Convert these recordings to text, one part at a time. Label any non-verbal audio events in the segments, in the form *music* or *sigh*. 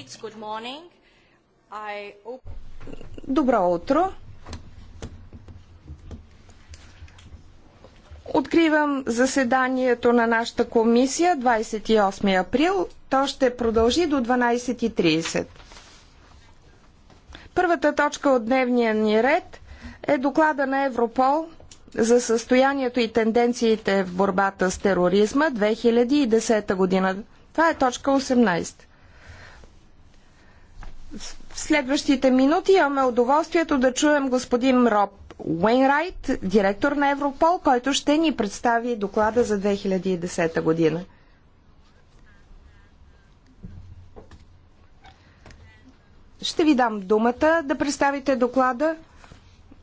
colleagues, good morning. I Добро утро. Откривам заседанието на нашата комисия 28 април. То ще продължи до 12.30. Първата точка от дневния ни ред е доклада на Европол за състоянието и тенденциите в борбата с тероризма 2010 година. Това е точка 18. В следващите минути имаме удоволствието да чуем господин Роб Уейнрайт, директор на Европол, който ще ни представи доклада за 2010 година. Ще ви дам думата да представите доклада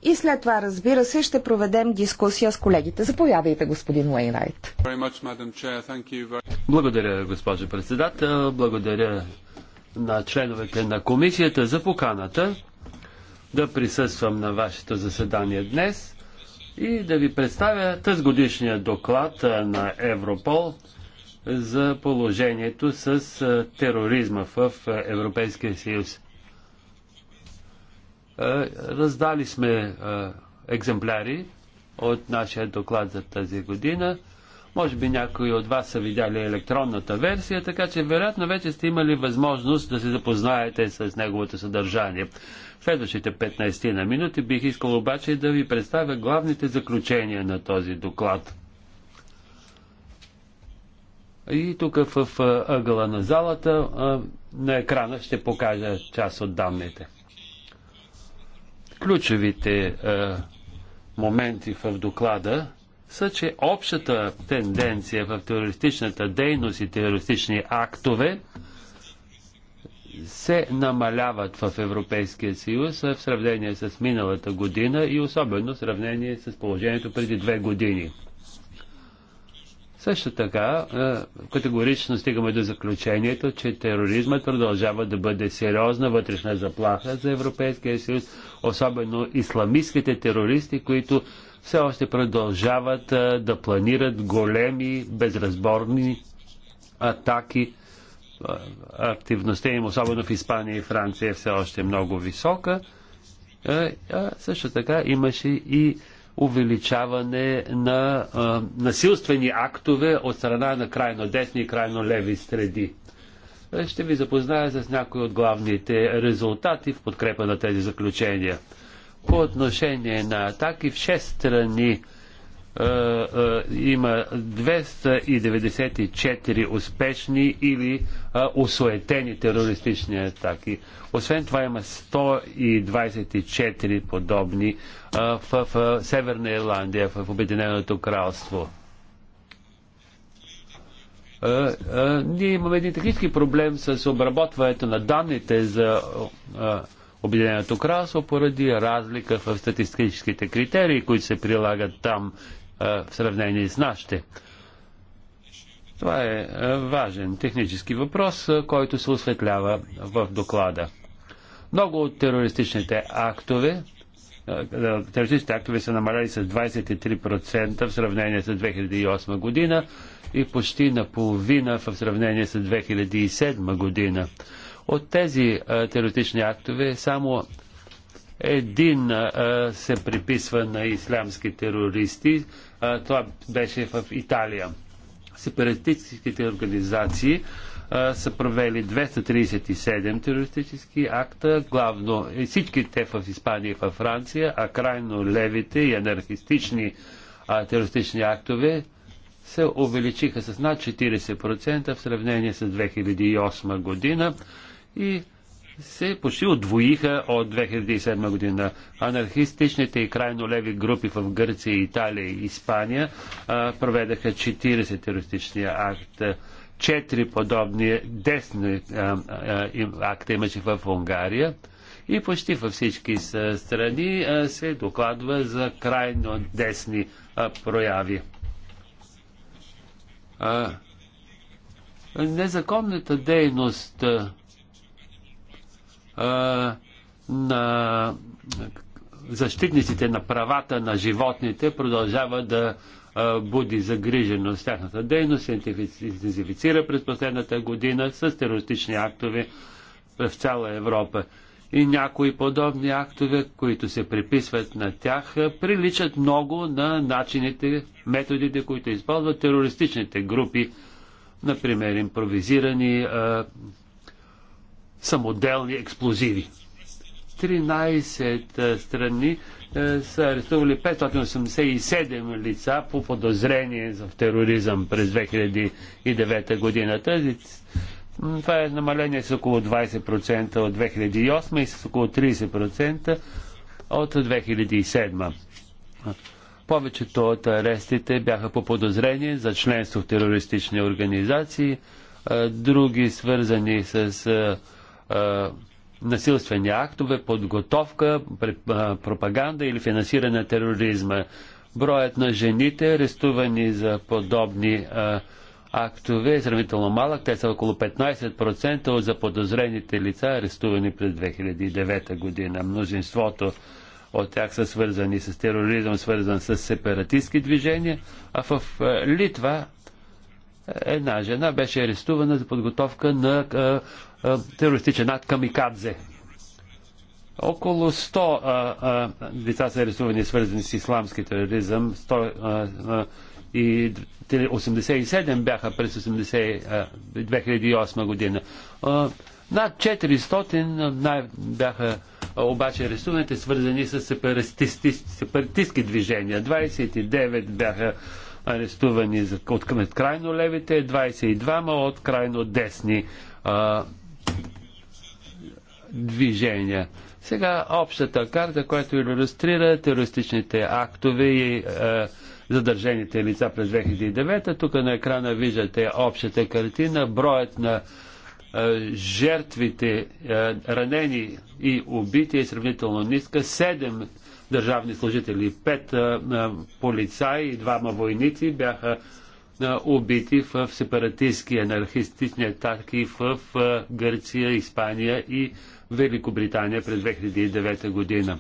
и след това, разбира се, ще проведем дискусия с колегите. Заповядайте, господин Уейнрайт. Благодаря, госпожо председател. Благодаря на членовете на комисията за поканата да присъствам на вашето заседание днес и да ви представя тъз годишния доклад на Европол за положението с тероризма в Европейския съюз. Раздали сме екземпляри от нашия доклад за тази година. Може би някои от вас са видяли електронната версия, така че вероятно вече сте имали възможност да се запознаете с неговото съдържание. В следващите 15 на минути бих искал обаче да ви представя главните заключения на този доклад. И тук в ъгъла на залата на екрана ще покажа част от данните. Ключовите моменти в доклада са, че общата тенденция в терористичната дейност и терористични актове се намаляват в Европейския съюз в сравнение с миналата година и особено в сравнение с положението преди две години. Също така, е, категорично стигаме до заключението, че тероризмът продължава да бъде сериозна вътрешна заплаха за Европейския съюз, особено исламистските терористи, които все още продължават да планират големи, безразборни атаки. Активността им, особено в Испания и Франция, е все още много висока. А също така имаше и увеличаване на а, насилствени актове от страна на крайно десни и крайно леви среди. Ще ви запозная с някои от главните резултати в подкрепа на тези заключения по отношение на атаки в 6 страни е, е, има 294 успешни или е, осуетени терористични атаки. Освен това има 124 подобни в, в Северна Ирландия, в Обединеното кралство. Ние имаме един технически проблем с обработването на данните за Обединеното кралство поради разлика в статистическите критерии, които се прилагат там в сравнение с нашите. Това е важен технически въпрос, който се осветлява в доклада. Много от терористичните актове, терористичните актове са намаляли с 23% в сравнение с 2008 година и почти наполовина в сравнение с 2007 година. От тези а, терористични актове само един а, се приписва на ислямски терористи. А, това беше в Италия. Сепаратистските организации а, са провели 237 терористически акта, главно всичките в Испания и във Франция, а крайно левите и анархистични а, терористични актове се увеличиха с над 40% в сравнение с 2008 година и се почти отвоиха от 2007 година. Анархистичните и крайно леви групи в Гърция, Италия и Испания а, проведаха 40 терористични акта. Четири подобни десни а, а, акта имаше в Унгария. И почти във всички страни а, се докладва за крайно десни а, прояви. А, незаконната дейност а, на защитниците на правата на животните продължава да буди загриженост. Тяхната дейност се интензифицира през последната година с терористични актове в цяла Европа. И някои подобни актове, които се приписват на тях, приличат много на начините, методите, които използват терористичните групи, например импровизирани самоделни експлозиви. 13 е, страни е, са арестували 587 лица по подозрение за тероризъм през 2009 година. Тази, това е намаление с около 20% от 2008 и с около 30% от 2007. Повечето от арестите бяха по подозрение за членство в терористични организации, е, други свързани с насилствени актове, подготовка, пропаганда или финансиране на тероризма. Броят на жените, арестувани за подобни а, актове е сравнително малък. Те са около 15% от заподозрените лица, арестувани през 2009 година. Мнозинството от тях са свързани с тероризъм, свързан с сепаратистски движения, а в Литва една жена беше арестувана за подготовка на е, терористичен акт камикадзе. Около 100 а, а, деца са арестувани, свързани с исламски тероризъм. 100, а, а, и 87 бяха през 80, 2008 е, година. А, е, над 400 най- бяха обаче арестуваните, свързани с сепаратистски движения. 29 бяха арестувани от, от крайно левите, 22 от крайно десни а, движения. Сега общата карта, която иллюстрира терористичните актове и е, задържените лица през 2009. Тук на екрана виждате общата картина, броят на е, жертвите, е, ранени и убити е сравнително ниска. 7 държавни служители, 5 е, е, полицаи и двама войници бяха е, убити в сепаратистски анархистични атаки в е, Гърция, Испания и Великобритания през 2009 година.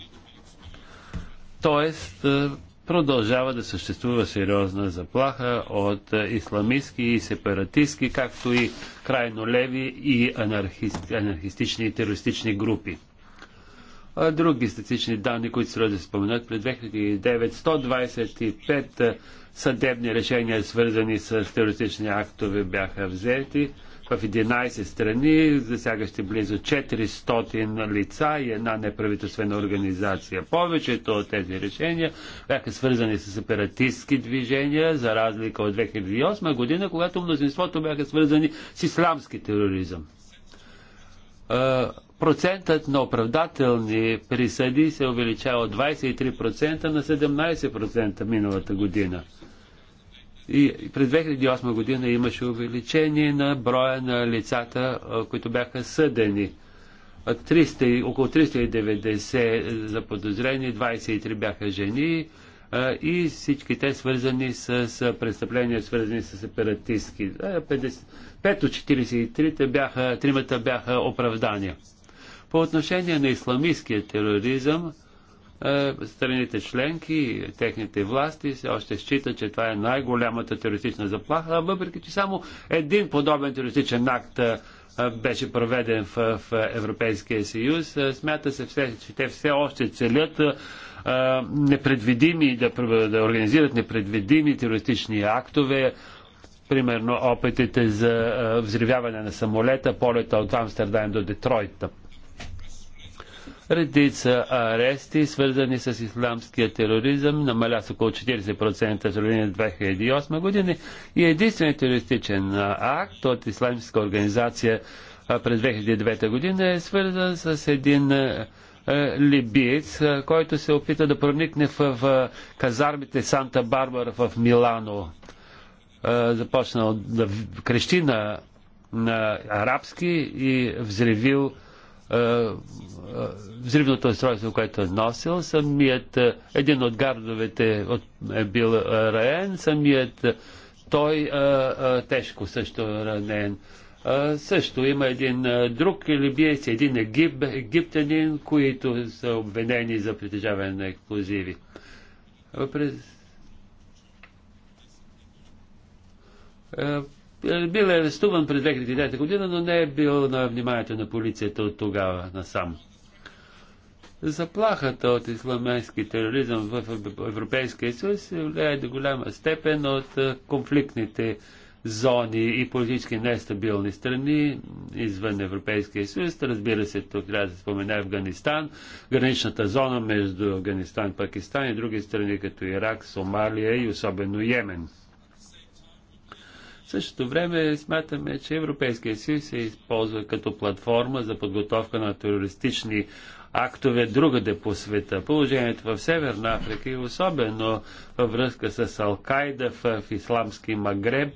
Тоест, е, продължава да съществува сериозна заплаха от е, исламистски и сепаратистски, както и крайно леви и анархист, анархистични и терористични групи. Други статични данни, които се да споменат, през 2925 е, съдебни решения, свързани с терористични актове, бяха взети в 11 страни, засягащи близо 400 лица и една неправителствена организация. Повечето от тези решения бяха свързани с оператистски движения, за разлика от 2008 година, когато мнозинството бяха свързани с исламски тероризъм. Процентът на оправдателни присъди се е увеличава от 23% на 17% миналата година. И през 2008 година имаше увеличение на броя на лицата, които бяха съдени. 300, около 390 е, за подозрени, 23 бяха жени и всички те свързани с престъпления, свързани с оператистки. 5 е, от 43 бяха, тримата бяха оправдания. По отношение на исламистския тероризъм, е, страните членки, техните власти все още считат, че това е най-голямата терористична заплаха, въпреки че само един подобен терористичен акт е, е, беше проведен в, Европейския съюз. Смята се, все, че те все още целят непредвидими, да, да организират непредвидими терористични актове, примерно опитите за взривяване на самолета, полета от Амстердам до Детройт, редица арести, свързани с исламския тероризъм, намаля с около 40% в сравнение с 2008 година и единственият терористичен акт от исламска организация през 2009 година е свързан с един либиец, който се опита да проникне в казармите Санта Барбара в Милано. Започнал да крещи на, на арабски и взривил е, е, взривното устройство, което е носил, самият е, един от гардовете е бил раен, самият той а, а, тежко също е ранен. А, също има един а, друг си един егип, египтянин, които са обвинени за притежаване на експлозиви. през... Е, бил е арестуван през 2009 година, но не е бил на вниманието на полицията от тогава насам. Заплахата от исламенски тероризъм в Европейския съюз се влияе до голяма степен от е, конфликтните зони и политически нестабилни страни извън Европейския съюз. Разбира се, тук трябва да се спомене Афганистан, граничната зона между Афганистан, Пакистан и други страни като Ирак, Сомалия и особено Йемен. В същото време смятаме, че Европейския съюз се използва като платформа за подготовка на терористични актове другаде по света. Положението в Северна Африка и особено във връзка с Алкайда в, в исламски Магреб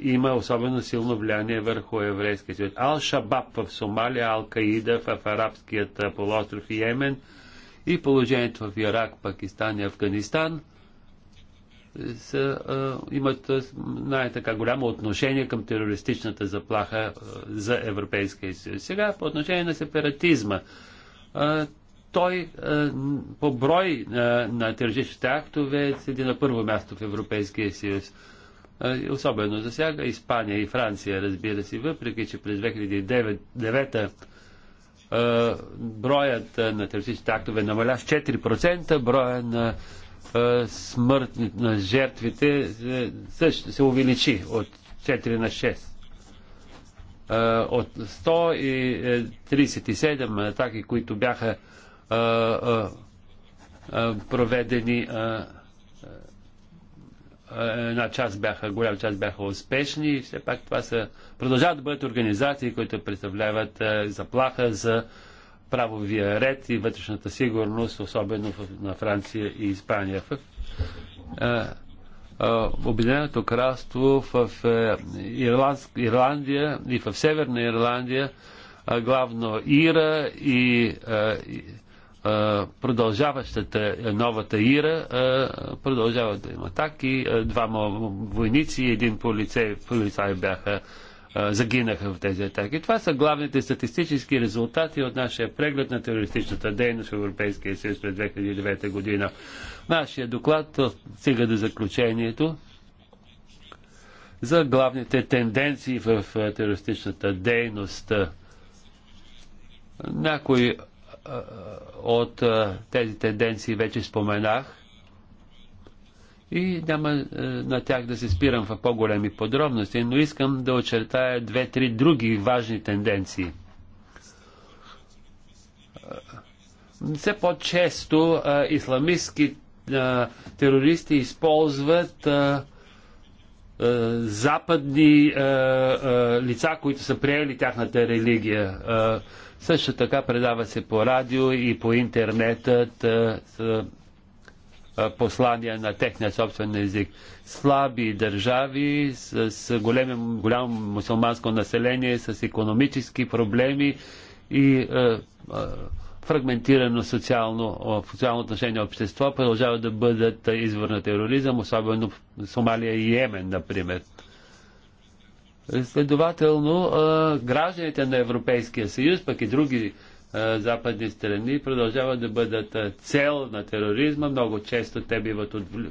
има особено силно влияние върху еврейския свят. Ал-Шабаб в Сомалия, Ал-Каида в арабският полуостров и Йемен и положението в Ирак, Пакистан и Афганистан – са, а, имат най-така голямо отношение към терористичната заплаха а, за Европейския съюз. Сега по отношение на сепаратизма. А, той а, по брой а, на терористичните актове седи на първо място в Европейския съюз. Особено засяга Испания и Франция, разбира се, въпреки че през 2009, 2009 броят на терористичните актове намаля с 4%, броя на смърт на жертвите е, също се увеличи от 4 на 6. От 137 е, атаки, които бяха проведени, една част бяха, голяма част бяха успешни и все пак това са, продължават да бъдат организации, които представляват заплаха за правовия ред и вътрешната сигурност, особено на Франция и Испания. В Обединеното кралство, в е, Ирландия и в Северна Ирландия, главно Ира и продължаващата е, новата Ира продължават да има атаки. Е, двама войници и един полицай, полицай бяха загинаха в тези атаки. Това са главните статистически резултати от нашия преглед на терористичната дейност в Европейския съюз през 2009 година. Нашия доклад стига до заключението за главните тенденции в терористичната дейност. Някои от тези тенденции вече споменах и няма е, на тях да се спирам в по-големи подробности, но искам да очертая две-три други важни тенденции. Все по-често е, исламистски е, терористи използват е, е западни е, е, лица, които са приели тяхната религия. Е, също така предава се по радио и по интернетът. Е, послания на техния собствен език. Слаби държави с големи, голямо мусулманско население, с економически проблеми и е, е, фрагментирано социално, социално отношение общество продължават да бъдат извор на тероризъм, особено в Сомалия и Йемен, например. Следователно, е, гражданите на Европейския съюз, пък и други западни страни продължават да бъдат цел на тероризма. Много често те биват отвли...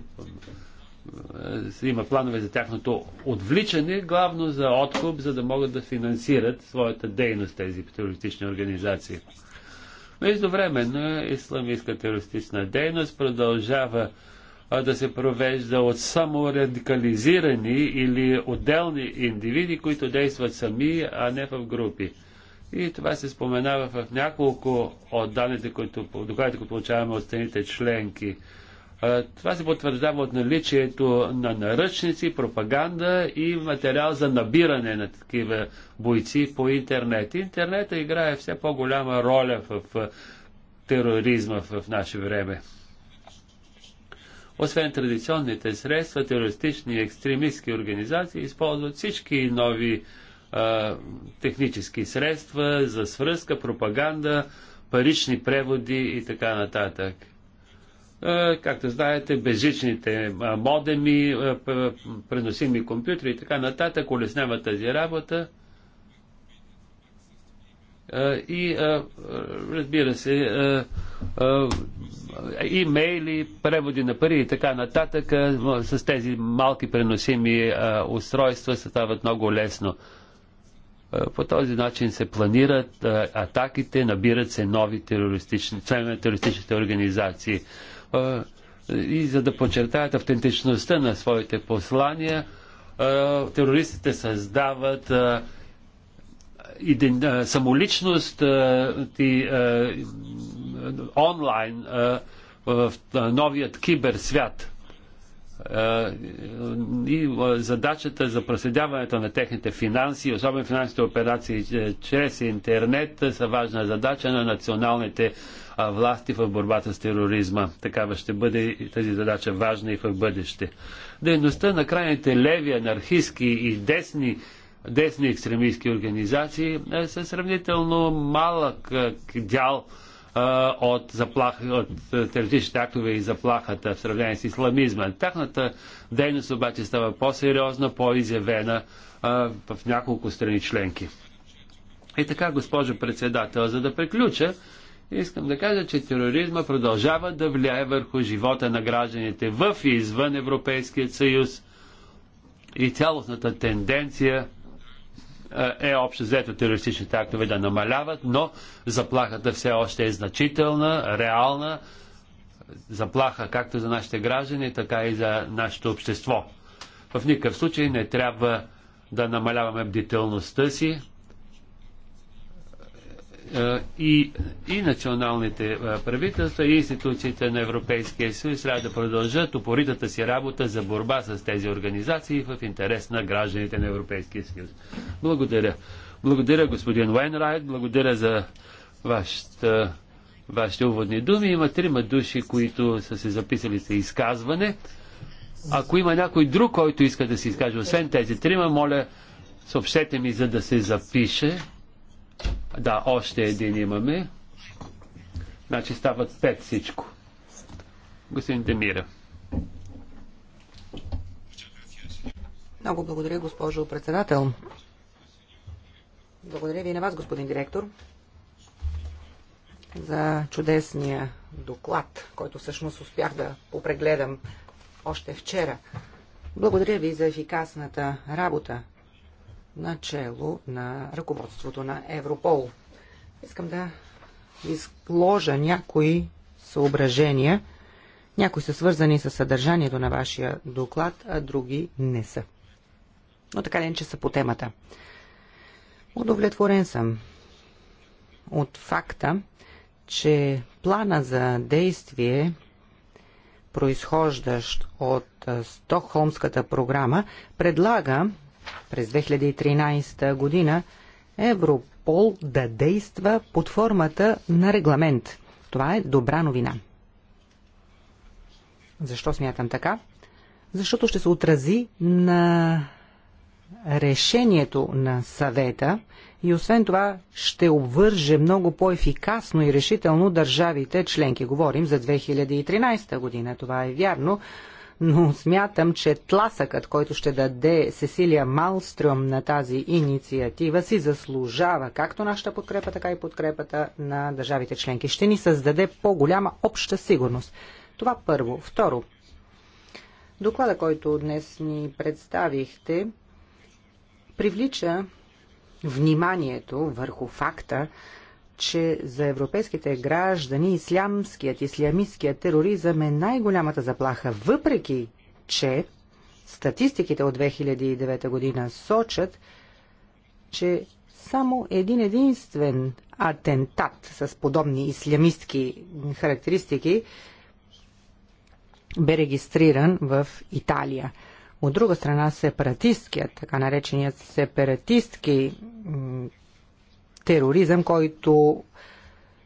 има планове за тяхното отвличане, главно за откуп, за да могат да финансират своята дейност тези терористични организации. Междувременно исламистска терористична дейност продължава да се провежда от саморадикализирани или отделни индивиди, които действат сами, а не в групи. И това се споменава в няколко от данните, които, докладите, които получаваме от страните членки. Това се потвърждава от наличието на наръчници, пропаганда и материал за набиране на такива бойци по интернет. Интернета играе все по-голяма роля в тероризма в наше време. Освен традиционните средства, терористични и екстремистски организации използват всички нови а, технически средства, за свръзка, пропаганда, парични преводи и така нататък. както знаете, безжичните модеми, преносими компютри и така нататък улесняват тази работа. И разбира се, имейли, преводи на пари и така нататък с тези малки преносими устройства се стават много лесно. Е, по този начин се планират е, атаките, набират се нови терористични, членове на терористичните организации. Е, и за да подчертаят автентичността на своите послания, терористите създават самоличност и онлайн в новият киберсвят. Е, и е, задачата за проследяването на техните финанси, особено финансите операции е, чрез интернет, са важна задача на националните власти в борбата с тероризма. Такава ще бъде тази задача важна и в бъдеще. Дейността на крайните леви, анархистски и десни десни екстремистски организации е със сравнително малък дял от, заплах, от терористичните актове и заплахата в сравнение с исламизма. Тяхната дейност обаче става по-сериозна, по-изявена в няколко страни членки. И така, госпожо председател, за да приключа, искам да кажа, че тероризма продължава да влияе върху живота на гражданите в и извън Европейския съюз и цялостната тенденция е общо взето терористичните актове да намаляват, но заплахата все още е значителна, реална заплаха както за нашите граждани, така и за нашето общество. В никакъв случай не трябва да намаляваме бдителността си, е, и, и националните е, правителства, и институциите на Европейския съюз трябва да продължат упоритата си работа за борба с тези организации в интерес на гражданите на Европейския съюз. Благодаря. Благодаря, господин Уайнрайт. Благодаря за вашата, вашите уводни думи. Има трима души, които са се записали за изказване. Ако има някой друг, който иска да се изкаже, освен тези трима, моля, съобщете ми, за да се запише. Да, още един имаме. Значи стават пет всичко. Господин Демира. Много благодаря, госпожо председател. Благодаря ви и на вас, господин директор, за чудесния доклад, който всъщност успях да попрегледам още вчера. Благодаря ви за ефикасната работа начало на ръководството на Европол. Искам да изложа някои съображения. Някои са свързани с съдържанието на вашия доклад, а други не са. Но така ли, е, че са по темата. Удовлетворен съм от факта, че плана за действие, произхождащ от Стокхолмската програма, предлага през 2013 година Европол да действа под формата на регламент. Това е добра новина. Защо смятам така? Защото ще се отрази на решението на съвета и освен това ще обвърже много по-ефикасно и решително държавите членки. Говорим за 2013 година, това е вярно, но смятам, че тласъкът, който ще даде Сесилия Малстрюм на тази инициатива, си заслужава както нашата подкрепа, така и подкрепата на държавите членки. Ще ни създаде по-голяма обща сигурност. Това първо. Второ, доклада, който днес ни представихте, привлича вниманието върху факта, че за европейските граждани ислямският, ислямистският тероризъм е най-голямата заплаха, въпреки че статистиките от 2009 година сочат, че само един единствен атентат с подобни ислямистки характеристики бе регистриран в Италия. От друга страна, сепаратисткият, така нареченият сепаратистки тероризъм, който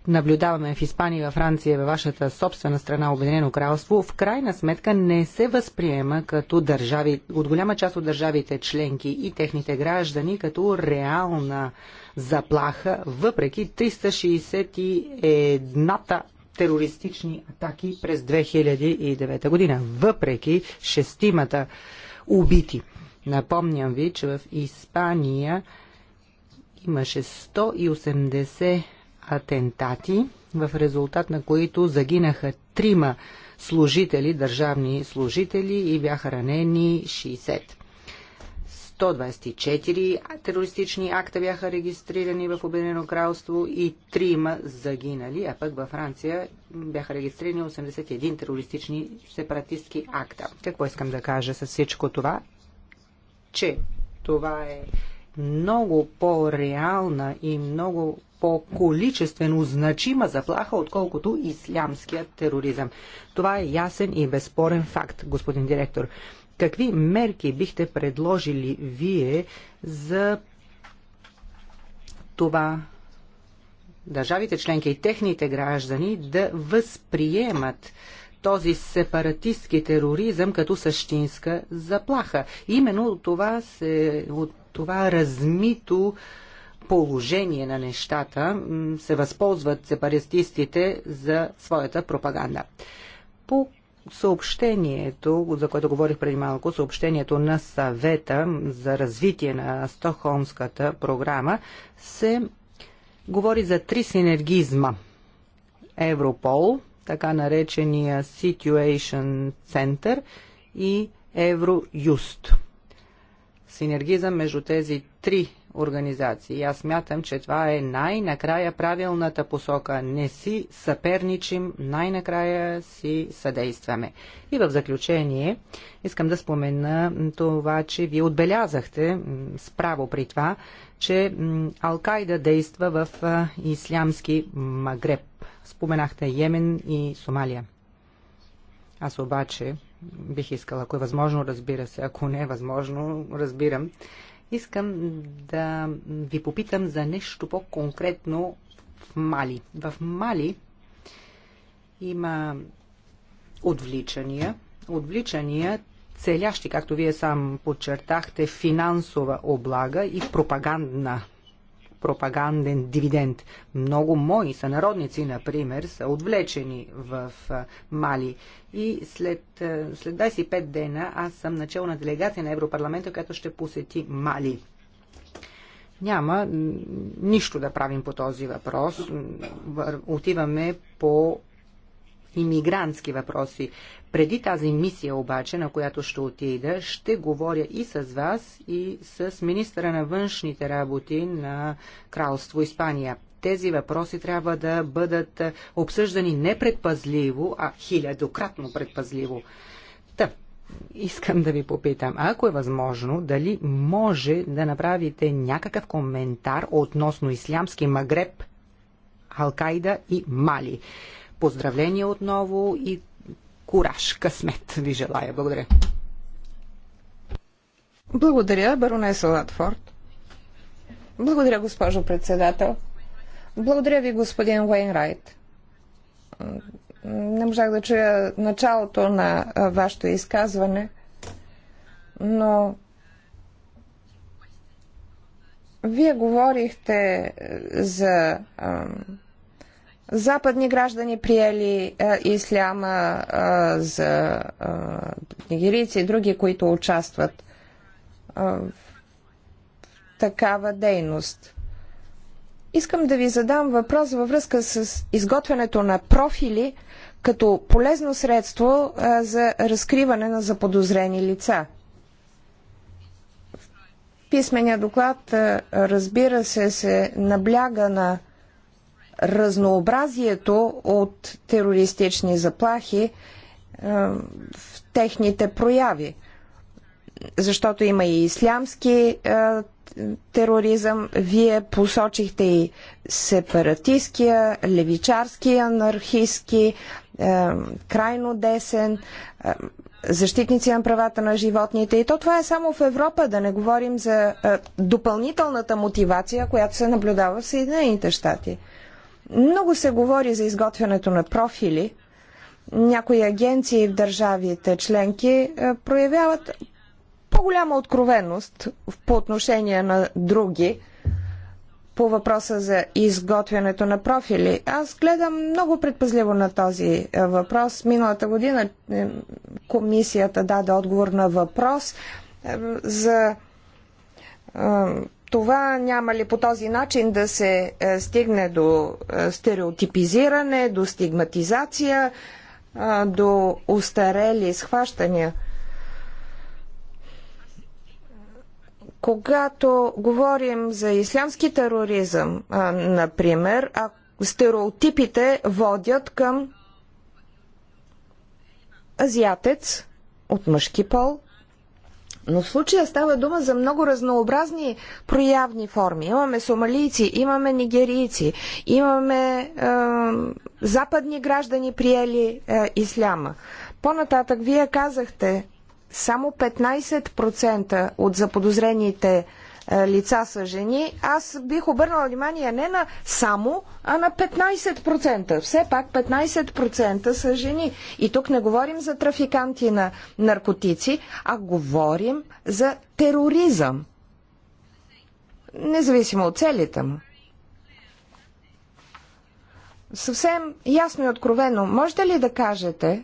наблюдаваме в Испания, във Франция, във вашата собствена страна, Обединено кралство, в крайна сметка не се възприема като държави, от голяма част от държавите членки и техните граждани като реална заплаха, въпреки 361-та терористични атаки през 2009 година, въпреки шестимата убити. Напомням ви, че в Испания имаше 180 атентати, в резултат на които загинаха трима служители, държавни служители и бяха ранени 60. 124 терористични акта бяха регистрирани в Обединено кралство и 3 загинали, а пък във Франция бяха регистрирани 81 терористични сепаратистки акта. Какво искам да кажа с всичко това? Че това е много по-реална и много по-количествено значима заплаха, отколкото ислямският тероризъм. Това е ясен и безспорен факт, господин директор. Какви мерки бихте предложили вие за това държавите членки и техните граждани да възприемат този сепаратистски тероризъм като същинска заплаха. Именно от това се, от това размито положение на нещата се възползват сепаратистите за своята пропаганда. По съобщението, за което говорих преди малко, съобщението на съвета за развитие на Стохолмската програма, се говори за три синергизма. Европол, така наречения Situation Center и Евроюст синергизъм между тези три организации. Аз мятам, че това е най-накрая правилната посока. Не си съперничим, най-накрая си съдействаме. И в заключение искам да спомена това, че ви отбелязахте справо при това, че Алкайда действа в ислямски Магреб. Споменахте Йемен и Сомалия. Аз обаче бих искала, ако е възможно, разбира се, ако не е възможно, разбирам. Искам да ви попитам за нещо по-конкретно в Мали. В Мали има отвличания. Отвличания целящи, както вие сам подчертахте, финансова облага и пропагандна пропаганден дивиденд. Много мои сънародници, например, са отвлечени в Мали. И след, след 25 дена аз съм начал на делегация на Европарламента, която ще посети Мали. Няма нищо да правим по този въпрос. Отиваме по иммигрантски въпроси. Преди тази мисия обаче, на която ще отида, ще говоря и с вас, и с министра на външните работи на Кралство Испания. Тези въпроси трябва да бъдат обсъждани не предпазливо, а хилядократно предпазливо. Та, искам да ви попитам, ако е възможно, дали може да направите някакъв коментар относно ислямски Магреб, Алкайда и Мали. Поздравления отново и кураж, късмет ви желая. Благодаря. Благодаря, баронеса Латфорд. Благодаря, госпожо председател. Благодаря ви, господин Уейнрайт. Не можах да чуя началото на вашето изказване, но вие говорихте за западни граждани приели а, е, исляма а, е, за а, е, нигерийци и други, които участват а, в такава дейност. Искам да ви задам въпрос във връзка с изготвянето на профили като полезно средство а, за разкриване на заподозрени лица. В писмения доклад, а, разбира се, се набляга на разнообразието от терористични заплахи е, в техните прояви. Защото има и ислямски е, тероризъм. Вие посочихте и сепаратистския, левичарски, анархистски, е, крайно десен, защитници на правата на животните. И то това е само в Европа, да не говорим за допълнителната мотивация, която се наблюдава в Съединените щати. Много се говори за изготвянето на профили. Някои агенции в държавите членки е, проявяват по-голяма откровеност по отношение на други по въпроса за изготвянето на профили. Аз гледам много предпазливо на този е, въпрос. Миналата година е, комисията даде отговор на въпрос за това няма ли по този начин да се е, стигне до е, стереотипизиране, до стигматизация, е, до устарели схващания? Когато говорим за ислямски тероризъм, например, стереотипите водят към азиатец от мъжки пол, но в случая става дума за много разнообразни проявни форми. Имаме сомалийци, имаме нигерийци, имаме е, западни граждани, приели е, исляма. По-нататък, вие казахте, само 15% от заподозрените е, лица са жени, аз бих обърнала внимание не на само, а на 15%. Все пак 15% са жени. И тук не говорим за трафиканти на наркотици, а говорим за тероризъм. Независимо от целите му. Съвсем ясно и откровено, можете ли да кажете,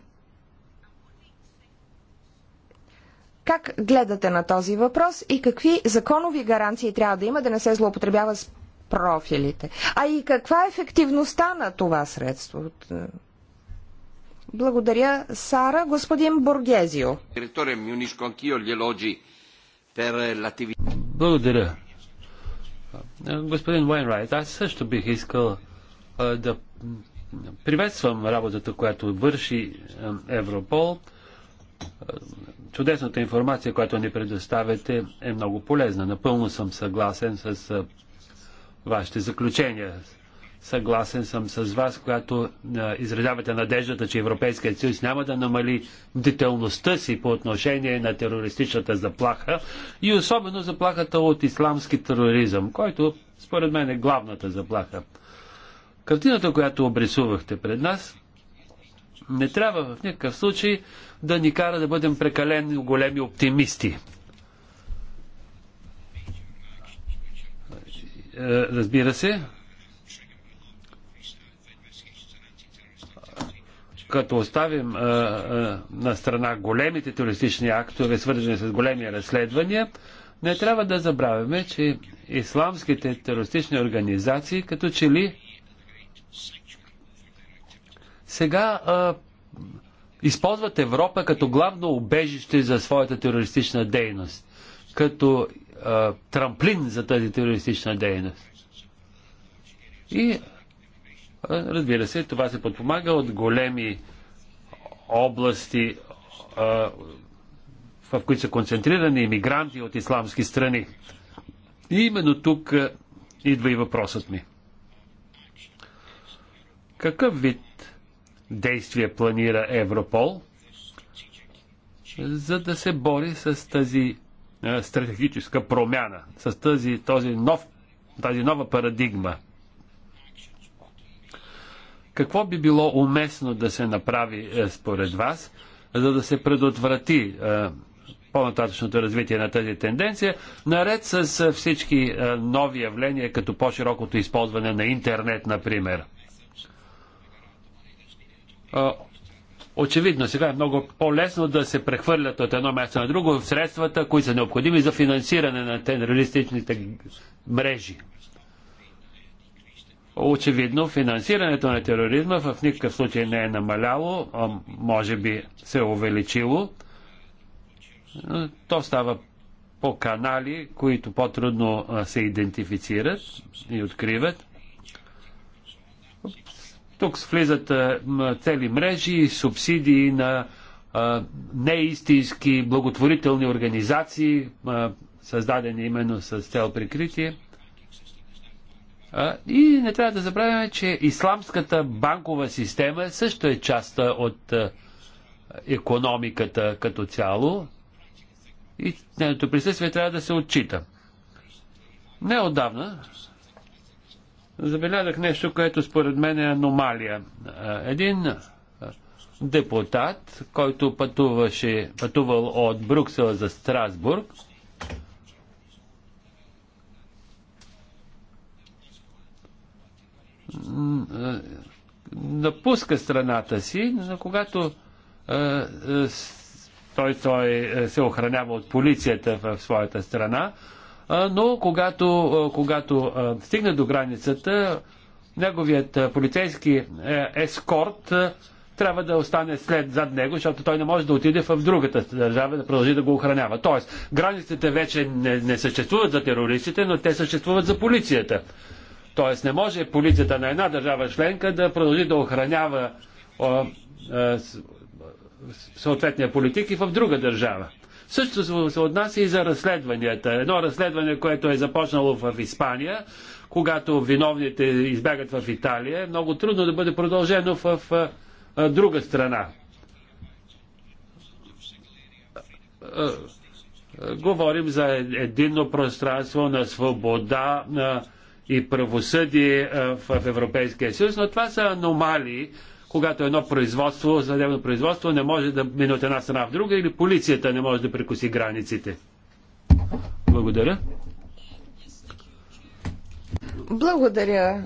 Как гледате на този въпрос и какви законови гаранции трябва да има да не се злоупотребява с профилите? А и каква е ефективността на това средство? Благодаря, Сара. Господин Боргезио. Благодаря. Господин Уайнрайт, аз също бих искал да приветствам работата, която върши Европол чудесната информация, която ни предоставяте, е много полезна. Напълно съм съгласен с вашите заключения. Съгласен съм с вас, когато изразявате надеждата, че Европейският съюз няма да намали бдителността си по отношение на терористичната заплаха и особено заплахата от исламски тероризъм, който според мен е главната заплаха. Картината, която обрисувахте пред нас, не трябва в никакъв случай да ни кара да бъдем прекалено големи оптимисти. Е, разбира се, като оставим а, е, а, е, на страна големите терористични актове, свързани с големи разследвания, не трябва да забравяме, че исламските терористични организации като че ли сега а, използват Европа като главно убежище за своята терористична дейност, като а, трамплин за тази терористична дейност. И а, разбира се, това се подпомага от големи области, а, в които са концентрирани иммигранти от исламски страни. И именно тук а, идва и въпросът ми. Какъв вид действия планира Европол, за да се бори с тази стратегическа промяна, с тази, този нов, тази нова парадигма. Какво би било уместно да се направи е, според вас, за да се предотврати по-нататъчното развитие на тази тенденция, наред с всички нови явления, като по-широкото използване на интернет, например? очевидно сега е много по-лесно да се прехвърлят от едно място на друго средствата, които са необходими за финансиране на терористичните мрежи. Очевидно, финансирането на тероризма в никакъв случай не е намаляло, а може би се е увеличило. То става по канали, които по-трудно се идентифицират и откриват. Тук влизат цели мрежи субсидии на неистински благотворителни организации, създадени именно с цел прикритие. И не трябва да забравяме, че исламската банкова система също е част от економиката като цяло и нейното присъствие трябва да се отчита. Неодавна забелязах нещо, което според мен е аномалия. Един депутат, който пътуваше, пътувал от Брюксел за Страсбург, напуска страната си, но когато той, той се охранява от полицията в своята страна, но когато, когато стигна до границата, неговият полицейски е, ескорт трябва да остане след зад него, защото той не може да отиде в другата държава да продължи да го охранява. Тоест, границите вече не, не съществуват за терористите, но те съществуват за полицията. Тоест, не може полицията на една държава членка да продължи да охранява съответния политик и в друга държава. Също се отнася и за разследванията. Едно разследване, което е започнало в Испания, когато виновните избягат в Италия, е много трудно да бъде продължено в друга страна. Говорим за единно пространство на свобода и правосъдие в Европейския съюз, но това са аномалии, когато едно производство, съдебно производство не може да мине от една страна в друга или полицията не може да прекуси границите. Благодаря. Благодаря,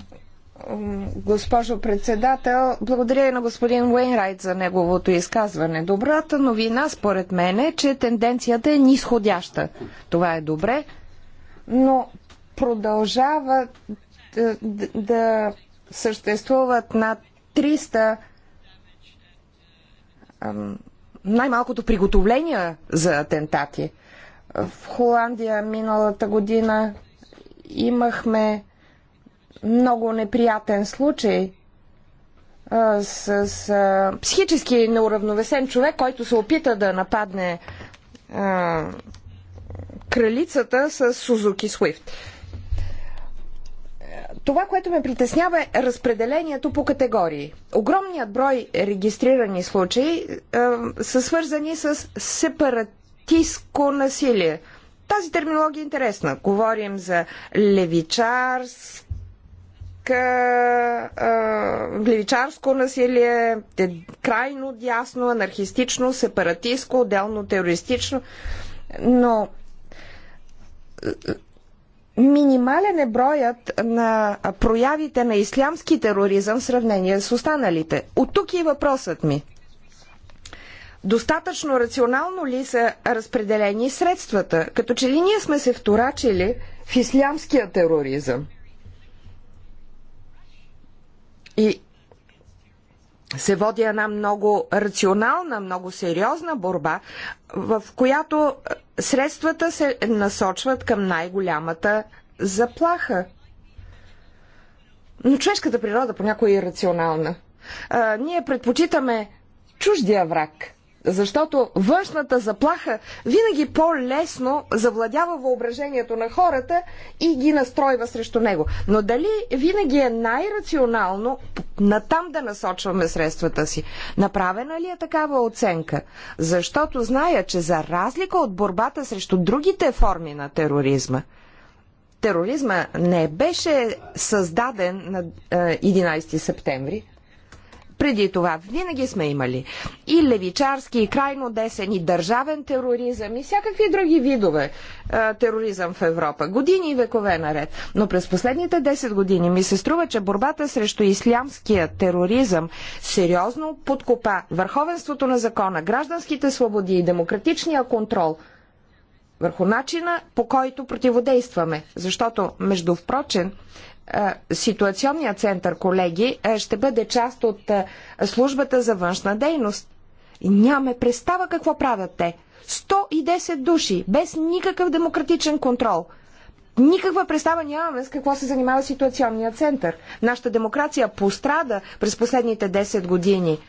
госпожо председател. Благодаря и на господин Уейнрайт за неговото изказване. Добрата новина, според мен, е, че тенденцията е нисходяща. Това е добре, но продължават е, да, да съществуват над 300 най-малкото приготовления за атентати. В Холандия миналата година имахме много неприятен случай с, с психически неуравновесен човек, който се опита да нападне а, кралицата с Сузуки Суифт. Това, което ме притеснява е разпределението по категории. Огромният брой регистрирани случаи е, са свързани с сепаратистско насилие. Тази терминология е интересна. Говорим за е, левичарско насилие, крайно дясно, анархистично, сепаратистко, отделно терористично. Но е, Минимален е броят на проявите на ислямски тероризъм в сравнение с останалите. От тук и въпросът ми. Достатъчно рационално ли са разпределени средствата? Като че ли ние сме се вторачили в ислямския тероризъм? И се води една много рационална, много сериозна борба, в която средствата се насочват към най-голямата заплаха. Но човешката природа понякога е рационална. А, ние предпочитаме чуждия враг – защото външната заплаха винаги по-лесно завладява въображението на хората и ги настройва срещу него. Но дали винаги е най-рационално натам да насочваме средствата си? Направена ли е такава оценка? Защото зная, че за разлика от борбата срещу другите форми на тероризма, тероризма не беше създаден на 11 е, септември, преди това винаги сме имали и левичарски, и крайно десен, и държавен тероризъм, и всякакви други видове а, е, тероризъм в Европа. Години и векове наред. Но през последните 10 години ми се струва, че борбата срещу ислямския тероризъм сериозно подкопа върховенството на закона, гражданските свободи и демократичния контрол върху начина по който противодействаме. Защото, между впрочен, ситуационния център, колеги, ще бъде част от службата за външна дейност. Нямаме представа какво правят те. 110 души, без никакъв демократичен контрол. Никаква представа нямаме с какво се занимава ситуационния център. Нашата демокрация пострада през последните 10 години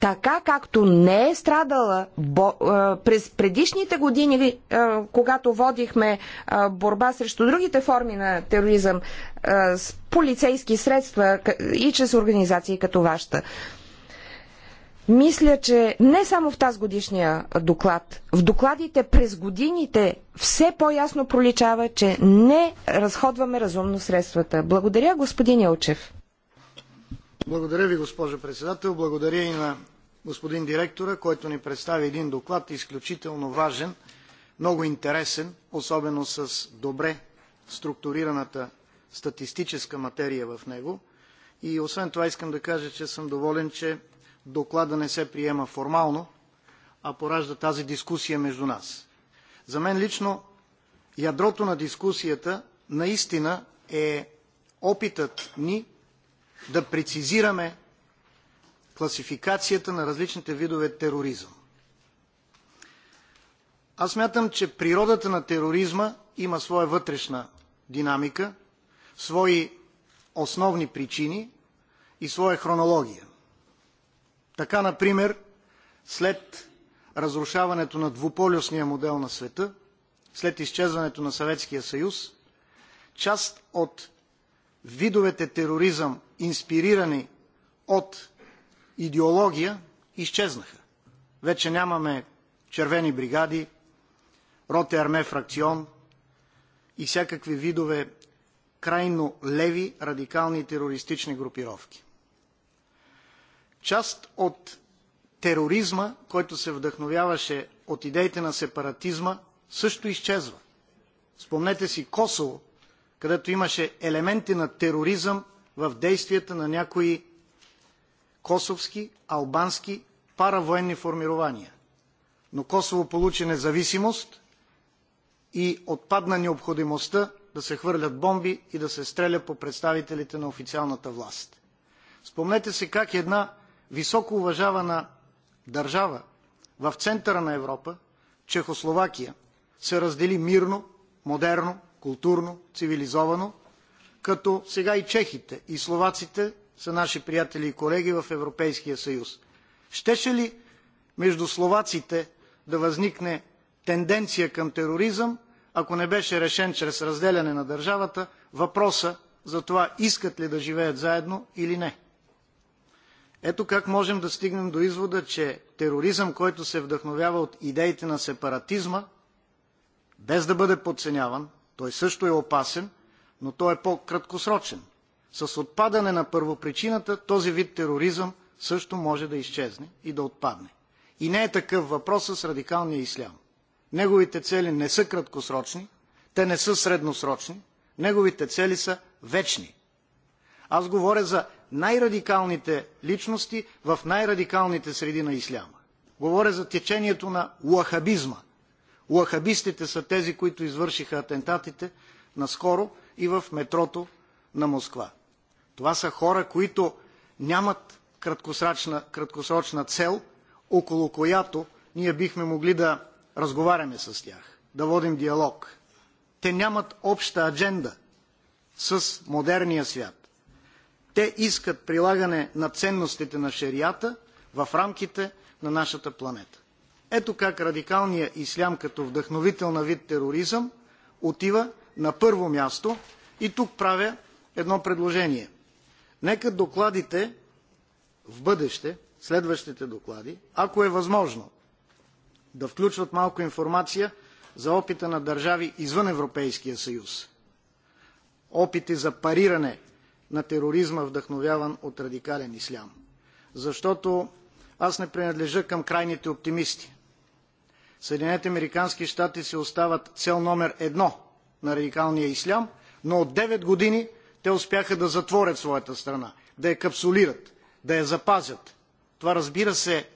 така както не е страдала бо, а, през предишните години, а, когато водихме а, борба срещу другите форми на тероризъм а, с полицейски средства и чрез организации като вашата. Мисля, че не само в тази годишния доклад, в докладите през годините все по-ясно проличава, че не разходваме разумно средствата. Благодаря, господин Елчев. Благодаря ви, госпожо председател. Благодаря и на господин директора, който ни представи един доклад изключително важен, много интересен, особено с добре структурираната статистическа материя в него. И освен това искам да кажа, че съм доволен, че доклада не се приема формално, а поражда тази дискусия между нас. За мен лично ядрото на дискусията наистина е опитът ни да прецизираме класификацията на различните видове тероризъм. Аз смятам, че природата на тероризма има своя вътрешна динамика, свои основни причини и своя хронология. Така, например, след разрушаването на двуполюсния модел на света, след изчезването на Съветския съюз, част от видовете тероризъм, инспирирани от идеология, изчезнаха. Вече нямаме червени бригади, роте арме фракцион и всякакви видове крайно леви радикални терористични групировки. Част от тероризма, който се вдъхновяваше от идеите на сепаратизма, също изчезва. Спомнете си Косово, където имаше елементи на тероризъм в действията на някои косовски, албански паравоенни формирования. Но Косово получи независимост и отпадна необходимостта да се хвърлят бомби и да се стреля по представителите на официалната власт. Спомнете се как една високо уважавана държава в центъра на Европа, Чехословакия, се раздели мирно, модерно, културно, цивилизовано, като сега и чехите, и словаците са наши приятели и колеги в Европейския съюз. Щеше ли между словаците да възникне тенденция към тероризъм, ако не беше решен чрез разделяне на държавата въпроса за това искат ли да живеят заедно или не? Ето как можем да стигнем до извода, че тероризъм, който се вдъхновява от идеите на сепаратизма, без да бъде подценяван, той също е опасен, но той е по-краткосрочен. С отпадане на първопричината този вид тероризъм също може да изчезне и да отпадне. И не е такъв въпросът с радикалния ислям. Неговите цели не са краткосрочни, те не са средносрочни, неговите цели са вечни. Аз говоря за най-радикалните личности в най-радикалните среди на исляма. Говоря за течението на уахабизма, Лахабистите са тези, които извършиха атентатите наскоро и в метрото на Москва. Това са хора, които нямат краткосрочна, краткосрочна цел, около която ние бихме могли да разговаряме с тях, да водим диалог. Те нямат обща адженда с модерния свят. Те искат прилагане на ценностите на шерията в рамките на нашата планета. Ето как радикалният ислям като вдъхновител на вид тероризъм отива на първо място и тук правя едно предложение. Нека докладите в бъдеще, следващите доклади, ако е възможно, да включват малко информация за опита на държави извън Европейския съюз. Опити за париране на тероризма, вдъхновяван от радикален ислям. Защото аз не принадлежа към крайните оптимисти. Съединените американски щати си остават цел номер едно на радикалния ислям, но от 9 години те успяха да затворят своята страна, да я капсулират, да я запазят. Това разбира се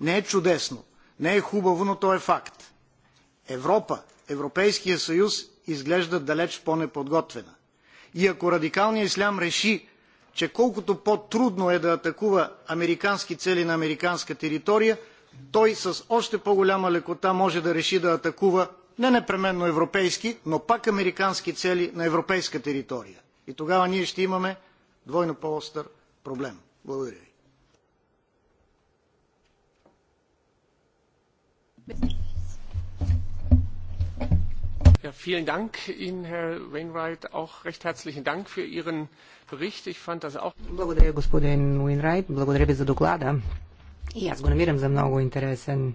не е чудесно, не е хубаво, но то е факт. Европа, Европейския съюз изглежда далеч по-неподготвена. И ако радикалният ислям реши, че колкото по-трудно е да атакува американски цели на американска територия, той с още по-голяма лекота може да реши да атакува не непременно европейски, но пак американски цели на европейска територия. И тогава ние ще имаме двойно по-остър проблем. Благодаря ви. Ja, vielen Dank Ihnen, Herr Wainwright. Auch recht herzlichen Dank für Ihren Bericht. Ich fand das auch. Благодаря, господин Уинрайт. Благодаря ви за доклада. И аз го намирам за много интересен.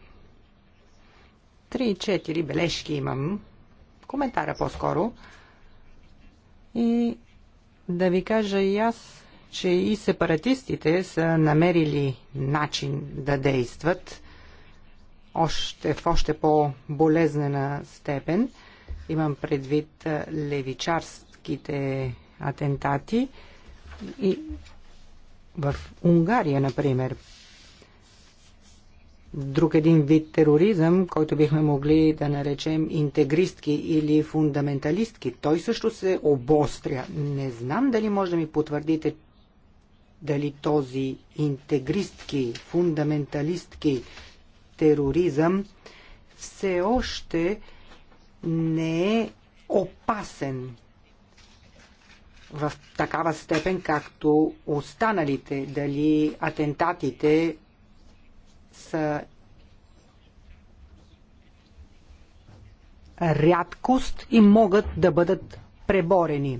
Три-четири бележки имам. Коментара по-скоро. И да ви кажа и аз, че и сепаратистите са намерили начин да действат още, в още по-болезнена степен. Имам предвид левичарските атентати. И в Унгария, например, друг един вид тероризъм, който бихме могли да наречем интегристки или фундаменталистки. Той също се обостря. Не знам дали може да ми потвърдите дали този интегристки, фундаменталистки тероризъм все още не е опасен в такава степен, както останалите, дали атентатите са рядкост и могат да бъдат преборени.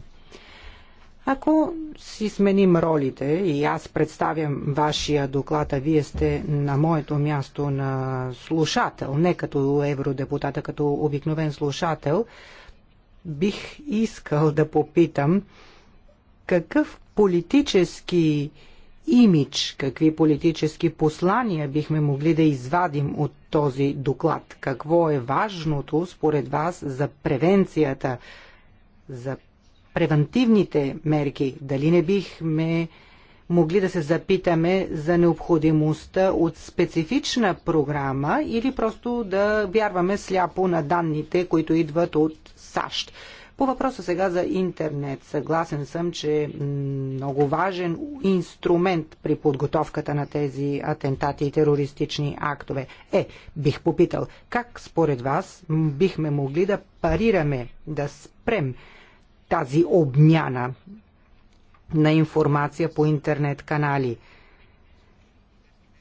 Ако си сменим ролите и аз представям вашия доклад, а вие сте на моето място на слушател, не като евродепутата, като обикновен слушател, бих искал да попитам какъв политически имидж, какви политически послания бихме могли да извадим от този доклад? Какво е важното според вас за превенцията, за превентивните мерки? Дали не бихме могли да се запитаме за необходимостта от специфична програма или просто да вярваме сляпо на данните, които идват от САЩ? По въпроса сега за интернет, съгласен съм, че е много важен инструмент при подготовката на тези атентати и терористични актове. Е, бих попитал, как според вас бихме могли да парираме, да спрем тази обмяна на информация по интернет канали?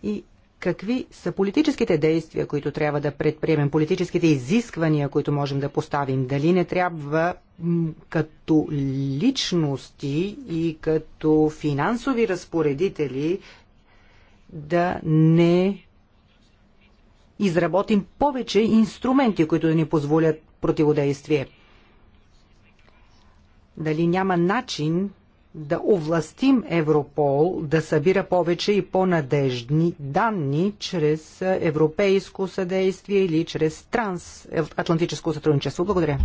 И какви са политическите действия, които трябва да предприемем, политическите изисквания, които можем да поставим. Дали не трябва като личности и като финансови разпоредители да не изработим повече инструменти, които да ни позволят противодействие. Дали няма начин да овластим Европол да събира повече и по-надежни данни чрез европейско съдействие или чрез трансатлантическо сътрудничество. Благодаря.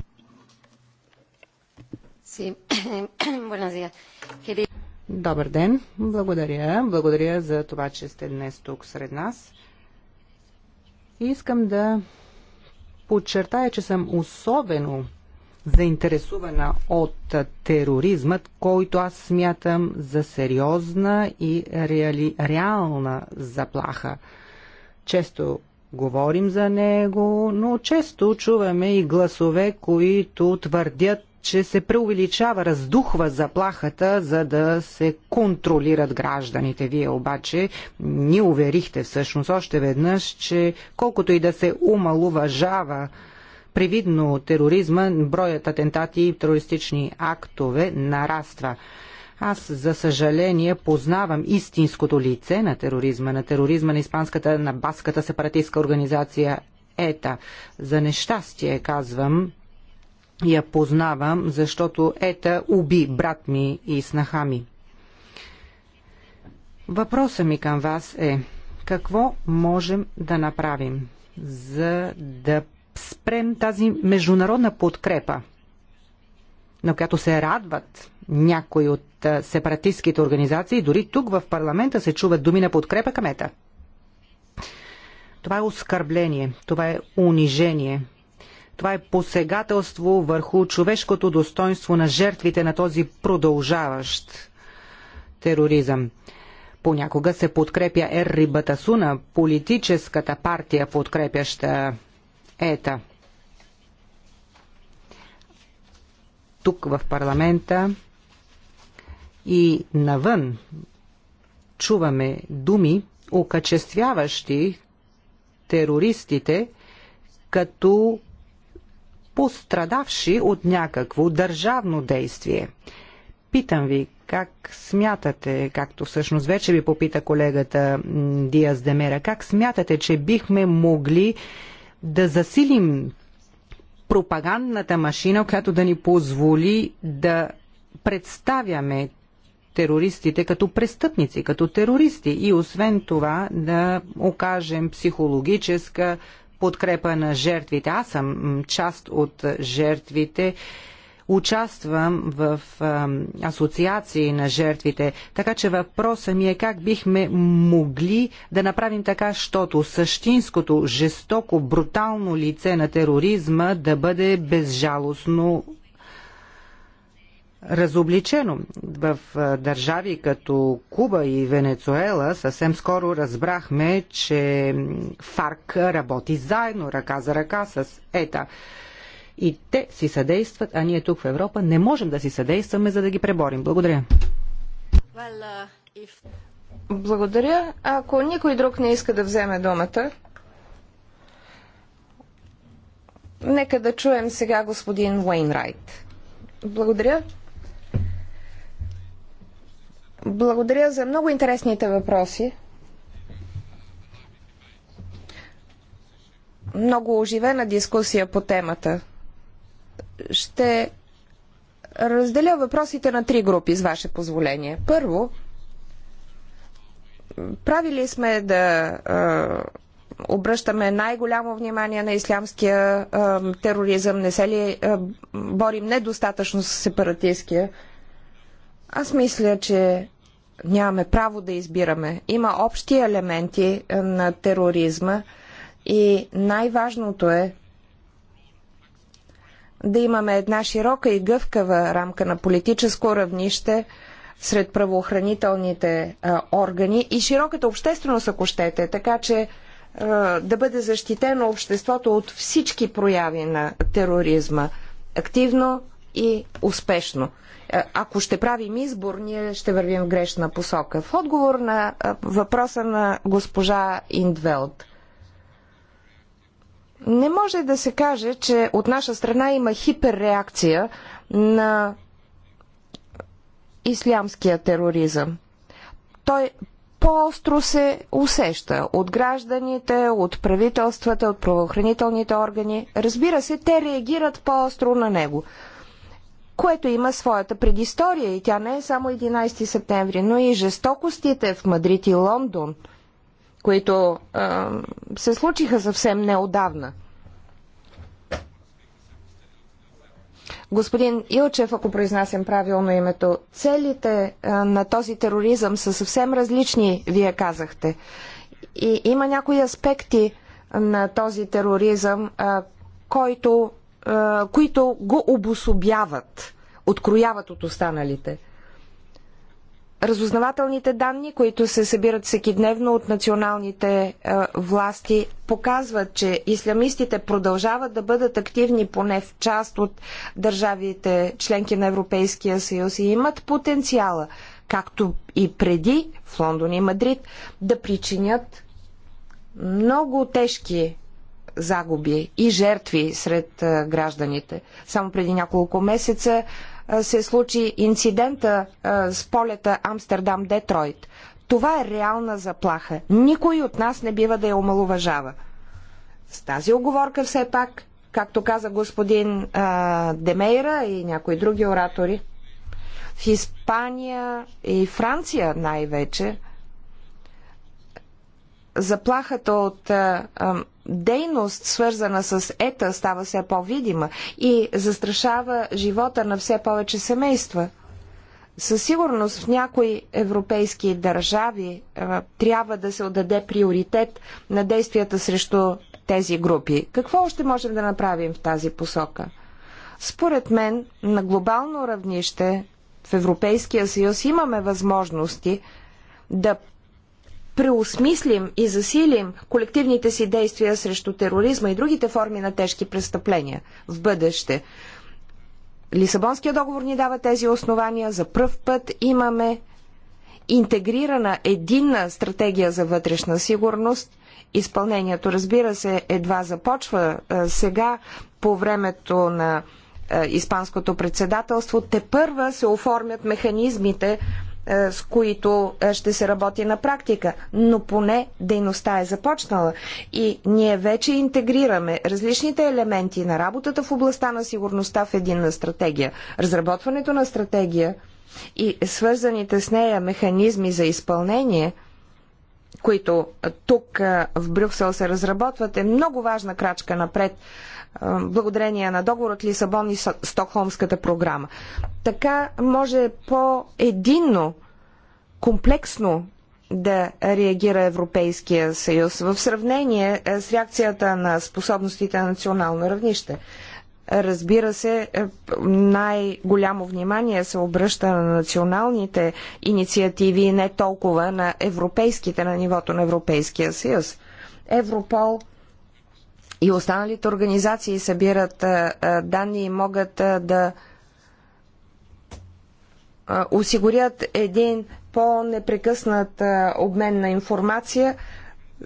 *clears throat* Добър ден. Благодаря. Благодаря за това, че сте днес тук сред нас. Искам да подчертая, че съм особено заинтересувана от тероризмът, който аз смятам за сериозна и реали, реална заплаха. Често говорим за него, но често чуваме и гласове, които твърдят, че се преувеличава, раздухва заплахата, за да се контролират гражданите. Вие обаче ни уверихте всъщност още веднъж, че колкото и да се умалуважава привидно тероризма, броят атентати и терористични актове нараства. Аз, за съжаление, познавам истинското лице на тероризма, на тероризма на испанската, на баската сепаратистска организация ЕТА. За нещастие, казвам, я познавам, защото ета уби брат ми и снаха ми. Въпросът ми към вас е какво можем да направим, за да спрем тази международна подкрепа, на която се радват някои от сепаратистските организации, дори тук в парламента се чуват думи на подкрепа към ета. Това е оскърбление, това е унижение. Това е посегателство върху човешкото достоинство на жертвите на този продължаващ тероризъм. Понякога се подкрепя Ерри Батасуна, политическата партия, подкрепяща ета. Тук в парламента и навън чуваме думи, окачествяващи терористите като пострадавши от някакво държавно действие. Питам ви, как смятате, както всъщност вече ви попита колегата Диаз Демера, как смятате, че бихме могли да засилим пропагандната машина, която да ни позволи да представяме терористите като престъпници, като терористи и освен това да окажем психологическа подкрепа на жертвите. Аз съм част от жертвите участвам в а, асоциации на жертвите, така че въпросът ми е как бихме могли да направим така, щото същинското, жестоко, брутално лице на тероризма да бъде безжалостно разобличено. В държави като Куба и Венецуела съвсем скоро разбрахме, че ФАРК работи заедно, ръка за ръка с ЕТА и те си съдействат, а ние тук в Европа не можем да си съдействаме, за да ги преборим. Благодаря. Well, uh, if... Благодаря. Ако никой друг не иска да вземе думата, нека да чуем сега господин Уейнрайт. Благодаря. Благодаря за много интересните въпроси. Много оживена дискусия по темата ще разделя въпросите на три групи, с ваше позволение. Първо, правили сме да е, обръщаме най-голямо внимание на ислямския е, тероризъм, не се ли е, борим недостатъчно с сепаратистския? Аз мисля, че нямаме право да избираме. Има общи елементи на тероризма и най-важното е да имаме една широка и гъвкава рамка на политическо равнище сред правоохранителните а, органи и широката общественост, ако щете, така че а, да бъде защитено обществото от всички прояви на тероризма активно и успешно. Ако ще правим избор, ние ще вървим в грешна посока. В отговор на въпроса на госпожа Индвелт – не може да се каже, че от наша страна има хиперреакция на ислямския тероризъм. Той по-остро се усеща от гражданите, от правителствата, от правоохранителните органи. Разбира се, те реагират по-остро на него, което има своята предистория и тя не е само 11 септември, но и жестокостите в Мадрид и Лондон – които а, се случиха съвсем неодавна. Господин Илчев, ако произнасям правилно името, целите а, на този тероризъм са съвсем различни, вие казахте. И има някои аспекти на този тероризъм, а, който, а, които го обособяват, открояват от останалите разузнавателните данни, които се събират всекидневно от националните е, власти, показват, че ислямистите продължават да бъдат активни поне в част от държавите членки на Европейския съюз и имат потенциала, както и преди в Лондон и Мадрид, да причинят много тежки загуби и жертви сред е, гражданите. Само преди няколко месеца се случи инцидента с полета Амстердам-Детройт. Това е реална заплаха. Никой от нас не бива да я омалуважава. С тази оговорка все пак, както каза господин а, Демейра и някои други оратори, в Испания и Франция най-вече заплахата от а, а, дейност, свързана с ета, става все по-видима и застрашава живота на все повече семейства. Със сигурност в някои европейски държави е, трябва да се отдаде приоритет на действията срещу тези групи. Какво още можем да направим в тази посока? Според мен, на глобално равнище в Европейския съюз имаме възможности да преосмислим и засилим колективните си действия срещу тероризма и другите форми на тежки престъпления в бъдеще. Лисабонския договор ни дава тези основания. За пръв път имаме интегрирана единна стратегия за вътрешна сигурност. Изпълнението, разбира се, едва започва е, сега по времето на е, Испанското председателство. Те първа се оформят механизмите е, с които е, ще се работи на практика, но поне дейността е започнала. И ние вече интегрираме различните елементи на работата в областта на сигурността в единна стратегия. Разработването на стратегия и свързаните с нея механизми за изпълнение, които тук е, в Брюксел се разработват, е много важна крачка напред благодарение на договор от Лисабон и Стокхолмската програма. Така може по-единно, комплексно да реагира Европейския съюз в сравнение е, с реакцията на способностите на национално равнище. Разбира се, е, най-голямо внимание се обръща на националните инициативи и не толкова на европейските на нивото на Европейския съюз. Европол – и останалите организации събират данни и могат да осигурят един по-непрекъснат обмен на информация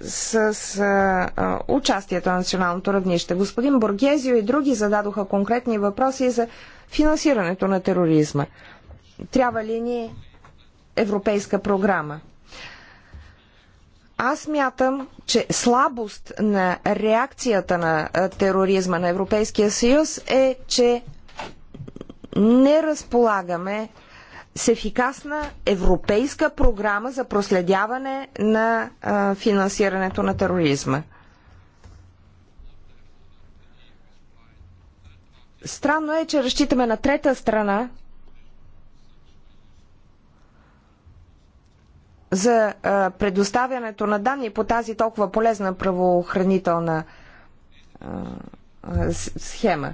с участието на националното равнище. Господин Боргезио и други зададоха конкретни въпроси за финансирането на тероризма. Трябва ли ни европейска програма? Аз мятам, че слабост на реакцията на тероризма на Европейския съюз е, че не разполагаме с ефикасна европейска програма за проследяване на а, финансирането на тероризма. Странно е, че разчитаме на трета страна за предоставянето на данни по тази толкова полезна правоохранителна схема.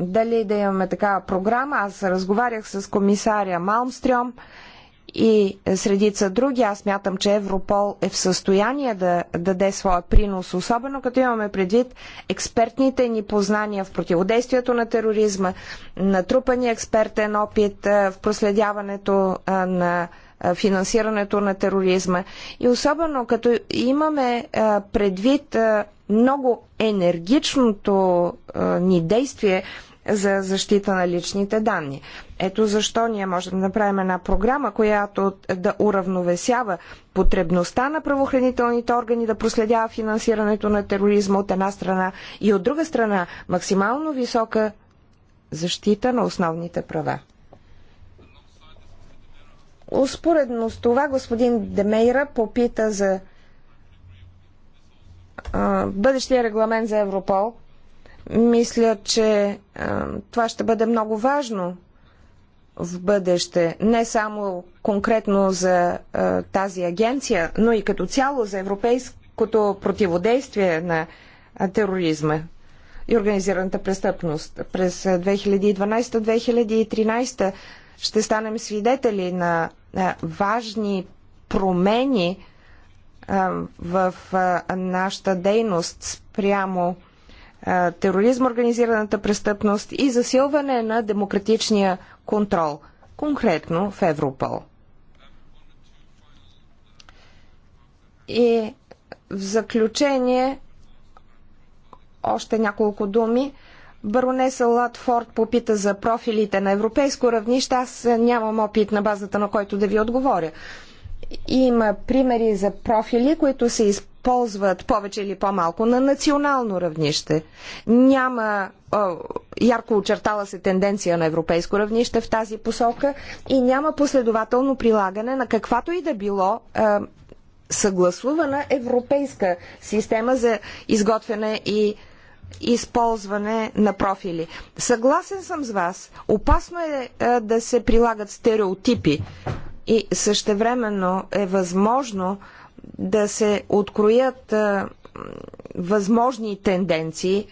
Дали да имаме такава програма? Аз разговарях с комисаря Малмстрём и средица други. Аз мятам, че Европол е в състояние да даде своя принос, особено като имаме предвид експертните ни познания в противодействието на тероризма, натрупани експертен опит в проследяването на финансирането на тероризма. И особено като имаме предвид много енергичното ни действие за защита на личните данни. Ето защо ние можем да направим една програма, която да уравновесява потребността на правоохранителните органи да проследява финансирането на тероризма от една страна и от друга страна максимално висока защита на основните права. Успоредно с това господин Демейра попита за а, бъдещия регламент за Европол. Мисля, че а, това ще бъде много важно в бъдеще, не само конкретно за а, е, тази агенция, но и като цяло за европейското противодействие на е, тероризма и организираната престъпност. През 2012-2013 е, ще станем свидетели на а, важни промени а, в а, нашата дейност спрямо тероризма, организираната престъпност и засилване на демократичния контрол, конкретно в Европол. И в заключение още няколко думи. Баронеса Латфорд попита за профилите на европейско равнище. Аз нямам опит на базата, на който да ви отговоря. Има примери за профили, които се използват повече или по-малко на национално равнище. Няма о, ярко очертала се тенденция на европейско равнище в тази посока и няма последователно прилагане на каквато и да било е, съгласувана европейска система за изготвяне и използване на профили. Съгласен съм с вас. Опасно е, е да се прилагат стереотипи и същевременно е възможно да се откроят възможни тенденции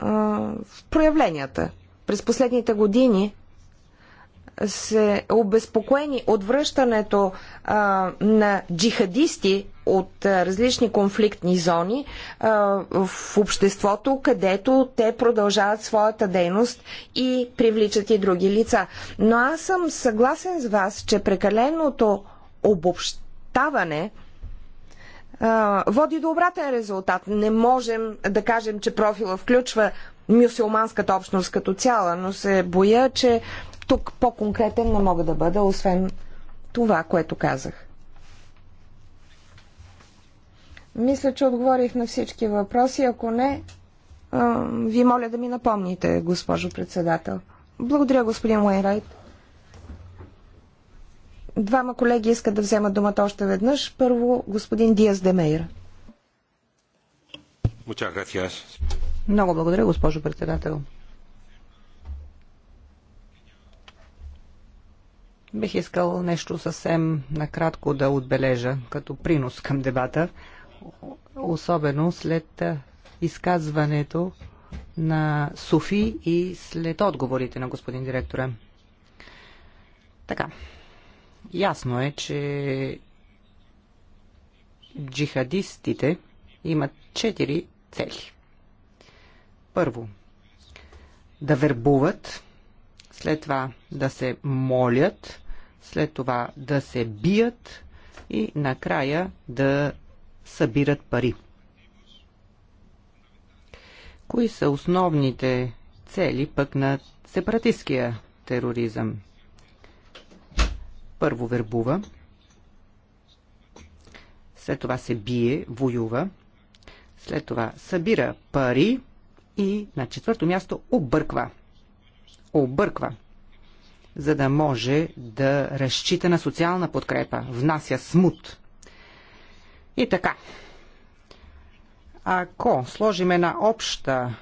в проявленията. През последните години се обезпокоени от връщането а, на джихадисти от различни конфликтни зони в обществото, където те продължават своята дейност и привличат и други лица. Но аз съм съгласен с вас, че прекаленото обобщаване води до обратен резултат. Не можем да кажем, че профила включва мюсюлманската общност като цяла, но се боя, че тук по-конкретен не мога да бъда, освен това, което казах. Мисля, че отговорих на всички въпроси. Ако не, ви моля да ми напомните, госпожо председател. Благодаря, господин Уейнрайт. Двама колеги искат да вземат думата още веднъж. Първо, господин Диас Демейр. Много благодаря, госпожо председател. Бих искал нещо съвсем накратко да отбележа като принос към дебата особено след изказването на Софи и след отговорите на господин директора. Така, ясно е, че джихадистите имат четири цели. Първо, да вербуват, след това да се молят, след това да се бият и накрая да събират пари. Кои са основните цели пък на сепаратистския тероризъм? Първо вербува, след това се бие, воюва, след това събира пари и на четвърто място обърква. Обърква, за да може да разчита на социална подкрепа, внася смут и така, ако сложим една обща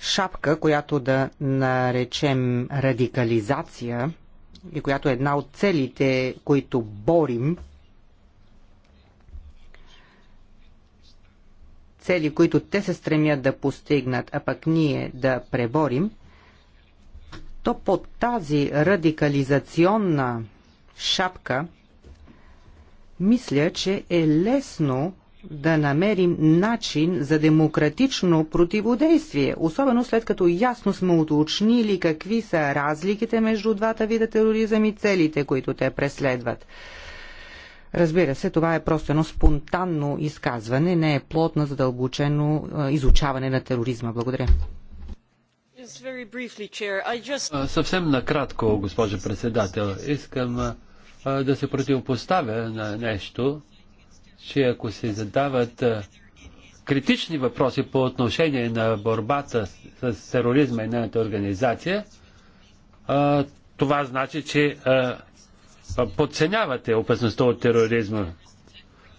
шапка, която да наречем радикализация и която е една от целите, които борим, цели, които те се стремят да постигнат, а пък ние да преборим, то под тази радикализационна шапка – мисля, че е лесно да намерим начин за демократично противодействие, особено след като ясно сме уточнили какви са разликите между двата вида тероризъм и целите, които те преследват. Разбира се, това е просто едно спонтанно изказване, не е плод на задълбочено изучаване на тероризма. Благодаря. Съвсем накратко, госпожо председател, искам да се противопоставя на нещо, че ако се задават критични въпроси по отношение на борбата с, тероризма и нената организация, това значи, че подценявате опасността от тероризма.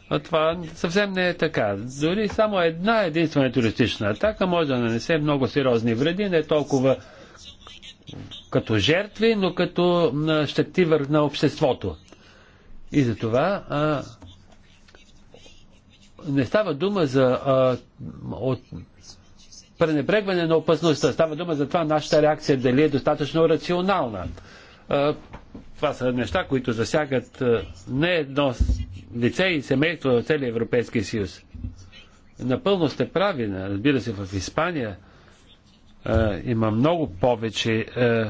А това съвсем не е така. Дори само една единствена туристична атака може да нанесе много сериозни вреди, не толкова като жертви, но като на щети на обществото. И за това а, не става дума за а, от, пренебрегване на опасността. Става дума за това нашата реакция дали е достатъчно рационална. А, това са неща, които засягат а, не едно лице и семейство в целия Европейски съюз. Напълно сте прави, разбира се, в Испания – е, има много повече е,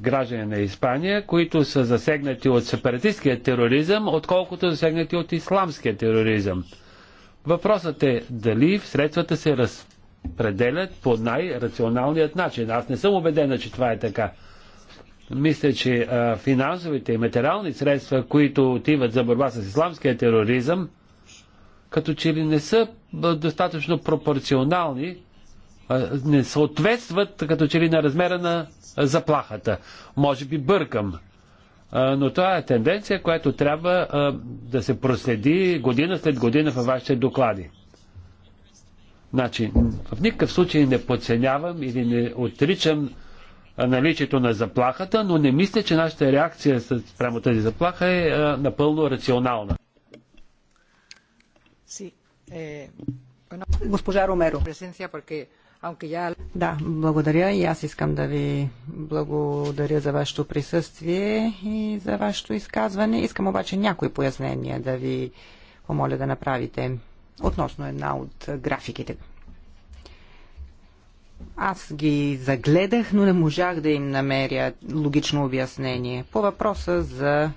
граждани на Испания, които са засегнати от сепаратистския тероризъм, отколкото засегнати от исламския тероризъм. Въпросът е дали средствата се разпределят по най-рационалният начин. Аз не съм убедена, че това е така. Мисля, че а, е, финансовите и материални средства, които отиват за борба с исламския тероризъм, като че ли не са достатъчно пропорционални не съответстват като че ли на размера на заплахата. Може би бъркам. Но това е тенденция, която трябва да се проследи година след година във вашите доклади. Значи, в никакъв случай не подценявам или не отричам наличието на заплахата, но не мисля, че нашата реакция спрямо тази заплаха е напълно рационална. Eh, Госпожа Ромеро. Да, благодаря и аз искам да ви благодаря за вашето присъствие и за вашето изказване. Искам обаче някои пояснения да ви помоля да направите относно една от графиките. Аз ги загледах, но не можах да им намеря логично обяснение. По въпроса за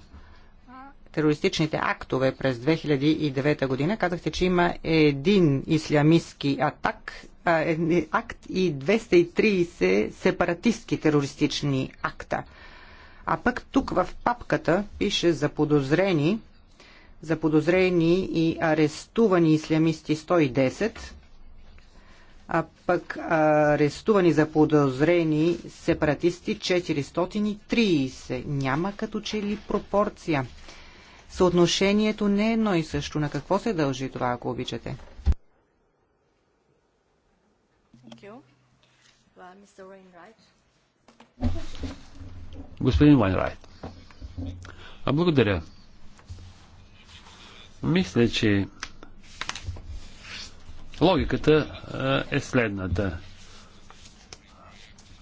терористичните актове през 2009 година казахте, че има един ислямистски атак акт и 230 сепаратистки терористични акта. А пък тук в папката пише за подозрени, за подозрени и арестувани ислямисти 110, а пък арестувани за подозрени сепаратисти 430. Няма като че ли пропорция. Съотношението не е едно и също. На какво се дължи това, ако обичате? Господин Вайнрайт. А благодаря. Мисля, че логиката е следната.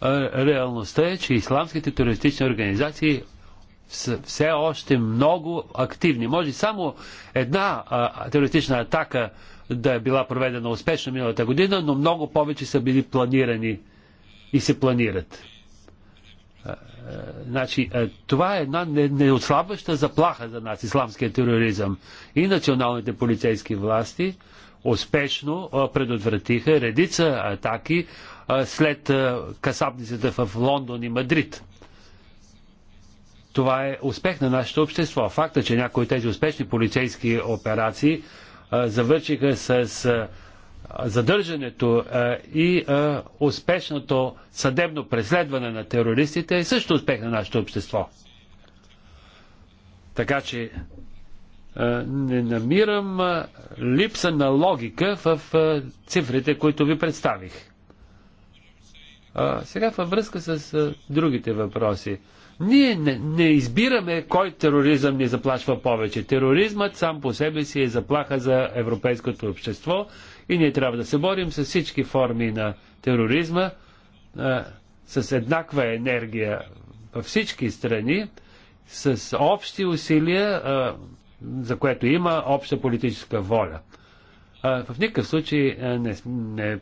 Реалността е, че исламските терористични организации са все още много активни. Може само една терористична атака да е била проведена успешно миналата година, но много повече са били планирани и се планират. Значи, това е една неотслабваща заплаха за нас, исламския тероризъм. И националните полицейски власти успешно предотвратиха редица атаки след касапниците в Лондон и Мадрид. Това е успех на нашето общество. Факта, че някои от тези успешни полицейски операции завършиха с задържането и успешното съдебно преследване на терористите е също успех на нашето общество. Така че не намирам липса на логика в цифрите, които ви представих. Сега във връзка с другите въпроси. Ние не, не избираме кой тероризъм ни заплашва повече. Тероризмът сам по себе си е заплаха за европейското общество и ние трябва да се борим с всички форми на тероризма, а, с еднаква енергия във всички страни, с общи усилия, а, за което има обща политическа воля. А, в никакъв случай не, не,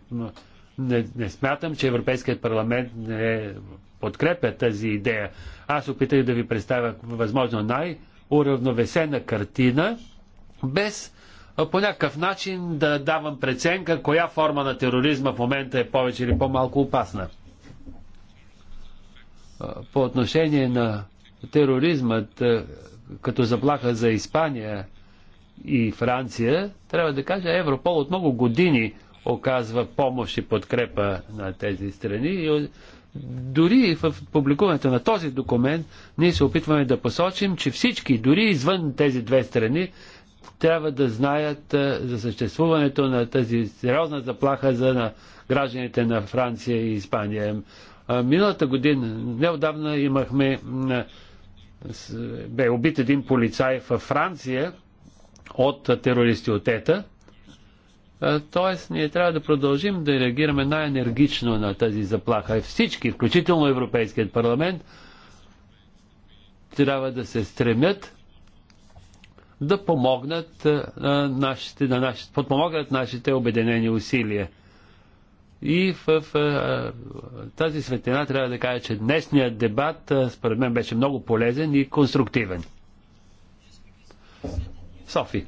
не, не смятам, че Европейският парламент не подкрепя тази идея. Аз опитах да ви представя възможно най-уравновесена картина, без по някакъв начин да давам преценка коя форма на тероризма в момента е повече или по-малко опасна. По отношение на тероризмът като заплаха за Испания и Франция, трябва да кажа, Европол от много години оказва помощ и подкрепа на тези страни. И дори в публикуването на този документ ние се опитваме да посочим, че всички, дори извън тези две страни, трябва да знаят за съществуването на тази сериозна заплаха за на гражданите на Франция и Испания. Миналата година, неодавна имахме, бе убит един полицай във Франция от терористи от ЕТА. Тоест, ние трябва да продължим да реагираме най-енергично на тази заплаха. Всички, включително Европейският парламент, трябва да се стремят да помогнат на нашите, на нашите, подпомогнат нашите обединени усилия. И в, в, в тази светлина трябва да кажа, че днесният дебат според мен беше много полезен и конструктивен. Софи.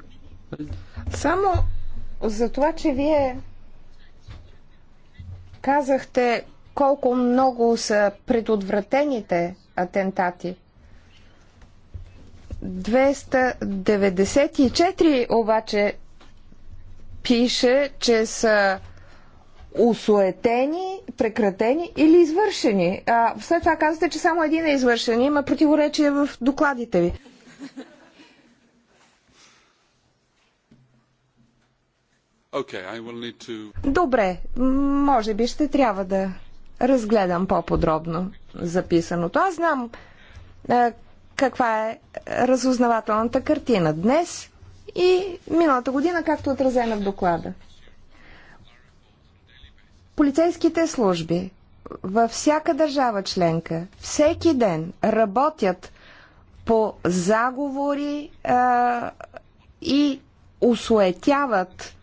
Само за това, че вие казахте колко много са предотвратените атентати – 294 обаче пише, че са усуетени, прекратени или извършени. А, след това казвате, че само един е извършен. Има противоречие в докладите ви. Okay, I will need to... Добре, може би ще трябва да разгледам по-подробно записаното. Аз знам е, каква е разузнавателната картина днес и миналата година, както е отразена в доклада. Полицейските служби във всяка държава членка всеки ден работят по заговори а, и осуетяват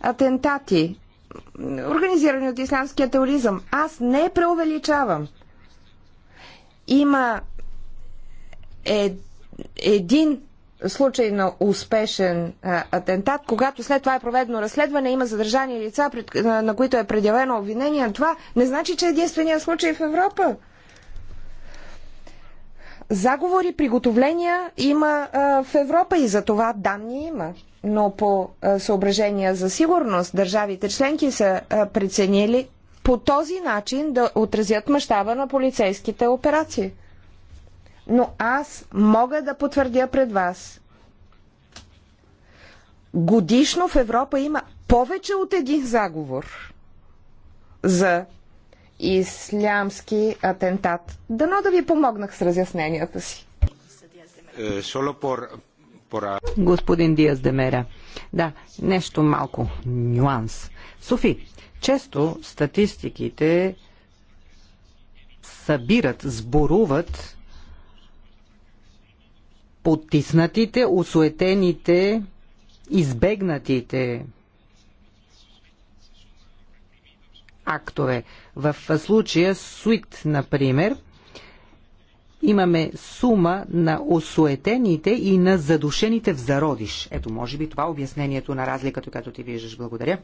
атентати, организирани от исламския тероризъм. Аз не преувеличавам. Има е един случай на успешен а, атентат, когато след това е проведено разследване, има задържани лица, пред, на, на които е предявено обвинение, това не значи, че е единствения случай в Европа. Заговори, приготовления има а, в Европа и за това данни има. Но по а, съображения за сигурност държавите членки са а, преценили по този начин да отразят мащаба на полицейските операции но аз мога да потвърдя пред вас. Годишно в Европа има повече от един заговор за ислямски атентат. Дано да ви помогнах с разясненията си. Е, Господин Диас Демера, да, нещо малко нюанс. Софи, често статистиките събират, сборуват потиснатите, осуетените, избегнатите актове. В случая СУИТ, например, имаме сума на осуетените и на задушените в зародиш. Ето, може би това е обяснението на разликата, която ти виждаш. Благодаря.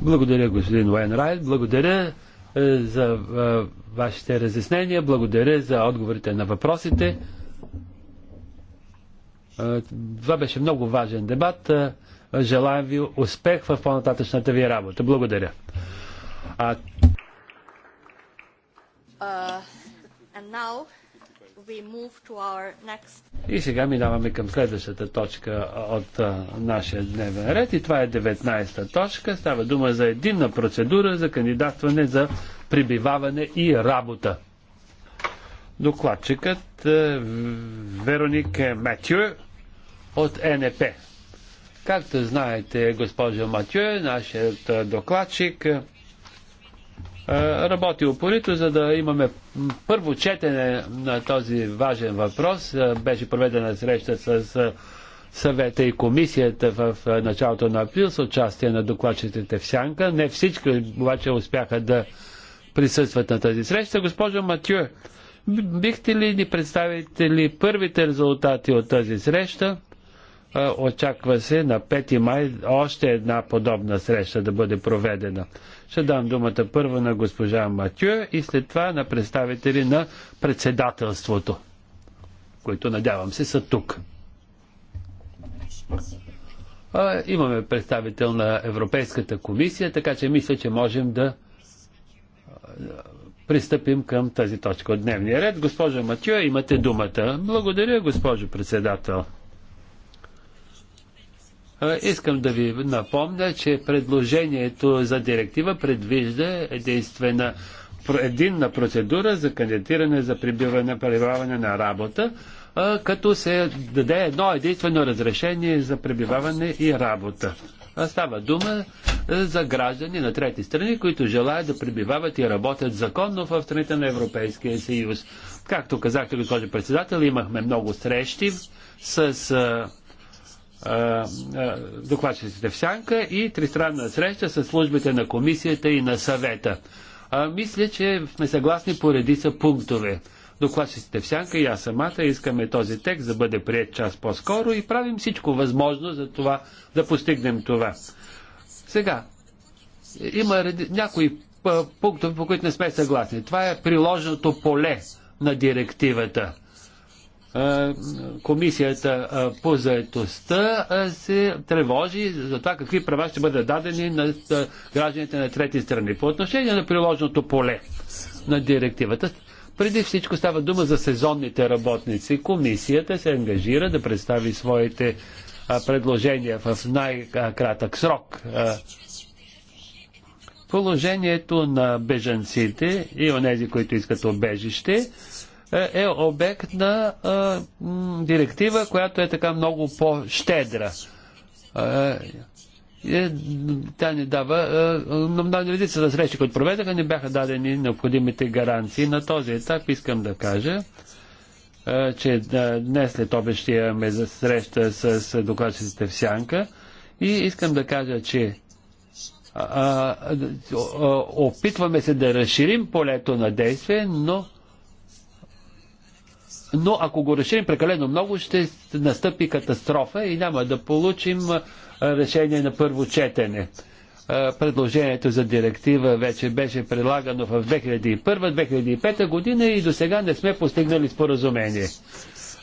Благодаря, господин Уайнрайт. Благодаря е, за е, вашите разяснения. Благодаря за отговорите на въпросите. Е, това беше много важен дебат. Желаем ви успех в по-нататъчната ви работа. Благодаря. Uh, and now... И сега минаваме към следващата точка от а, нашия дневен ред и това е 19-та точка. Става дума за единна процедура за кандидатстване за прибиваване и работа. Докладчикът Вероник Матю от НП. Както знаете, госпожо Матю, нашият докладчик е, работи упорито, за да имаме първо четене на този важен въпрос. Е, беше проведена среща с е, съвета и комисията в началото на април с участие на докладчетите в Сянка. Не всички обаче успяха да присъстват на тази среща. Госпожо Матю, бихте ли ни представите ли първите резултати от тази среща? Очаква се на 5 май още една подобна среща да бъде проведена. Ще дам думата първо на госпожа Матю и след това на представители на председателството, които надявам се са тук. А, имаме представител на Европейската комисия, така че мисля, че можем да пристъпим към тази точка от дневния ред. Госпожо Матю, имате думата. Благодаря, госпожо председател. Искам да ви напомня, че предложението за директива предвижда единствена единна процедура за кандидатиране за прибиване, пребиваване на работа, като се даде едно единствено разрешение за пребиваване и работа. Става дума за граждани на трети страни, които желаят да пребивават и работят законно в страните на Европейския съюз. Както казахте, госпожо председател, имахме много срещи с докладчиците в Сянка и тристранна среща с службите на комисията и на съвета. А, мисля, че сме съгласни по редица пунктове. Докладчиците в Сянка и аз самата искаме този текст да бъде прият час по-скоро и правим всичко възможно за това, да постигнем това. Сега, има реди... някои пунктове, по които не сме съгласни. Това е приложното поле на директивата. Е, комисията е, по заетостта е, се тревожи за това какви права ще бъдат дадени на гражданите на трети страни. По отношение на приложеното поле на директивата, преди всичко става дума за сезонните работници. Комисията се ангажира да представи своите предложения в най-кратък срок. Положението на бежанците и онези, които искат обежище, е обект на а, м, директива, която е така много по-щедра. Е, тя ни дава, е, на редица за срещи, които проведаха, не бяха дадени необходимите гаранции. На този етап искам да кажа, е, че днес след обещия ще имаме за среща с, с докладчиците в Сянка и искам да кажа, че а, а, опитваме се да разширим полето на действие, но но ако го решим прекалено много, ще настъпи катастрофа и няма да получим решение на първо четене. Предложението за директива вече беше предлагано в 2001-2005 година и до сега не сме постигнали споразумение.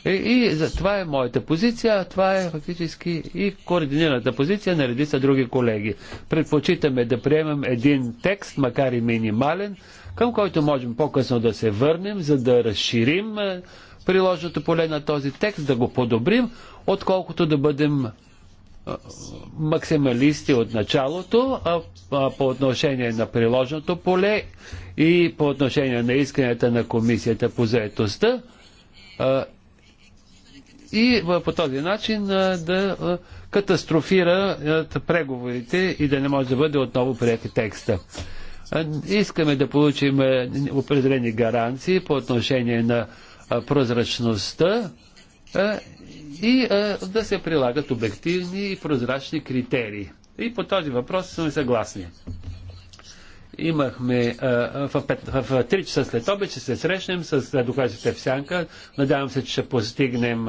И, и за това е моята позиция, а това е фактически и координираната позиция на редица други колеги. Предпочитаме да приемем един текст, макар и минимален, към който можем по-късно да се върнем, за да разширим приложното поле на този текст, да го подобрим, отколкото да бъдем максималисти от началото а, а, по отношение на приложното поле и по отношение на исканията на комисията по заетостта а, и а, по този начин а, да а, катастрофира а, преговорите и да не може да бъде отново прият текста. А, искаме да получим а, определени гаранции по отношение на прозрачността и да се прилагат обективни и прозрачни критерии. И по този въпрос сме съгласни. Имахме в, в 3 часа след обед, ще се срещнем с доказите в Сянка. Надявам се, че ще постигнем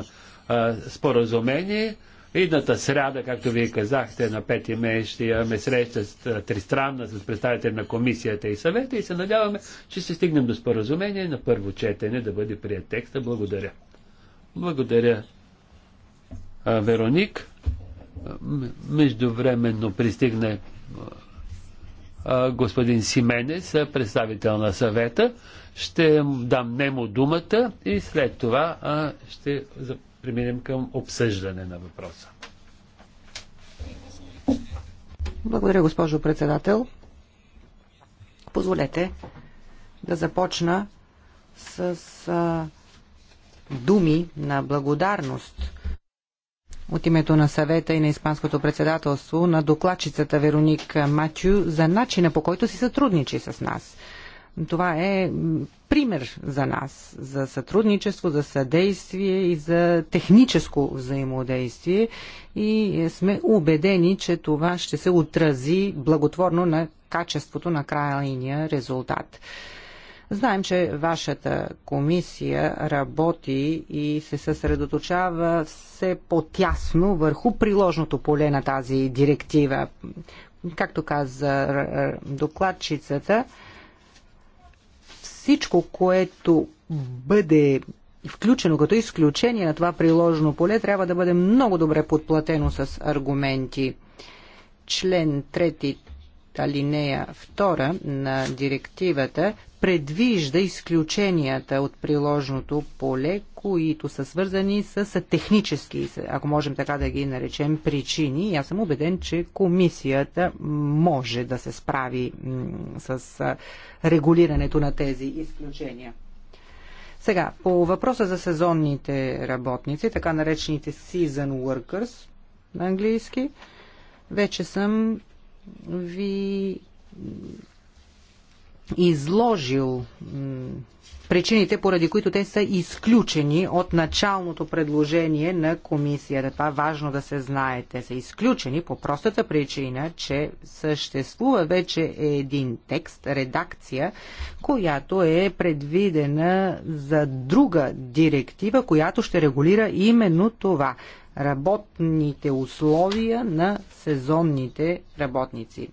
споразумение. Идната сряда, както вие казахте, на 5 мей, ще имаме среща с тристранна с представители на комисията и съвета и се надяваме, че ще стигнем до споразумение на първо четене да бъде прият текста. Благодаря. Благодаря, Вероник. Междувременно пристигне господин Сименес, представител на съвета. Ще дам нему думата и след това ще преминем към обсъждане на въпроса. Благодаря, госпожо председател. Позволете да започна с а, думи на благодарност от името на съвета и на Испанското председателство на докладчицата Вероник Матю за начина по който си сътрудничи с нас. Това е пример за нас, за сътрудничество, за съдействие и за техническо взаимодействие и сме убедени, че това ще се отрази благотворно на качеството на крайния резултат. Знаем, че вашата комисия работи и се съсредоточава все по-тясно върху приложното поле на тази директива. Както каза докладчицата, всичко, което бъде включено като изключение на това приложено поле, трябва да бъде много добре подплатено с аргументи. Член 3, алинея 2 на директивата предвижда изключенията от приложното поле, които са свързани с технически, ако можем така да ги наречем, причини. аз съм убеден, че комисията може да се справи с регулирането на тези изключения. Сега, по въпроса за сезонните работници, така наречените season workers на английски, вече съм ви изложил причините, поради които те са изключени от началното предложение на комисията. Това е важно да се знае. Те са изключени по простата причина, че съществува вече един текст, редакция, която е предвидена за друга директива, която ще регулира именно това работните условия на сезонните работници.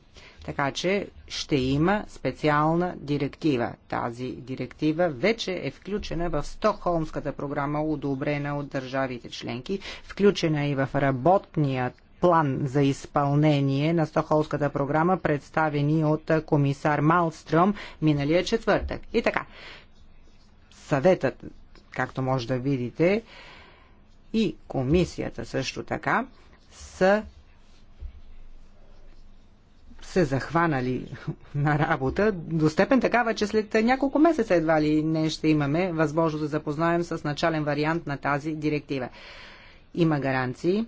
Така че ще има специална директива. Тази директива вече е включена в Стокхолмската програма, одобрена от държавите членки, включена и в работният план за изпълнение на Стохолската програма, представени от комисар Малстром миналия четвъртък. И така, съветът, както може да видите, и комисията също така, са се захванали *laughs* на работа, до степен такава, че след няколко месеца едва ли не ще имаме възможност да запознаем с начален вариант на тази директива. Има гаранции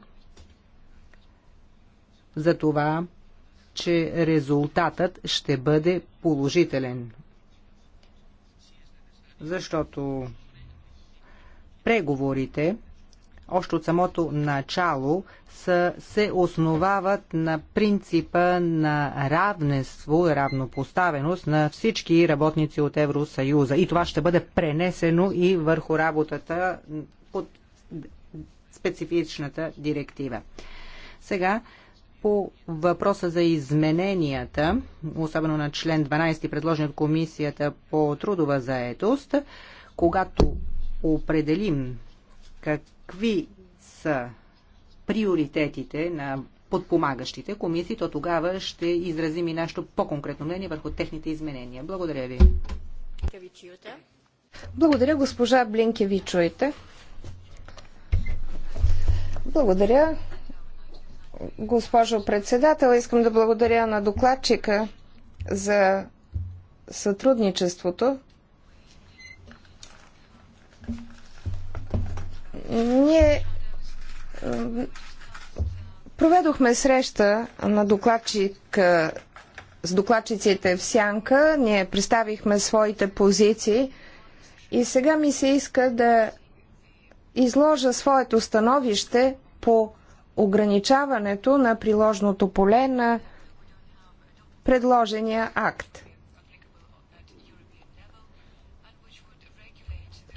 за това, че резултатът ще бъде положителен. Защото преговорите още от самото начало са, се основават на принципа на равенство, равнопоставеност на всички работници от Евросъюза. И това ще бъде пренесено и върху работата под специфичната директива. Сега по въпроса за измененията, особено на член 12, предложен от Комисията по трудова заетост, когато определим какви са приоритетите на подпомагащите комисии, то тогава ще изразим и нашето по-конкретно мнение върху техните изменения. Благодаря ви. Благодаря, госпожа чуете. Благодаря, госпожо председател. Искам да благодаря на докладчика за сътрудничеството. Ние проведохме среща на докладчик с докладчиците в Сянка, ние представихме своите позиции и сега ми се иска да изложа своето становище по ограничаването на приложното поле на предложения акт.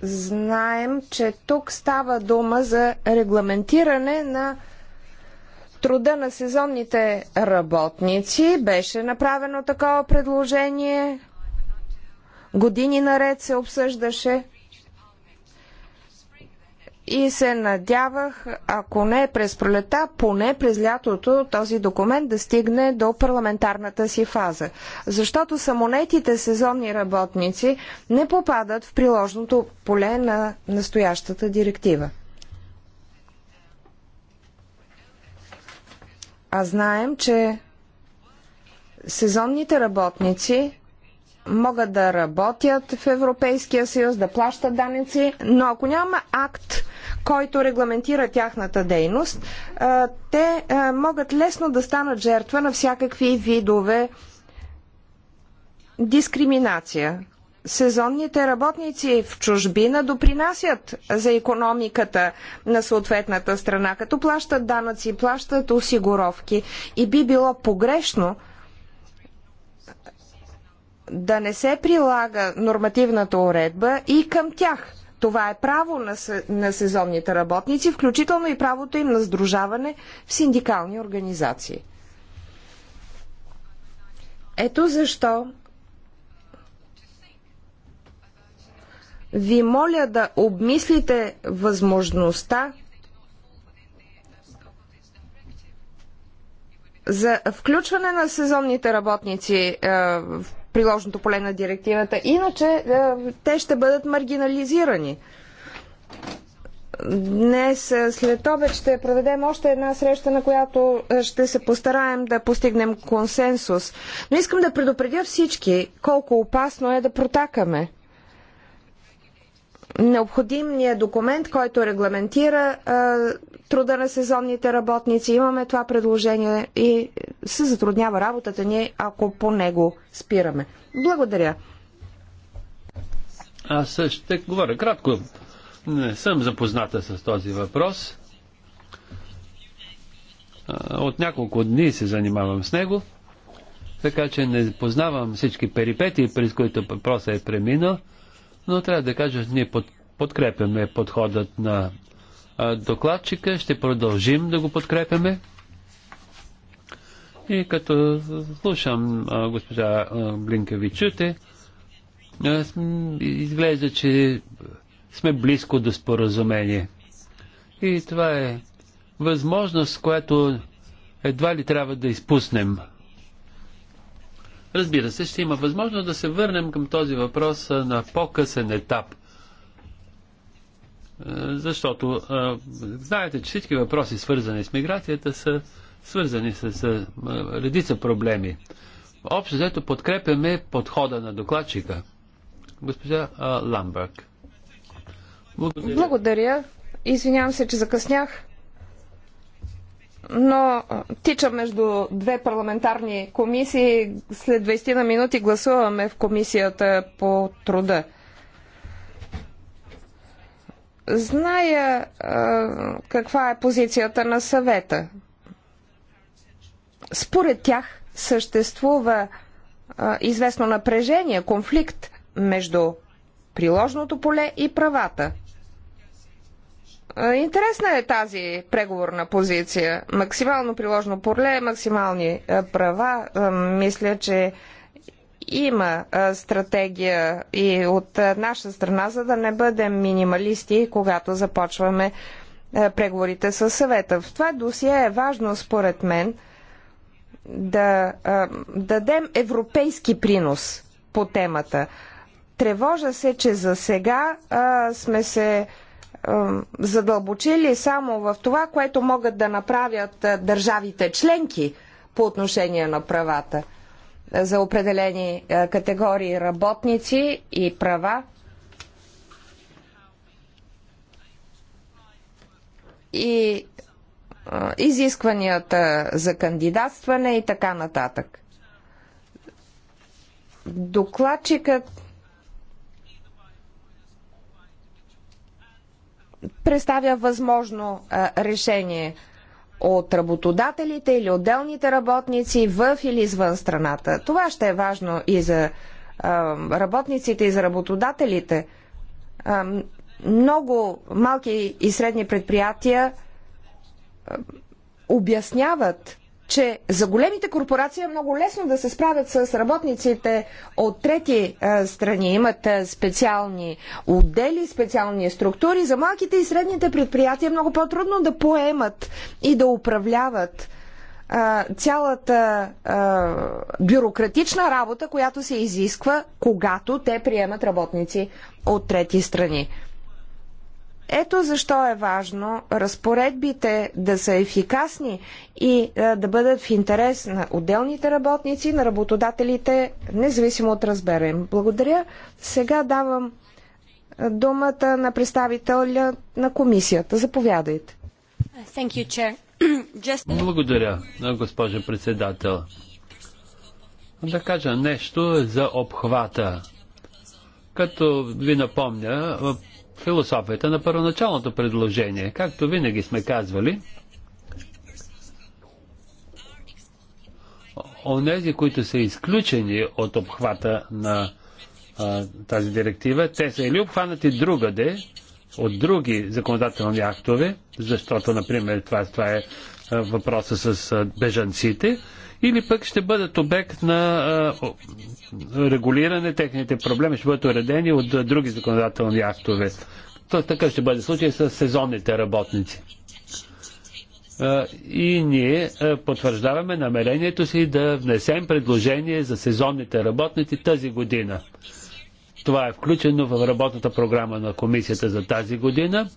знаем, че тук става дума за регламентиране на труда на сезонните работници. Беше направено такова предложение. Години наред се обсъждаше и се надявах, ако не през пролета, поне през лятото този документ да стигне до парламентарната си фаза. Защото самонетите сезонни работници не попадат в приложното поле на настоящата директива. А знаем, че сезонните работници могат да работят в Европейския съюз, да плащат данъци, но ако няма акт, който регламентира тяхната дейност, те могат лесно да станат жертва на всякакви видове дискриминация. Сезонните работници в чужбина допринасят за економиката на съответната страна, като плащат данъци, плащат осигуровки и би било погрешно да не се прилага нормативната уредба и към тях. Това е право на, на сезонните работници, включително и правото им на сдружаване в синдикални организации. Ето защо ви моля да обмислите възможността за включване на сезонните работници е, в приложното поле на директивата. Иначе е, те ще бъдат маргинализирани. Днес е, след обед ще проведем още една среща, на която е, ще се постараем да постигнем консенсус. Но искам да предупредя всички колко опасно е да протакаме. Необходимният документ, който регламентира труда на сезонните работници. Имаме това предложение и се затруднява работата ни, ако по него спираме. Благодаря. Аз ще говоря кратко. Не съм запозната с този въпрос. От няколко дни се занимавам с него, така че не познавам всички перипетии, през които въпросът е преминал, но трябва да кажа, че ние подкрепяме подходът на докладчика, ще продължим да го подкрепяме. И като слушам госпожа Блинкевичуте, изглежда, че сме близко до споразумение. И това е възможност, която едва ли трябва да изпуснем. Разбира се, ще има възможност да се върнем към този въпрос на по-късен етап защото знаете, че всички въпроси, свързани с миграцията, са свързани с редица проблеми. Общо взето подкрепяме подхода на докладчика. Госпожа Ламбърг. Благодаря. Благодаря. Извинявам се, че закъснях. Но тича между две парламентарни комисии. След 20 на минути гласуваме в комисията по труда. Зная а, каква е позицията на съвета. Според тях съществува а, известно напрежение, конфликт между приложното поле и правата. Интересна е тази преговорна позиция. Максимално приложно поле, максимални права. Мисля, че има стратегия и от наша страна, за да не бъдем минималисти, когато започваме преговорите с съвета. В това досие е важно, според мен, да дадем европейски принос по темата. Тревожа се, че за сега сме се задълбочили само в това, което могат да направят държавите членки по отношение на правата за определени е, категории работници и права. И е, изискванията за кандидатстване и така нататък. Докладчикът представя възможно е, решение – от работодателите или отделните работници в или извън страната. Това ще е важно и за работниците и за работодателите. Много малки и средни предприятия обясняват че за големите корпорации е много лесно да се справят с работниците от трети е, страни. Имат е, специални отдели, специални структури. За малките и средните предприятия е много по-трудно да поемат и да управляват е, цялата а, бюрократична работа, която се изисква, когато те приемат работници от трети страни. Ето защо е важно разпоредбите да са ефикасни и е, да бъдат в интерес на отделните работници, на работодателите, независимо от разбера им. Благодаря. Сега давам е, думата на представителя на комисията. Заповядайте. *clears throat* Благодаря, госпожа председател. Да кажа нещо за обхвата. Като ви напомня, философията на първоначалното предложение. Както винаги сме казвали, онези, които са изключени от обхвата на а, тази директива, те са или обхванати другаде, от други законодателни актове, защото, например, това, това е въпроса с бежанците, или пък ще бъдат обект на регулиране, техните проблеми ще бъдат уредени от други законодателни актове. То, такъв ще бъде случай с сезонните работници. И ние потвърждаваме намерението си да внесем предложение за сезонните работници тази година. Това е включено в работната програма на комисията за тази година,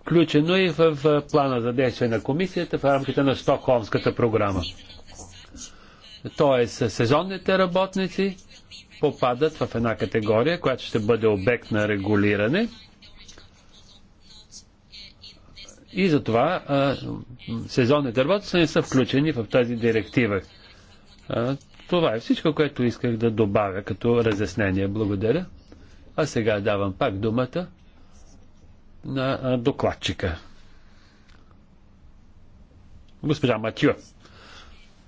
включено и в плана за действие на комисията в рамките на Стокхолмската програма т.е. сезонните работници попадат в една категория, която ще бъде обект на регулиране. И затова сезонните работници не са включени в тази директива. това е всичко, което исках да добавя като разяснение. Благодаря. А сега давам пак думата на докладчика. Госпожа Матю.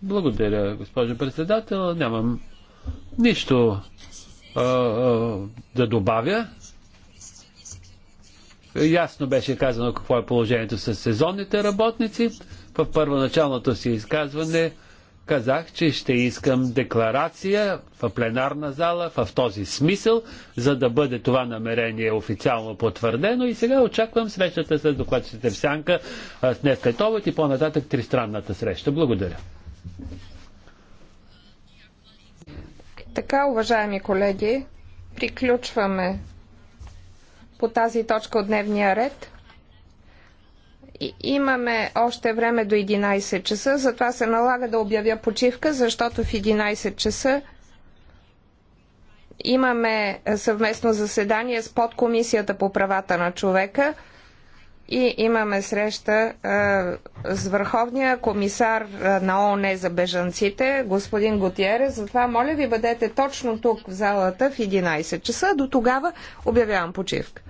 Благодаря, госпожо председател. Нямам нищо а, а, да добавя. Ясно беше казано какво е положението с сезонните работници. В първоначалното си изказване казах, че ще искам декларация в пленарна зала в този смисъл, за да бъде това намерение официално потвърдено и сега очаквам срещата с докладчите в Сянка днес след и по-нататък тристранната среща. Благодаря. Така, уважаеми колеги, приключваме по тази точка от дневния ред. И имаме още време до 11 часа, затова се налага да обявя почивка, защото в 11 часа имаме съвместно заседание с подкомисията по правата на човека и имаме среща с върховния комисар на ООН за бежанците, господин Готиерес. Затова, моля ви, бъдете точно тук в залата в 11 часа. До тогава обявявам почивка.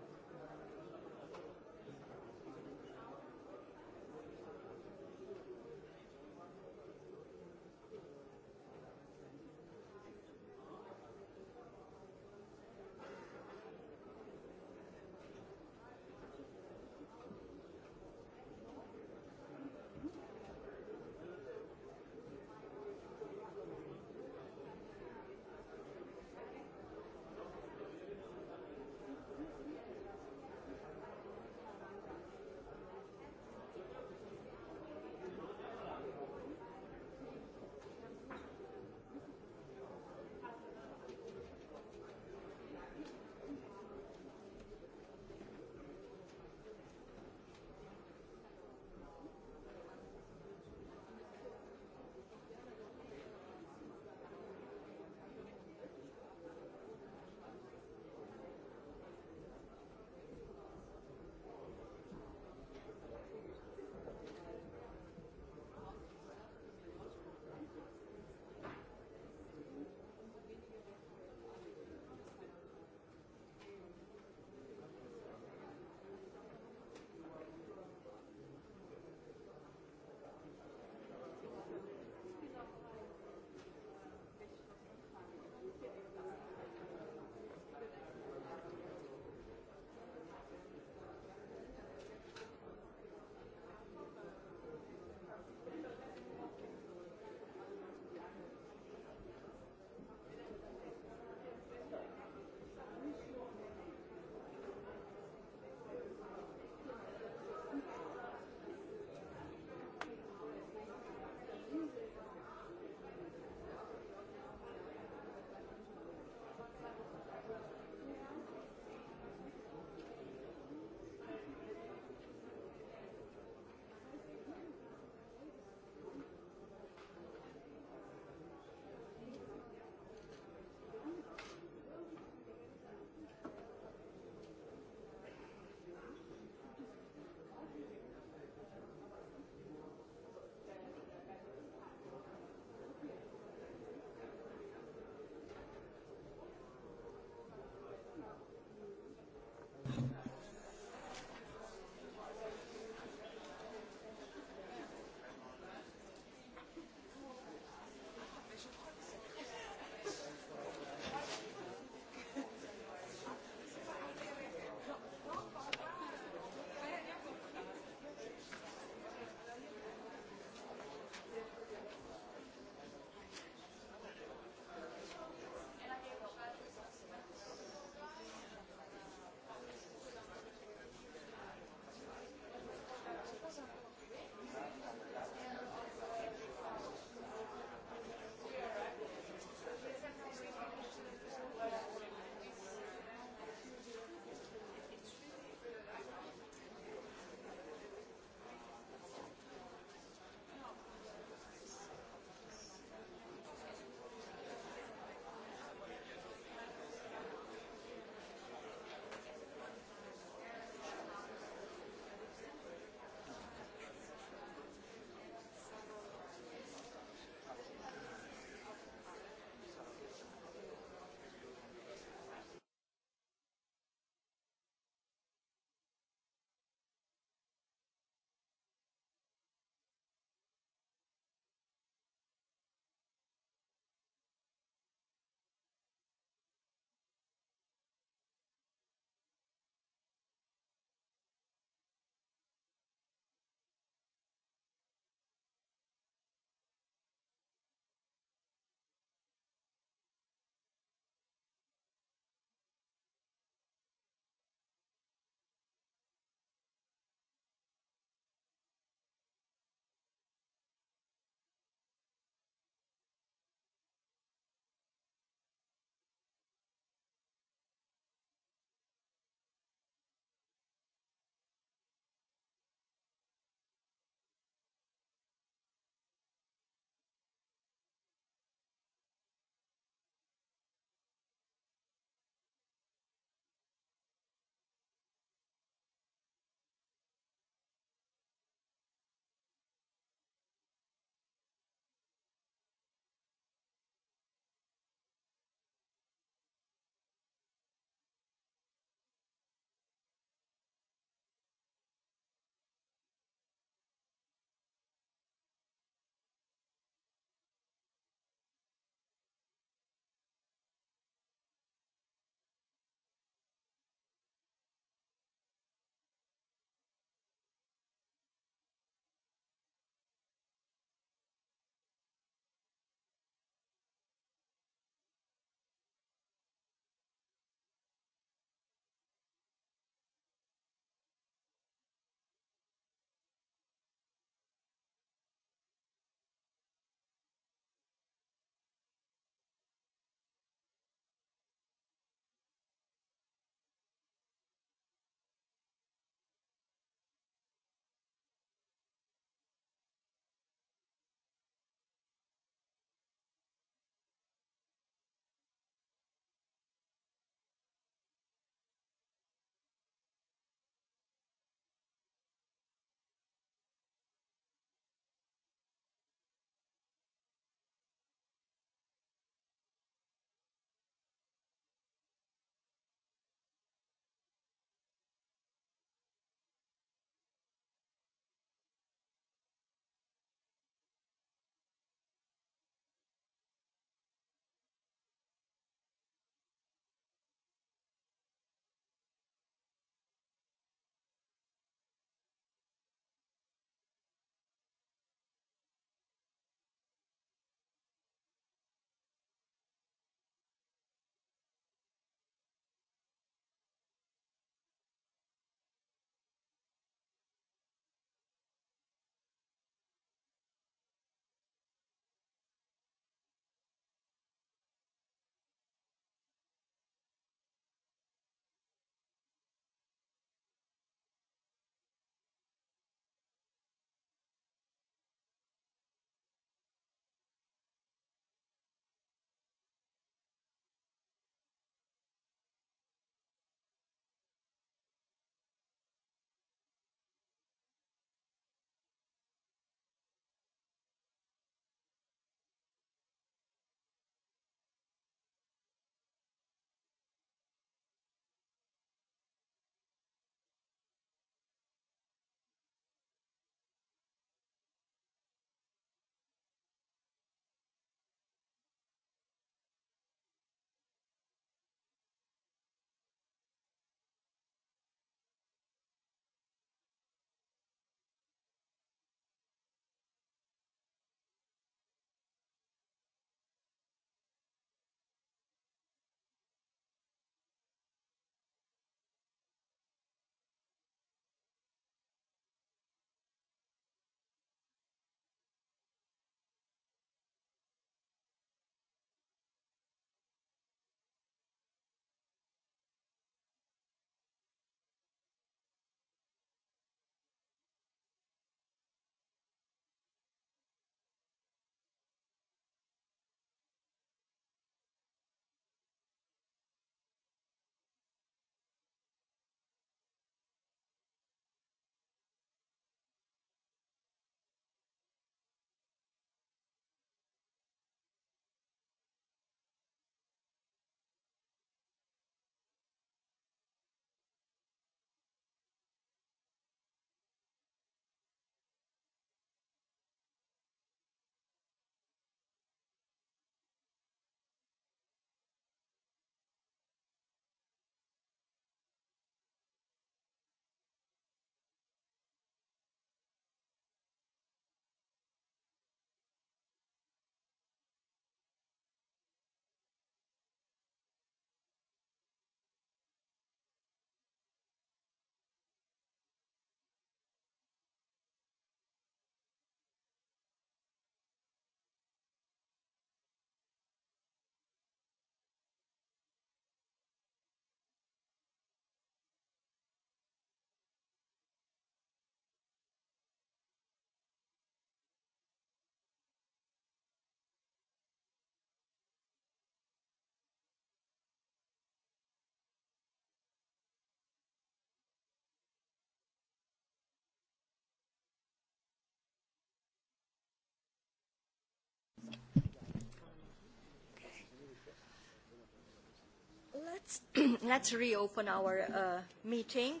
Let's, *clears throat* let's reopen our uh, meeting.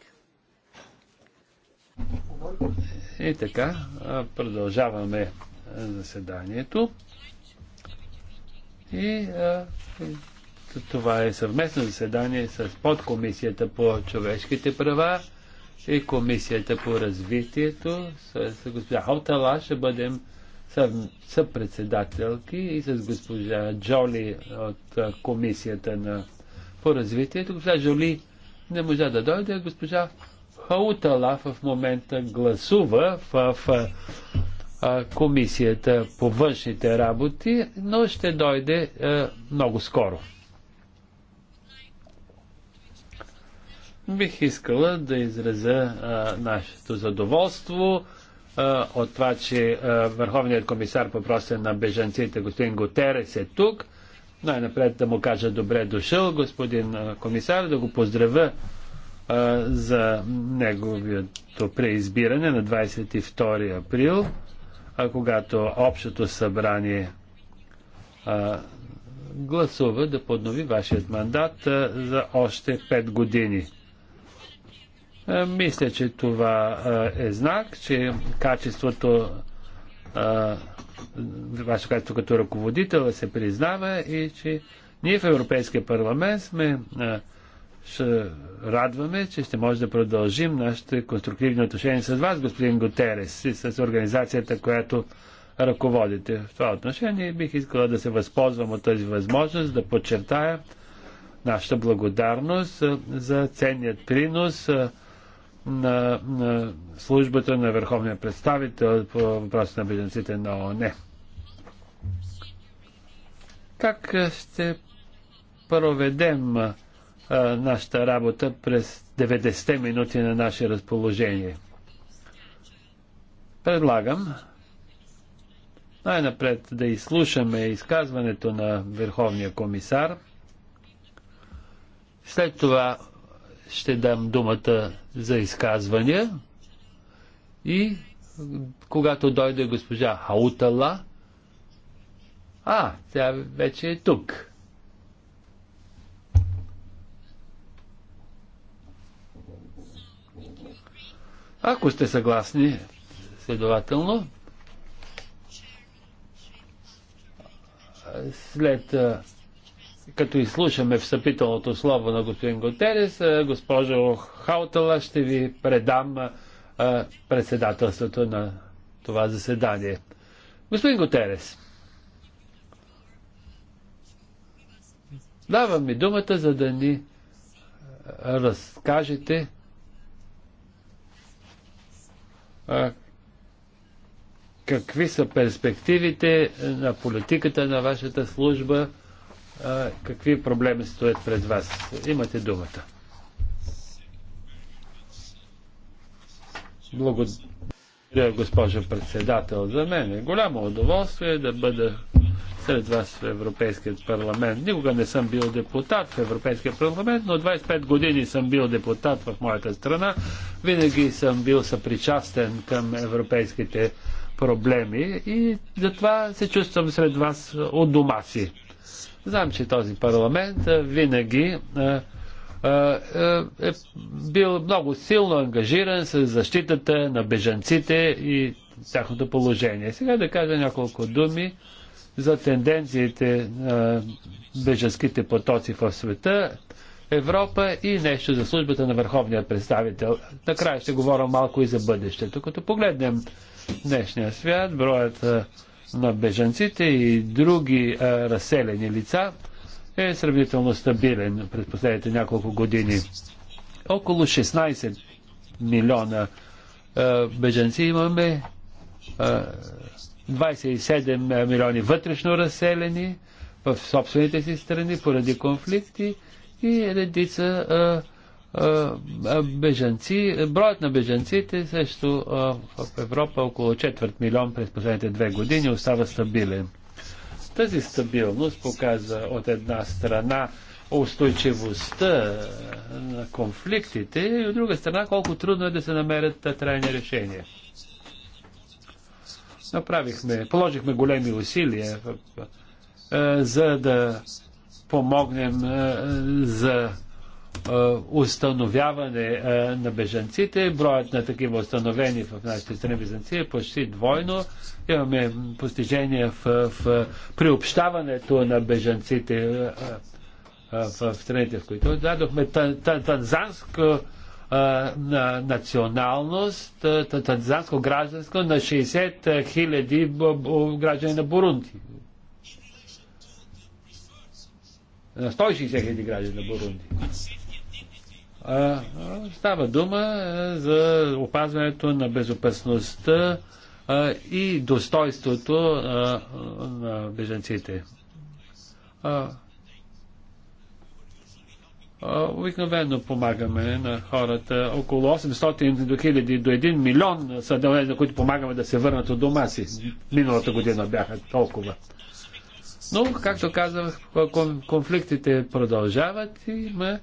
И така, продължаваме заседанието. И а, това е съвместно заседание с подкомисията по човешките права и комисията по развитието. С, с госпожа Хотала ще бъдем съв, съпредседателки и с госпожа Джоли от комисията на по развитието. Госпожа Жоли не можа да дойде, госпожа Хаутала в момента гласува в, в а, комисията по външните работи, но ще дойде а, много скоро. Бих искала да изразя а, нашето задоволство а, от това, че а, Върховният комисар по въпроса на бежанците господин Готерес е тук най-напред да му кажа добре дошъл, господин комисар, да го поздравя а, за неговото преизбиране на 22 април, а когато Общото събрание а, гласува да поднови вашият мандат а, за още 5 години. А, мисля, че това а, е знак, че качеството а, вашето качество като ръководител се признава и че ние в Европейския парламент сме ще радваме, че ще може да продължим нашите конструктивни отношения с вас, господин Готерес, и с организацията, която ръководите. В това отношение бих искала да се възползвам от тази възможност да подчертая нашата благодарност за ценният принос, на, на службата на Върховния представител по въпроса на беженците на ООН. Как е, ще проведем а, е, нашата работа през 90-те минути на наше разположение? Предлагам най-напред да изслушаме изказването на Върховния комисар. След това ще дам думата за изказвания и когато дойде госпожа Хаутала, а, тя вече е тук. Ако сте съгласни, следователно, след като изслушаме встъпителното слово на господин Готерес, госпожо Хаутала, ще ви предам председателството на това заседание. Господин Готерес, давам ми думата, за да ни разкажете какви са перспективите на политиката на вашата служба какви проблеми стоят пред вас. Имате думата. Благодаря, госпожо председател. За мен е голямо удоволствие да бъда сред вас в Европейският парламент. Никога не съм бил депутат в Европейския парламент, но 25 години съм бил депутат в моята страна. Винаги съм бил съпричастен към европейските проблеми и затова се чувствам сред вас от дома си. Знам, че този парламент винаги е, е бил много силно ангажиран с защитата на бежанците и тяхното положение. Сега да кажа няколко думи за тенденциите на бежанските потоци в света, Европа и нещо за службата на върховния представител. Накрая ще говоря малко и за бъдещето. Като погледнем днешния свят, броят на беженците и други а, разселени лица е сравнително стабилен през последните няколко години. Около 16 милиона а, беженци имаме, а, 27 милиони вътрешно разселени в собствените си страни поради конфликти и редица а, беженци. броят на беженците също в Европа е около четвърт милион през последните две години остава стабилен. Тази стабилност показва от една страна устойчивостта на конфликтите и от друга страна колко трудно е да се намерят трайни решения. Направихме, положихме големи усилия за да помогнем за е, установяване е, на бежанците. Броят на такива установени в нашите страни бежанци е почти двойно. Имаме постижения в, в приобщаването на бежанците е, в страните, в които дадохме танзанско на националност, танзанско гражданство на 60 хиляди граждани на Бурунти. На 160 хиляди граждани на Бурунди. Става дума за опазването на безопасността и достоинството на беженците. Обикновено помагаме на хората. Около 800 до 1000 до 1 милион са дълени, на които помагаме да се върнат от дома си. Миналата година бяха толкова. Но, както казах, конфликтите продължават и има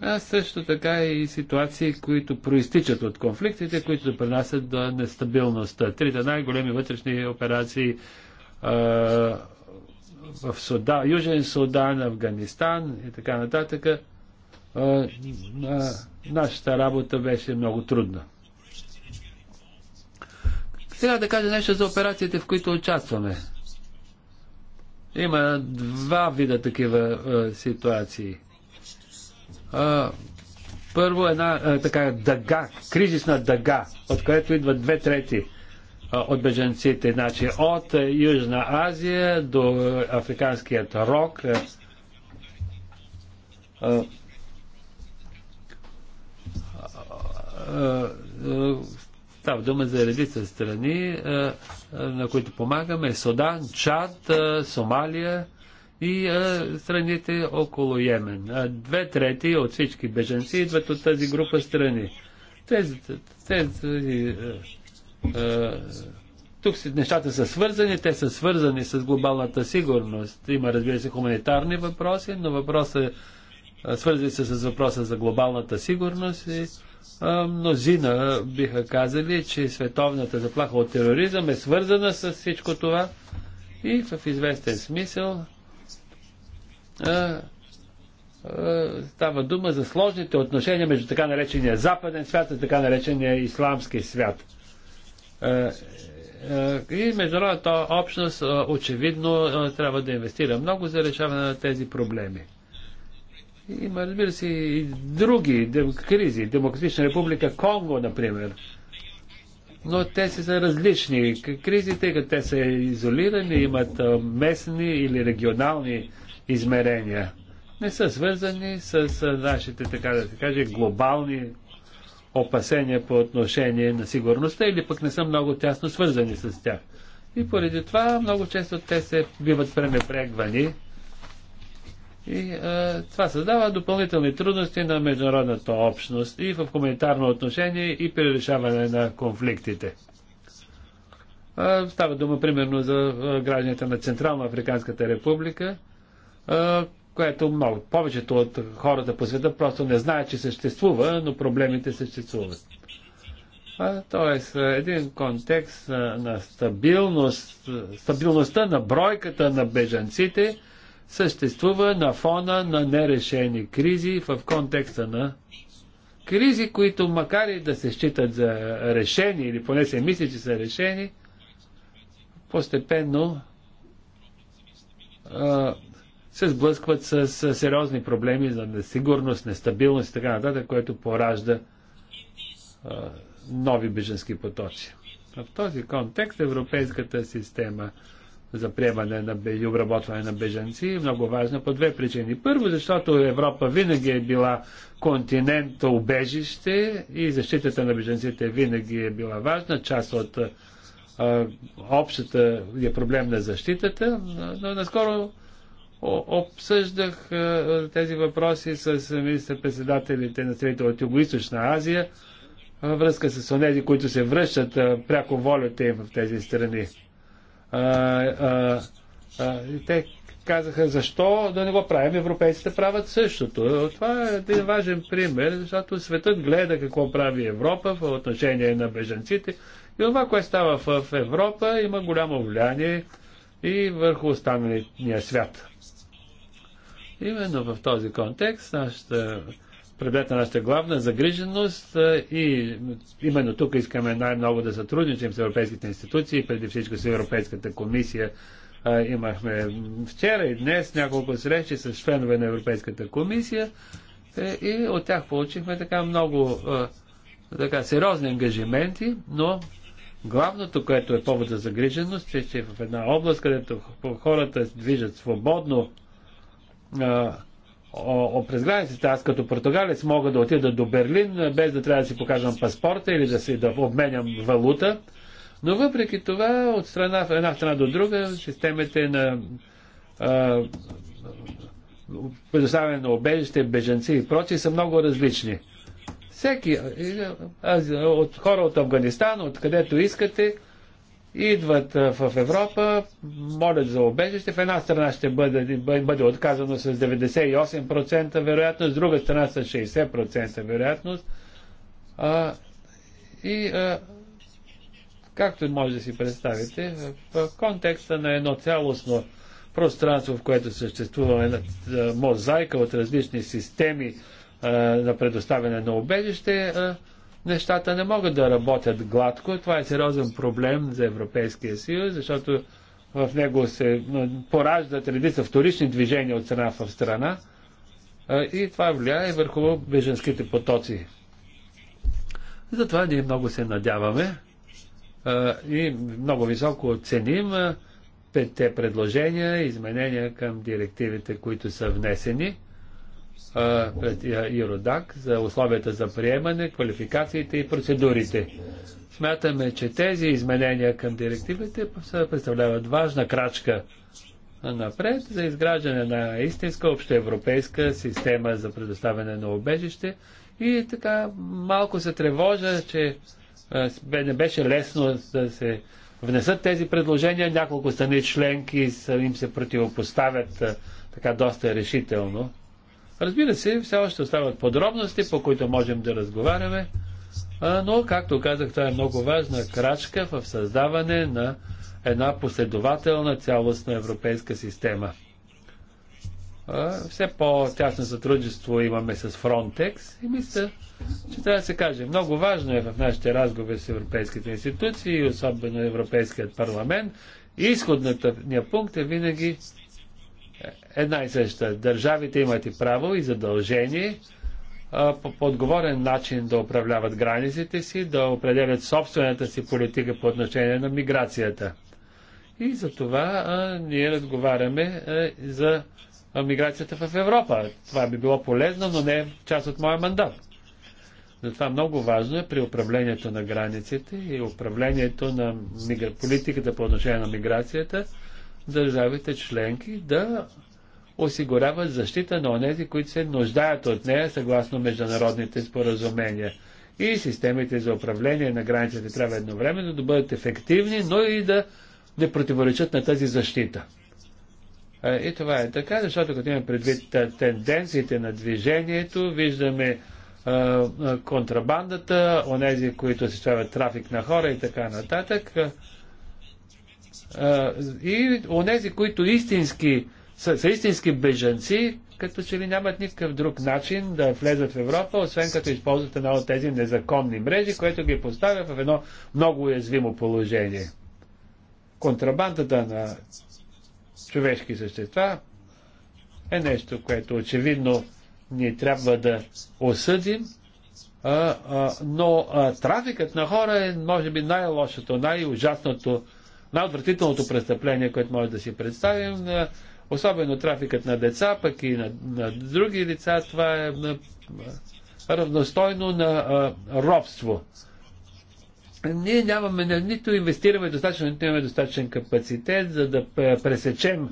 а също така и ситуации, които проистичат от конфликтите, които допринасят до нестабилността. Трите най-големи вътрешни операции а, в Суда, Южен Судан, Афганистан и така нататък. А, а, нашата работа беше много трудна. Сега да кажа нещо за операциите, в които участваме. Има два вида такива а, ситуации – първо една а, така дъга, кризисна дъга, от която идват две трети а, от беженците. Значи от Южна Азия до Африканският рок. А, става дума за редица страни, на които помагаме. Судан, Чад, Сомалия и а, страните около Йемен. А, две трети от всички беженци идват от тази група страни. Тези, тези, а, а, тук си, нещата са свързани, те са свързани с глобалната сигурност. Има, разбира се, хуманитарни въпроси, но въпросът свързани се с въпроса за глобалната сигурност и а, мнозина биха казали, че световната заплаха от тероризъм е свързана с всичко това и в известен смисъл става дума за сложните отношения между така наречения западен свят и така наречения исламски свят. И международната общност очевидно трябва да инвестира много за решаване на тези проблеми. Има, разбира се, и други дем... кризи. Демократична република Конго, например. Но те си са различни. Кризите, като те са изолирани, имат местни или регионални измерения. Не са свързани с нашите, така да се каже, глобални опасения по отношение на сигурността или пък не са много тясно свързани с тях. И поради това много често те се биват пренепрегвани. и е, това създава допълнителни трудности на международната общност и в хуманитарно отношение и при решаване на конфликтите. Е, става дума примерно за гражданите на Централно Африканската република, което много, повечето от хората по света просто не знаят, че съществува, но проблемите съществуват. Тоест, един контекст на стабилност, стабилността на бройката на бежанците съществува на фона на нерешени кризи в контекста на кризи, които макар и да се считат за решени, или поне се мисли, че са решени, постепенно се сблъскват с, с сериозни проблеми за несигурност, нестабилност и така нататък, което поражда а, нови беженски потоци. В този контекст европейската система за приемане на и обработване на беженци е много важна по две причини. Първо, защото Европа винаги е била континент обежище и защитата на беженците винаги е била важна, част от а, общата е проблем на защитата, но наскоро обсъждах е, е, тези въпроси с е, министър-председателите на страните от Юго-Источна Азия във връзка с онези, които се връщат пряко волята им в тези страни. те казаха, защо да не го правим, европейците правят същото. Това е един важен пример, защото светът гледа какво прави Европа в отношение на бежанците и това, което става в Европа, има голямо влияние и върху останалия свят. Именно в този контекст нашата, предмет на нашата главна е загриженост и именно тук искаме най-много да сътрудничим с европейските институции, преди всичко с Европейската комисия. Имахме вчера и днес няколко срещи с членове на Европейската комисия е, и от тях получихме така много така, сериозни ангажименти, но главното, което е повод за загриженост, е, че в една област, където хората движат свободно, о, през границите, аз като португалец мога да отида до Берлин, без да трябва да си покажам паспорта или да си да обменям валута. Но въпреки това, от страна, една страна до друга, системите на а, предоставяне на обежище, беженци и прочие са много различни. Всеки, аз, от хора от Афганистан, откъдето искате, идват в Европа, молят за обежище. В една страна ще бъде, бъде отказано с 98% вероятност, с друга страна с 60% вероятност. А, и а, както може да си представите, в контекста на едно цялостно пространство, в което съществува една мозайка от различни системи а, на предоставяне на обежище, а, нещата не могат да работят гладко. Това е сериозен проблем за Европейския съюз, защото в него се пораждат редица вторични движения от страна в страна и това влияе върху беженските потоци. Затова ние много се надяваме и много високо оценим петте предложения, изменения към директивите, които са внесени пред Юродак за условията за приемане, квалификациите и процедурите. Смятаме, че тези изменения към директивите представляват важна крачка напред за изграждане на истинска общоевропейска система за предоставяне на обежище и така малко се тревожа, че не беше лесно да се внесат тези предложения. Няколко страни членки им се противопоставят така доста решително. Разбира се, все още остават подробности, по които можем да разговаряме, но, както казах, това е много важна крачка в създаване на една последователна цялостна европейска система. Все по-тясно сътрудничество имаме с Frontex и мисля, че трябва да се каже, много важно е в нашите разговори с европейските институции и особено Европейският парламент. Изходната пункт е винаги една и съща. Държавите имат и право и задължение по подговорен начин да управляват границите си, да определят собствената си политика по отношение на миграцията. И за това а, ние разговаряме а, за а, миграцията в Европа. Това би било полезно, но не е част от моя мандат. Затова много важно е при управлението на границите и управлението на мигра... политиката по отношение на миграцията държавите членки да осигуряват защита на онези, които се нуждаят от нея съгласно международните споразумения. И системите за управление на границите трябва едновременно да бъдат ефективни, но и да не противоречат на тази защита. И това е така, защото като имаме предвид тенденциите на движението, виждаме контрабандата, онези, които се трафик на хора и така нататък. И онези, които истински, са, са истински бежанци, като че ли нямат никакъв друг начин да влезат в Европа, освен като използват една от тези незаконни мрежи, което ги поставя в едно много уязвимо положение. Контрабандата на човешки същества е нещо, което очевидно ни трябва да осъдим, а, а, но а, трафикът на хора е, може би, най-лошото, най-ужасното най-отвратителното престъпление, което може да си представим, е, особено трафикът на деца, пък и на, на други лица, това е на, е, равностойно на а, е, робство. Ние нямаме, нито инвестираме достатъчно, нито имаме достатъчен капацитет, за да пресечем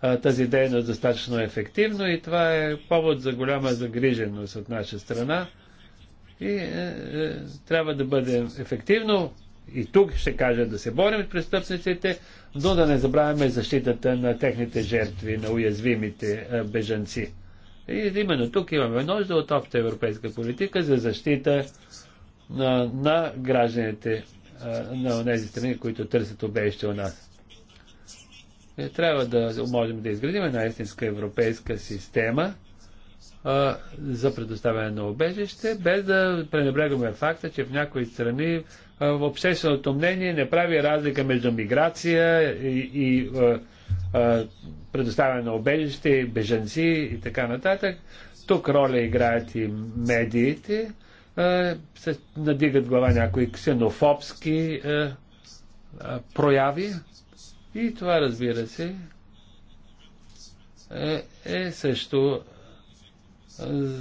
а, тази дейност достатъчно ефективно и това е повод за голяма загриженост от наша страна. И е, е, трябва да бъдем ефективно и тук ще кажа да се борим с престъпниците, но да не забравяме защитата на техните жертви, на уязвимите бежанци. И именно тук имаме нужда от обща европейска политика за защита на, на гражданите на тези страни, които търсят убежище у нас. И е, трябва да можем да изградим една истинска европейска система а, за предоставяне на убежище, без да пренебрегваме факта, че в някои страни в общественото мнение не прави разлика между миграция и, и предоставяне на обежище, бежанци и така нататък. Тук роля играят и медиите. Се надигат глава някои ксенофобски прояви. И това, разбира се, е, е също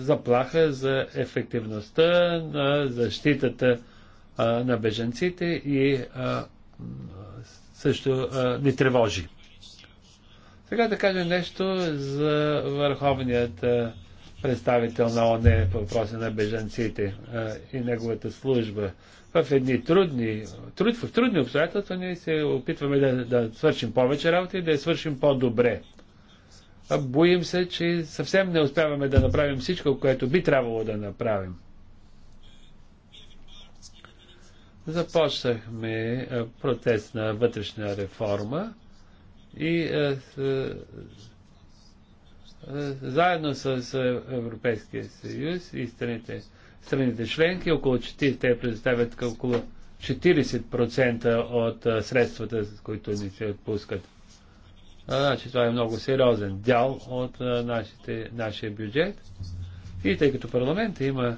заплаха за ефективността на защитата на беженците и също ни тревожи. Сега да кажа нещо за върховният представител на ОНЕ по въпроса на беженците и неговата служба. В едни трудни, труд, в трудни обстоятелства ние се опитваме да, да свършим повече работа и да я свършим по-добре. Боим се, че съвсем не успяваме да направим всичко, което би трябвало да направим. започнахме е, процес на вътрешна реформа и е, е, заедно с Европейския съюз и страните, страните членки, около 4, те предоставят около 40% от средствата, с които ни се отпускат. Значи това е много сериозен дял от нашите, нашия бюджет. И тъй като парламент има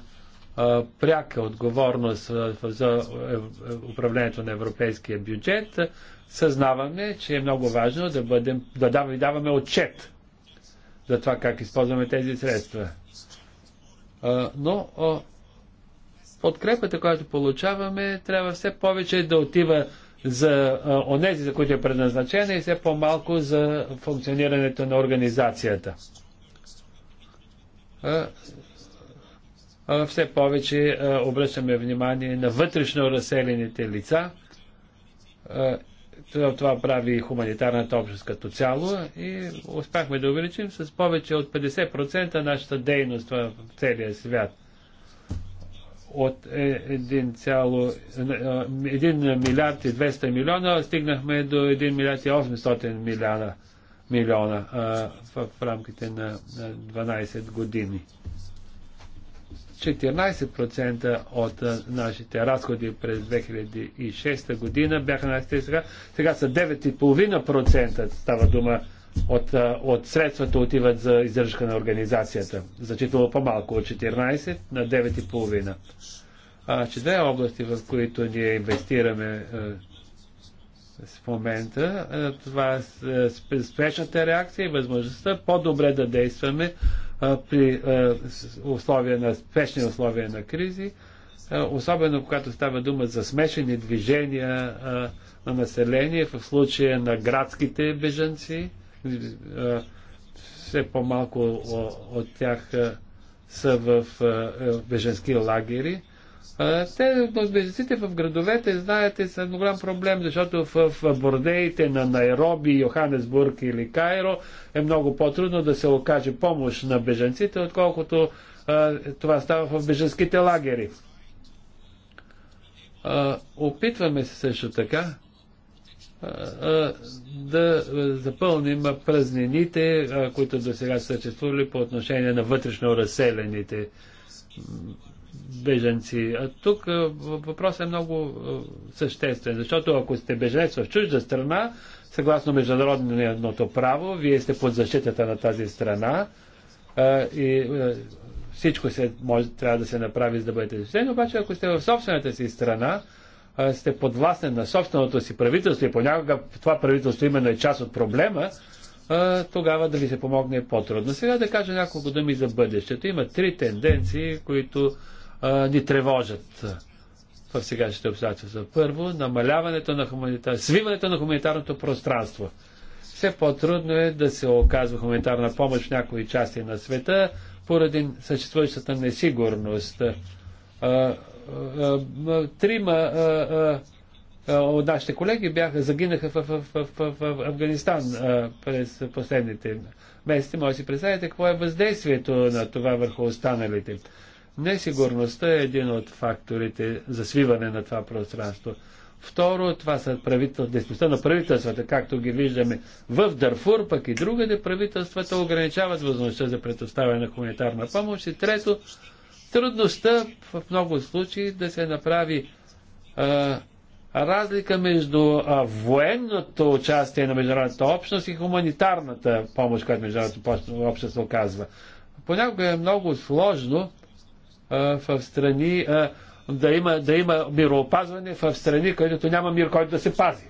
пряка отговорност за е, е, управлението на европейския бюджет, съзнаваме, че е много важно да, бъдем, да даваме, отчет за това как използваме тези средства. Но подкрепата, която получаваме, трябва все повече да отива за онези, за които е предназначена и все по-малко за функционирането на организацията все повече обръщаме внимание на вътрешно разселените лица. Това прави хуманитарната общност като цяло и успяхме да увеличим с повече от 50% нашата дейност в целия свят. От 1 е, милиард и 200 милиона стигнахме до 1 милиард и 800 милиона, милиона в рамките на 12 години. 14% от нашите разходи през 2006 година бяха тези сега. Сега са 9,5% става дума от, от средствата отиват за издръжка на организацията. Значително по-малко от 14 на 9,5. А, че две области, в които ние инвестираме в момента, това е спешната реакция и възможността по-добре да действаме при условия на спешни условия на кризи, особено когато става дума за смешени движения на население, в случая на градските бежанци, все по-малко от тях са в беженски лагери. Те, бежанците в градовете, знаете, са голям проблем, защото в, в бордеите на Найроби, Йоханесбург или Кайро е много по-трудно да се окаже помощ на бежанците, отколкото а, това става в бежанските лагери. А, опитваме се също така а, да запълним празнините, които до сега съществували по отношение на вътрешно разселените беженци. А тук въпросът е много съществен, защото ако сте беженец в чужда страна, съгласно международното право, вие сте под защитата на тази страна и всичко се може, трябва да се направи за да бъдете защитени, обаче ако сте в собствената си страна, сте подвластен на собственото си правителство и понякога това правителство именно е част от проблема, тогава да ви се помогне е по-трудно. Сега да кажа няколко думи за бъдещето. Има три тенденции, които ни тревожат в сегашните обстоятелства. Първо, намаляването на хуманитар... свиването на хуманитарното пространство. Все по-трудно е да се оказва хуманитарна помощ в някои части на света поради съществуващата несигурност. трима от нашите колеги бяха, загинаха в, в, в, в, в Афганистан през последните месеци. Може да си представите какво е въздействието на това върху останалите. Несигурността е един от факторите за свиване на това пространство. Второ, това са правител... действителността на правителствата, както ги виждаме в Дарфур, пък и другаде правителствата ограничават възможността за предоставяне на хуманитарна помощ. И трето, трудността в много случаи да се направи а, разлика между а, военното участие на международната общност и хуманитарната помощ, която международната общност оказва. Понякога е много сложно в страни, да има, да има мироопазване в страни, където няма мир, който да се пази.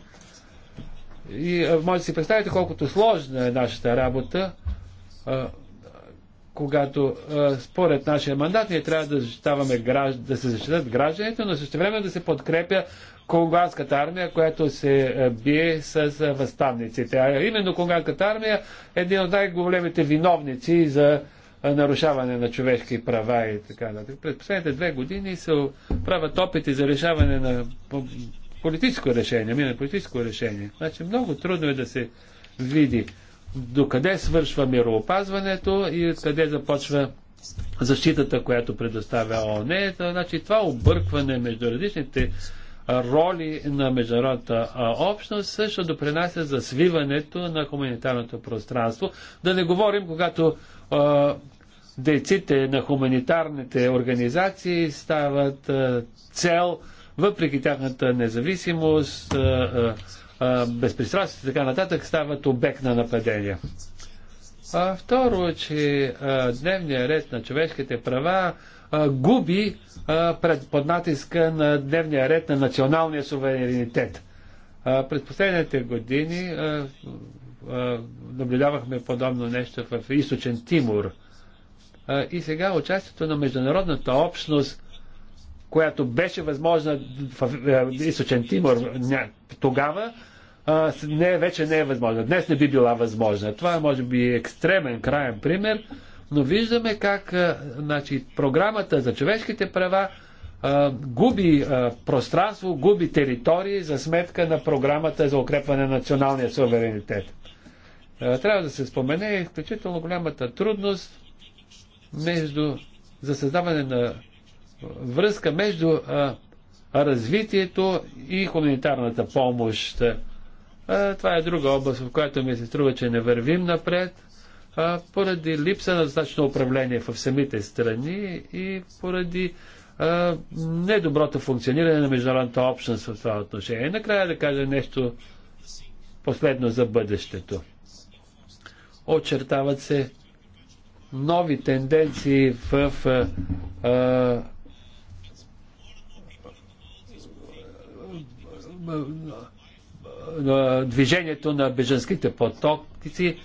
И може да си представите колкото сложна е нашата работа, когато според нашия мандат ние трябва да, защитаваме, да се защитат гражданите, но също време да се подкрепя конганската армия, която се бие с възставниците. А именно Конганската армия е един от най-големите виновници за нарушаване на човешки права и така нататък. През последните две години се правят опити за решаване на политическо решение, мина политическо решение. Значи много трудно е да се види до къде свършва мироопазването и къде започва защитата, която предоставя ООН. Значи това объркване между различните роли на международната общност също допринася за свиването на хуманитарното пространство. Да не говорим, когато а, дейците на хуманитарните организации стават а, цел, въпреки тяхната независимост, а, безпристрастност и така нататък, стават обект на нападения. А, второ, че а, дневният ред на човешките права губи пред, под натиска на дневния ред на националния суверенитет. През последните години наблюдавахме подобно нещо в източен Тимур. И сега участието на международната общност, която беше възможна в източен Тимур тогава, не, вече не е възможна. Днес не би била възможна. Това е, може би, екстремен, краен пример, но виждаме как значи, програмата за човешките права а, губи а, пространство, губи територии за сметка на програмата за укрепване на националния суверенитет. А, трябва да се спомене включително голямата трудност между, за създаване на връзка между а, развитието и хуманитарната помощ. А, това е друга област, в която ми се струва, че не вървим напред а, поради липса на достатъчно управление в самите страни и поради а, недоброто функциониране на международната общност в това отношение. И накрая да кажа нещо последно за бъдещето. Очертават се нови тенденции в а, а, движението на беженските потоци,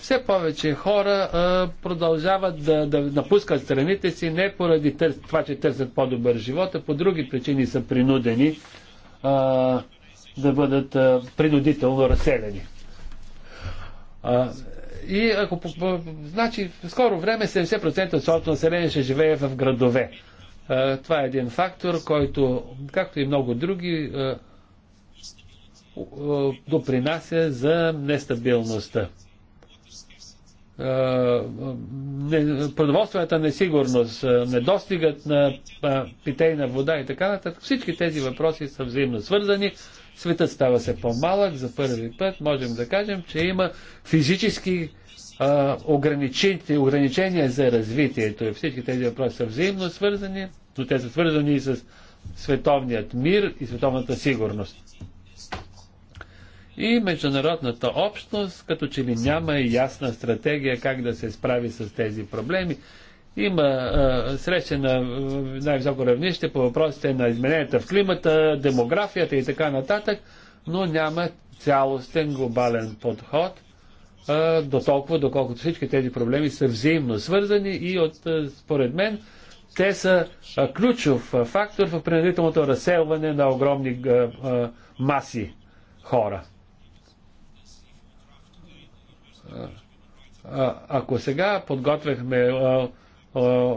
все повече хора а, продължават да, да напускат страните си не поради търс, това, че търсят по-добър живот, а по други причини са принудени а, да бъдат а, принудително разселени. А, и ако, значи, в скоро време 70% от своето население ще живее в градове. А, това е един фактор, който, както и много други, а, допринася за нестабилността. Е, продоволствената несигурност, е, недостигът на е, питейна вода и така нататък. Всички тези въпроси са взаимно свързани. Светът става се по-малък. За първи път можем да кажем, че има физически ограничения за развитието. всички тези въпроси са взаимно свързани, но те са свързани и с световният мир и световната сигурност. И международната общност, като че ли няма и ясна стратегия как да се справи с тези проблеми. Има а, среща на най-високо равнище по въпросите на измененията в климата, демографията и така нататък, но няма цялостен глобален подход – до толкова, доколкото всички тези проблеми са взаимно свързани и от, според мен те са ключов фактор в принудителното разселване на огромни маси хора а, ако сега подготвяхме а,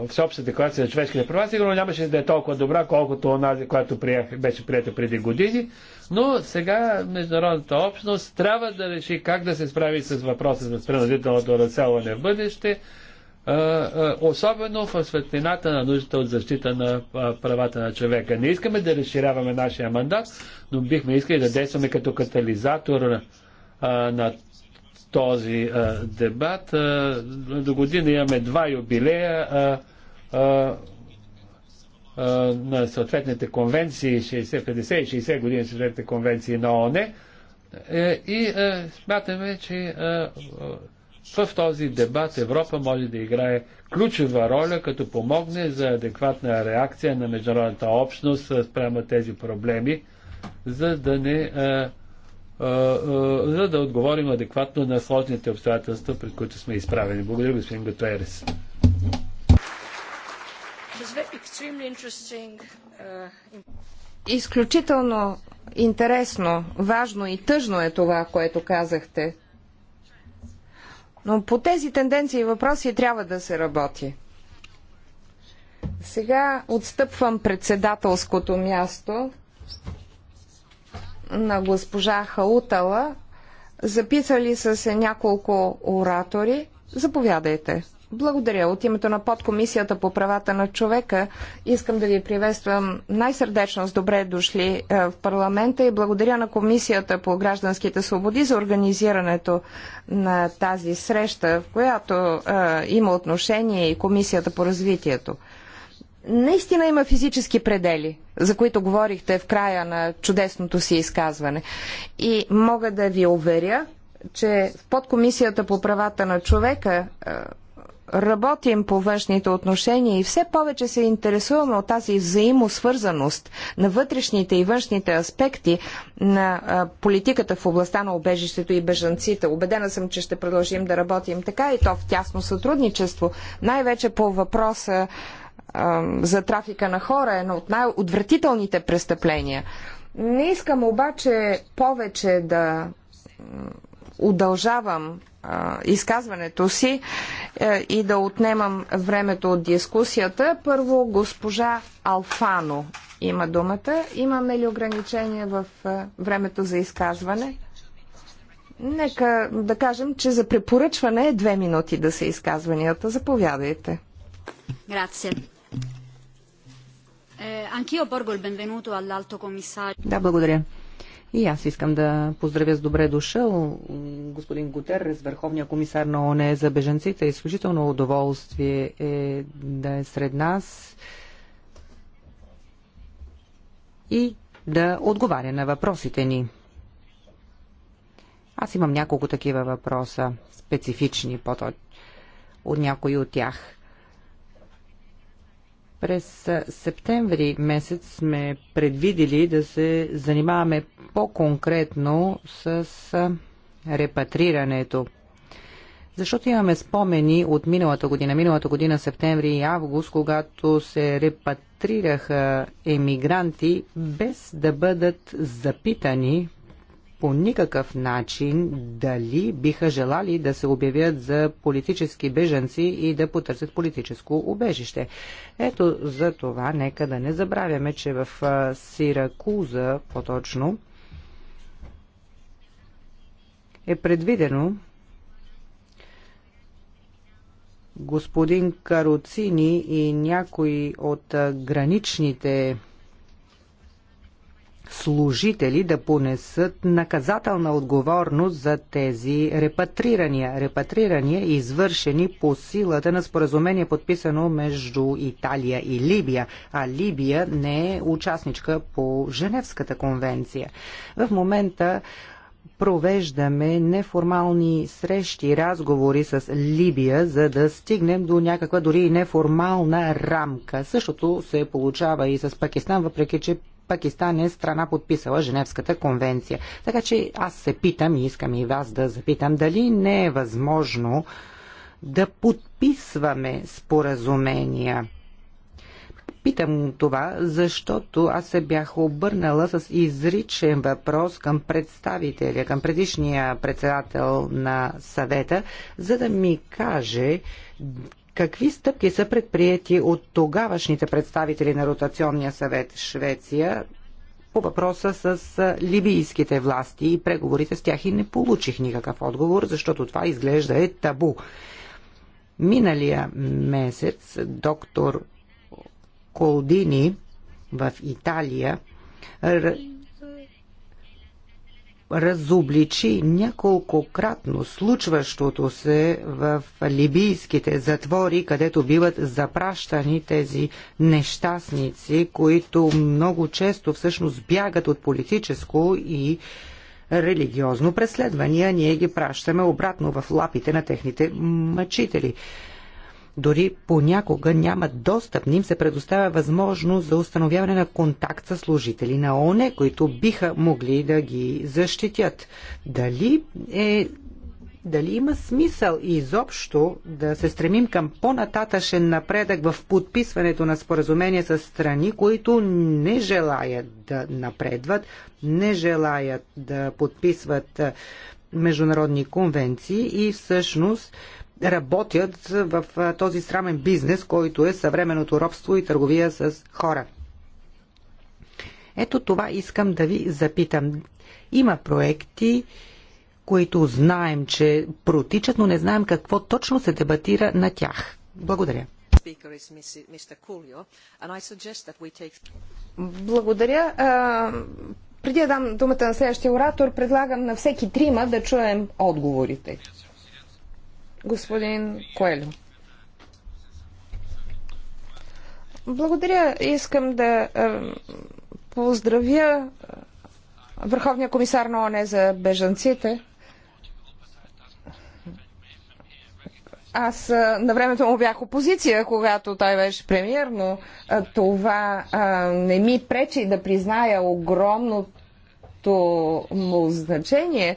всеобща декларация за човешките права, сигурно нямаше да е толкова добра, колкото онази, която приех, беше прията преди години. Но сега международната общност трябва да реши как да се справи с въпроса за принудителното разселване в бъдеще, особено в светлината на нуждата от защита на правата на човека. Не искаме да разширяваме нашия мандат, но бихме искали да действаме като катализатор на този а, дебат. А, до година имаме два юбилея а, а, а, на съответните конвенции, 60, 50 и 60 години съответните конвенции на ОНЕ. И а, смятаме, че а, в този дебат Европа може да играе ключова роля, като помогне за адекватна реакция на международната общност спрямо тези проблеми, за да не а, за да отговорим адекватно на сложните обстоятелства, пред които сме изправени. Благодаря, господин Гутерес. Uh, Изключително интересно, важно и тъжно е това, което казахте. Но по тези тенденции и въпроси трябва да се работи. Сега отстъпвам председателското място на госпожа Хаутала. Записали са се няколко оратори. Заповядайте. Благодаря. От името на подкомисията по правата на човека искам да ви приветствам най-сърдечно с добре дошли е, в парламента и благодаря на комисията по гражданските свободи за организирането на тази среща, в която е, има отношение и комисията по развитието наистина има физически предели, за които говорихте в края на чудесното си изказване. И мога да ви уверя, че в подкомисията по правата на човека е, работим по външните отношения и все повече се интересуваме от тази взаимосвързаност на вътрешните и външните аспекти на е, политиката в областта на обежището и бежанците. Обедена съм, че ще продължим да работим така и то в тясно сътрудничество, най-вече по въпроса за трафика на хора, е едно от най-отвратителните престъпления. Не искам обаче повече да удължавам изказването си е, и да отнемам времето от дискусията. Първо, госпожа Алфано има думата. Имаме ли ограничения в е, времето за изказване? Нека да кажем, че за препоръчване е две минути да са изказванията. Заповядайте. Eh, да, благодаря. И аз искам да поздравя с добре дошъл господин Гутеррес, Върховния комисар на ОНЕ за беженците. Изключително удоволствие е да е сред нас и да отговаря на въпросите ни. Аз имам няколко такива въпроса, специфични по-точно от някои от тях. През септември месец сме предвидели да се занимаваме по-конкретно с репатрирането. Защото имаме спомени от миналата година. Миналата година, септември и август, когато се репатрираха емигранти без да бъдат запитани по никакъв начин дали биха желали да се обявят за политически беженци и да потърсят политическо убежище. Ето за това нека да не забравяме, че в Сиракуза по-точно е предвидено господин Каруцини и някои от граничните служители да понесат наказателна отговорност за тези репатрирания. Репатрирания, извършени по силата на споразумение, подписано между Италия и Либия, а Либия не е участничка по Женевската конвенция. В момента провеждаме неформални срещи, разговори с Либия, за да стигнем до някаква дори неформална рамка. Същото се получава и с Пакистан, въпреки че Пакистан е страна подписала Женевската конвенция. Така че аз се питам и искам и вас да запитам дали не е възможно да подписваме споразумения. Питам това, защото аз се бях обърнала с изричен въпрос към представителя, към предишния председател на съвета, за да ми каже Какви стъпки са предприяти от тогавашните представители на ротационния съвет Швеция по въпроса с либийските власти и преговорите с тях и не получих никакъв отговор, защото това изглежда е табу. Миналия месец доктор Колдини в Италия разобличи няколкократно случващото се в либийските затвори, където биват запращани тези нещастници, които много често всъщност бягат от политическо и религиозно преследвания, ние ги пращаме обратно в лапите на техните мъчители дори понякога нямат достъп, ним се предоставя възможност за установяване на контакт с служители на ОНЕ, които биха могли да ги защитят. Дали е дали има смисъл изобщо да се стремим към по-нататъчен напредък в подписването на споразумения с страни, които не желаят да напредват, не желаят да подписват международни конвенции и всъщност работят в този срамен бизнес, който е съвременното робство и търговия с хора. Ето това искам да ви запитам. Има проекти, които знаем, че протичат, но не знаем какво точно се дебатира на тях. Благодаря. Благодаря. Преди да дам думата на следващия оратор, предлагам на всеки трима да чуем отговорите господин Коелю. Благодаря. Искам да е, поздравя е, Върховния комисар на ОНЕ за бежанците. Аз е, на времето му бях опозиция, когато той беше премьер, но това а, не ми пречи да призная огромното му значение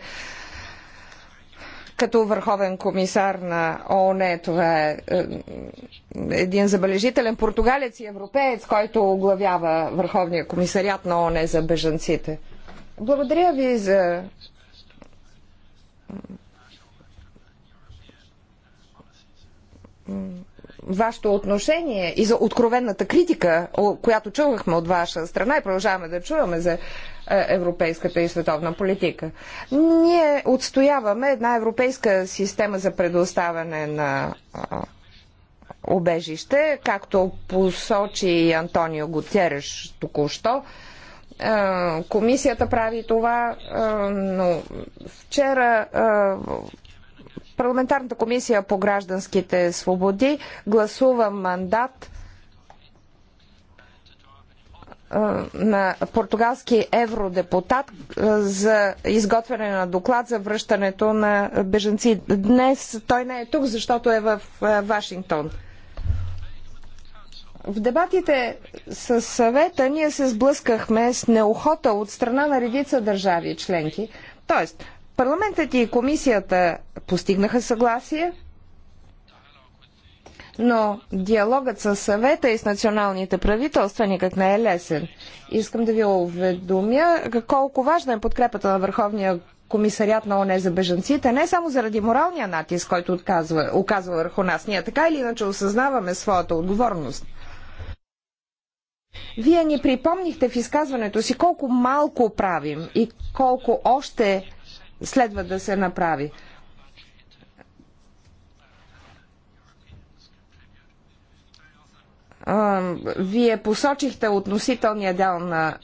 като върховен комисар на ООН. Това е, е един забележителен португалец и европеец, който оглавява Върховния комисарят на ООН за бежанците. Благодаря ви за вашето отношение и за откровенната критика, която чувахме от ваша страна и продължаваме да чуваме за е, европейската и световна политика. Ние отстояваме една европейска система за предоставяне на обежище, както посочи Антонио Гутереш току-що. Е, комисията прави това, е, но вчера Парламентарната комисия по гражданските свободи гласува мандат на португалски евродепутат за изготвяне на доклад за връщането на беженци. Днес той не е тук, защото е в Вашингтон. В дебатите с съвета ние се сблъскахме с неохота от страна на редица държави членки. Тоест, Парламентът и комисията постигнаха съгласие, но диалогът с съвета и с националните правителства никак не е лесен. Искам да ви уведомя колко важна е подкрепата на Върховния комисарят на ОНЕ за бежанците, не само заради моралния натиск, който отказва, оказва върху нас. Ние така или иначе осъзнаваме своята отговорност. Вие ни припомнихте в изказването си колко малко правим и колко още следва да се направи. Вие посочихте относителния дял на,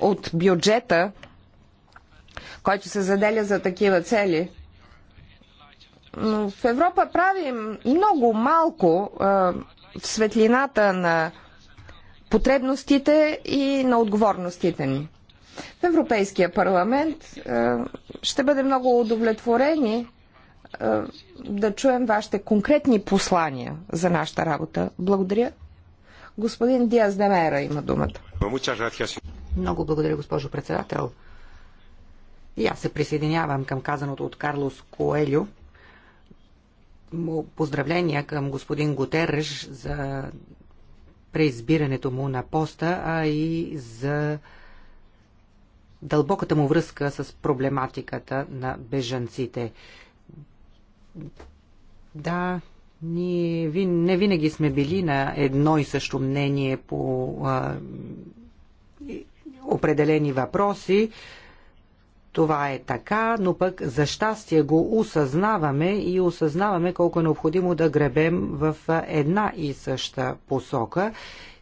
от бюджета, който се заделя за такива цели. Но в Европа правим много малко в светлината на потребностите и на отговорностите ни. В Европейския парламент е, ще бъде много удовлетворени е, да чуем вашите конкретни послания за нашата работа. Благодаря. Господин Диаз Демера има думата. Много благодаря, госпожо председател. И аз се присъединявам към казаното от Карлос Коелю. Поздравления към господин Гутерреш за преизбирането му на поста, а и за дълбоката му връзка с проблематиката на бежанците. Да, ние не винаги сме били на едно и също мнение по а, определени въпроси. Това е така, но пък за щастие го осъзнаваме и осъзнаваме колко е необходимо да гребем в една и съща посока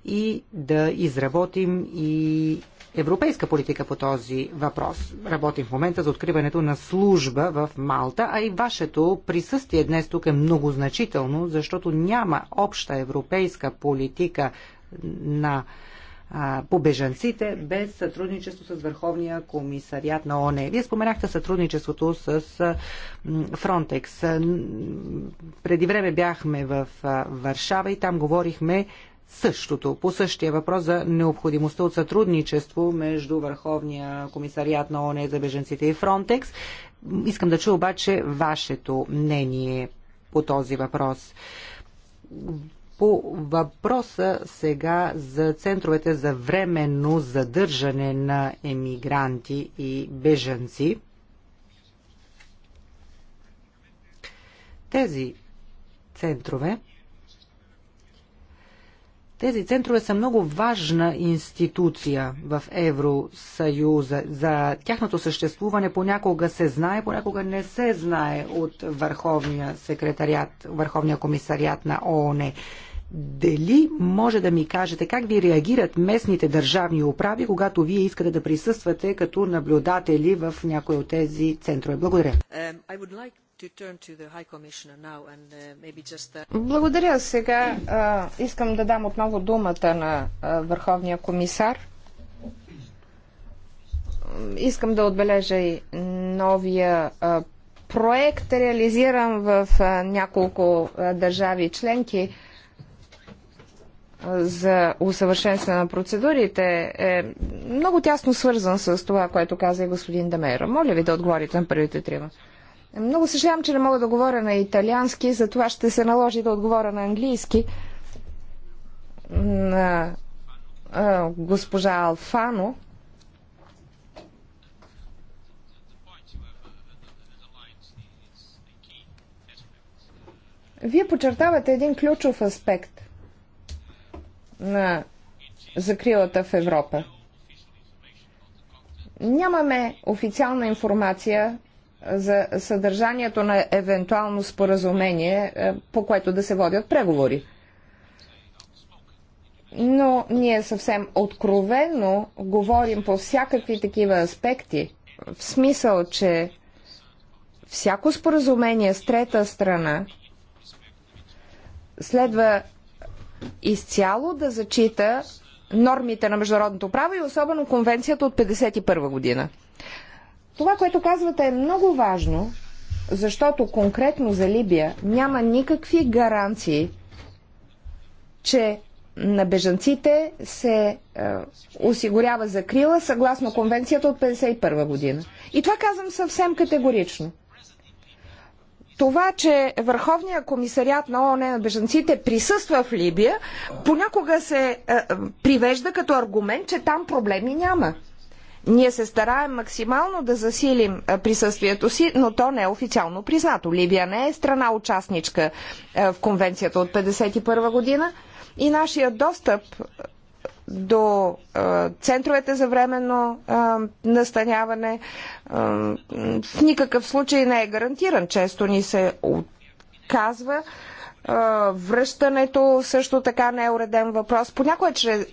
и да изработим и европейска политика по този въпрос. Работим в момента за откриването на служба в Малта, а и вашето присъствие днес тук е много значително, защото няма обща европейска политика на по бежанците без сътрудничество с Върховния комисариат на ОНЕ. Вие споменахте сътрудничеството с Фронтекс. Преди време бяхме в Варшава и там говорихме същото. По същия въпрос за необходимостта от сътрудничество между Върховния комисариат на ОНЕ за беженците и Фронтекс. Искам да чуя обаче вашето мнение по този въпрос. По въпроса сега за центровете за временно задържане на емигранти и беженци. Тези центрове тези центрове са много важна институция в Евросъюза. За тяхното съществуване понякога се знае, понякога не се знае от Върховния секретарият, Върховния комисарият на ООН. Дали може да ми кажете как ви реагират местните държавни управи, когато вие искате да присъствате като наблюдатели в някои от тези центрове? Благодаря. Um, like Uh, uh, Благодаря. Сега а, искам да дам отново думата на а, Върховния комисар. Искам да отбележа и новия а, проект, реализиран в а, няколко а, държави членки за усъвършенстване на процедурите е много тясно свързан с това, което каза и господин Дамейра. Моля ви да отговорите на първите трима. Много съжалявам, че не мога да говоря на италиански, затова ще се наложи да отговоря на английски. На а, госпожа Алфано. Вие подчертавате един ключов аспект на закрилата в Европа. Нямаме официална информация за съдържанието на евентуално споразумение, е, по което да се водят преговори. Но ние съвсем откровено говорим по всякакви такива аспекти, в смисъл, че всяко споразумение с трета страна следва изцяло да зачита нормите на международното право и особено конвенцията от 1951 година. Това, което казвате е много важно, защото конкретно за Либия няма никакви гаранции, че на бежанците се е, осигурява закрила съгласно конвенцията от 1951 година. И това казвам съвсем категорично. Това, че Върховният комисариат на ООН на бежанците присъства в Либия, понякога се е, е привежда като аргумент, че там проблеми няма. Ние се стараем максимално да засилим присъствието си, но то не е официално признато. Ливия не е страна участничка в конвенцията от 1951 година и нашия достъп до центровете за временно настаняване в никакъв случай не е гарантиран. Често ни се отказва връщането също така не е уреден въпрос. Понякога чрез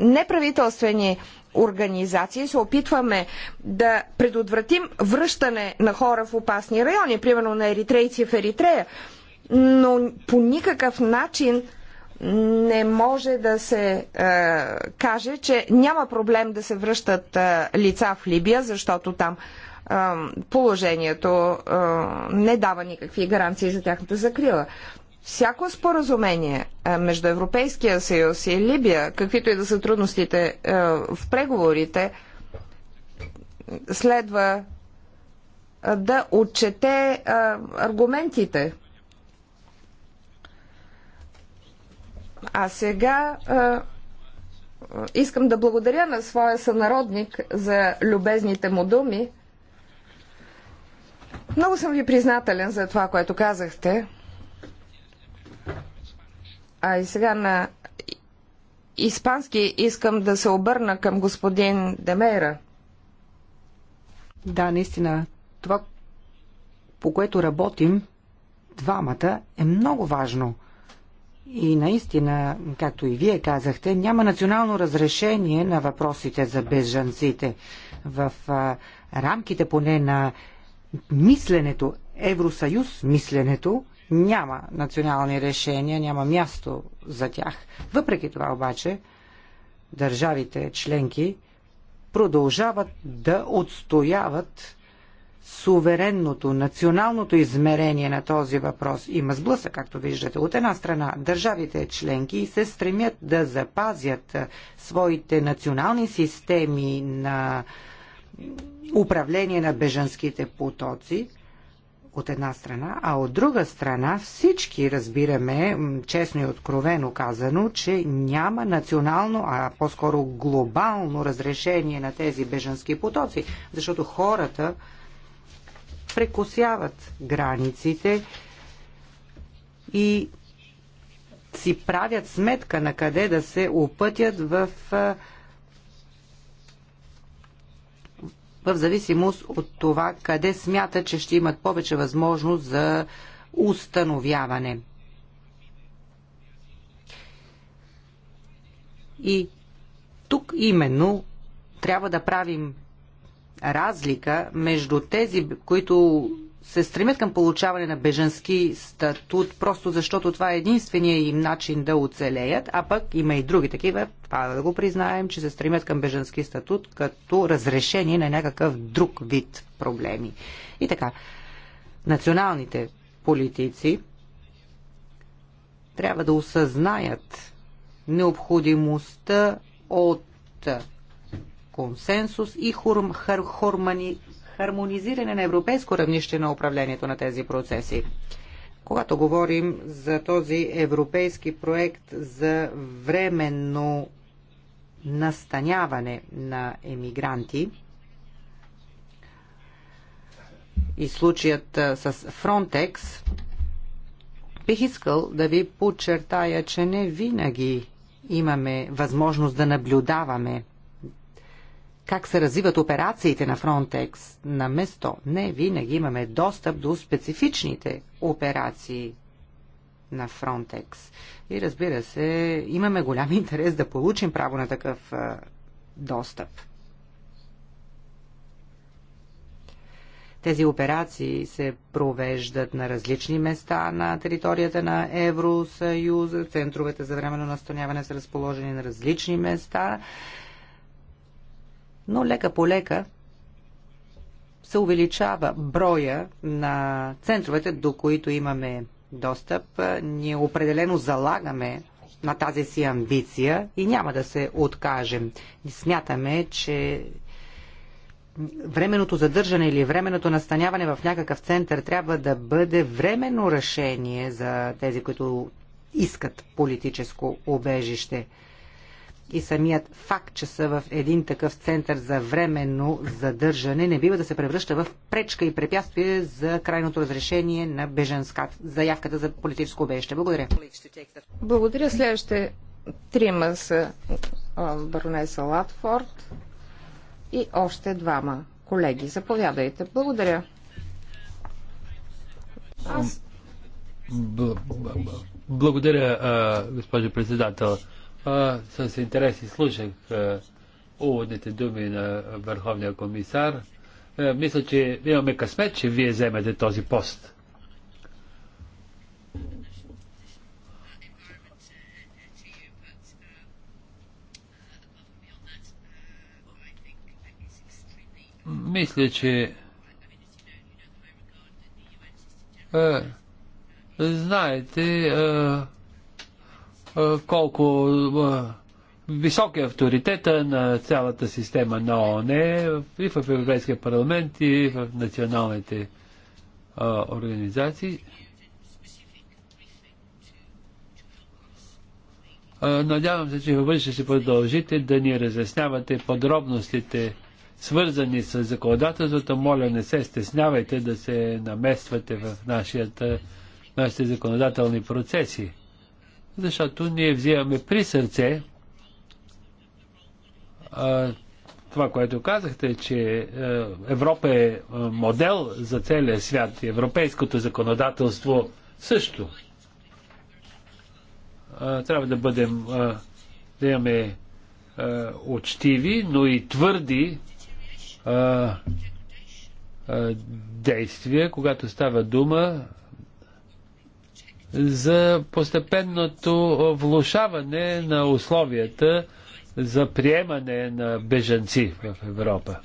неправителствени организации се опитваме да предотвратим връщане на хора в опасни райони, примерно на еритрейци в Еритрея, но по никакъв начин не може да се е, каже, че няма проблем да се връщат е, лица в Либия, защото там е, положението е, не дава никакви гаранции за тяхната закрила всяко споразумение е, между Европейския съюз и Либия, каквито и да са трудностите е, в преговорите, следва е, да отчете аргументите. А сега искам да благодаря на своя сънародник за любезните му думи. Много съм ви признателен за това, което казахте. А и сега на испански искам да се обърна към господин Демейра. Да, наистина. Това, по което работим, двамата, е много важно. И наистина, както и вие казахте, няма национално разрешение на въпросите за безжанците. В а, рамките поне на мисленето, Евросъюз мисленето, няма национални решения, няма място за тях. Въпреки това обаче, държавите членки продължават да отстояват суверенното, националното измерение на този въпрос. Има сблъса, както виждате. От една страна, държавите членки се стремят да запазят своите национални системи на управление на бежанските потоци, от една страна, а от друга страна всички разбираме, честно и откровено казано, че няма национално, а по-скоро глобално разрешение на тези беженски потоци, защото хората прекусяват границите и си правят сметка на къде да се опътят в в зависимост от това къде смята, че ще имат повече възможност за установяване. И тук именно трябва да правим разлика между тези, които се стремят към получаване на беженски статут, просто защото това е единствения им начин да оцелеят, а пък има и други такива, това да го признаем, че се стремят към беженски статут като разрешение на някакъв друг вид проблеми. И така, националните политици трябва да осъзнаят необходимостта от консенсус и хормани, хармонизиране на европейско равнище на управлението на тези процеси. Когато говорим за този европейски проект за временно настаняване на емигранти и случаят с Фронтекс, бих искал да ви подчертая, че не винаги имаме възможност да наблюдаваме как се развиват операциите на Frontex на место. Не, винаги имаме достъп до специфичните операции на Frontex. И разбира се, имаме голям *laughs* интерес да получим право на такъв достъп. Тези операции се провеждат на различни места на територията на Евросъюза. Центровете за временно настаняване са разположени на различни места но лека по лека се увеличава броя на центровете, до които имаме достъп. Ние определено залагаме на тази си амбиция и няма да се откажем. Смятаме, че временното задържане или временното настаняване в някакъв център трябва да бъде временно решение за тези, които искат политическо обежище и самият факт, че са в един такъв център за временно задържане, не бива да се превръща в пречка и препятствие за крайното разрешение на беженската заявката за политическо обеще. Благодаря. Благодаря. Следващите трима са баронеса Латфорд и още двама колеги. Заповядайте. Благодаря. Аз... Благодаря, госпожо председател. А, с интерес и слушах а, уводните думи на Върховния комисар. А, мисля, че имаме късмет, че вие вземете този пост. Мисля, че а, знаете, а, колко висок е авторитета на цялата система на ООН и в Европейския парламент, и в националните организации. надявам се, че във бъдеще ще продължите да ни разяснявате подробностите, свързани с законодателството. Моля, не се стеснявайте да се намествате в нашите законодателни процеси защото ние взимаме при сърце това, което казахте, че е, Европа е, е модел за целия свят и европейското законодателство също. трябва да бъдем, да имаме е, учтиви, но и твърди действия, когато става дума за постепенното влушаване на условията за приемане на бежанци в Европа.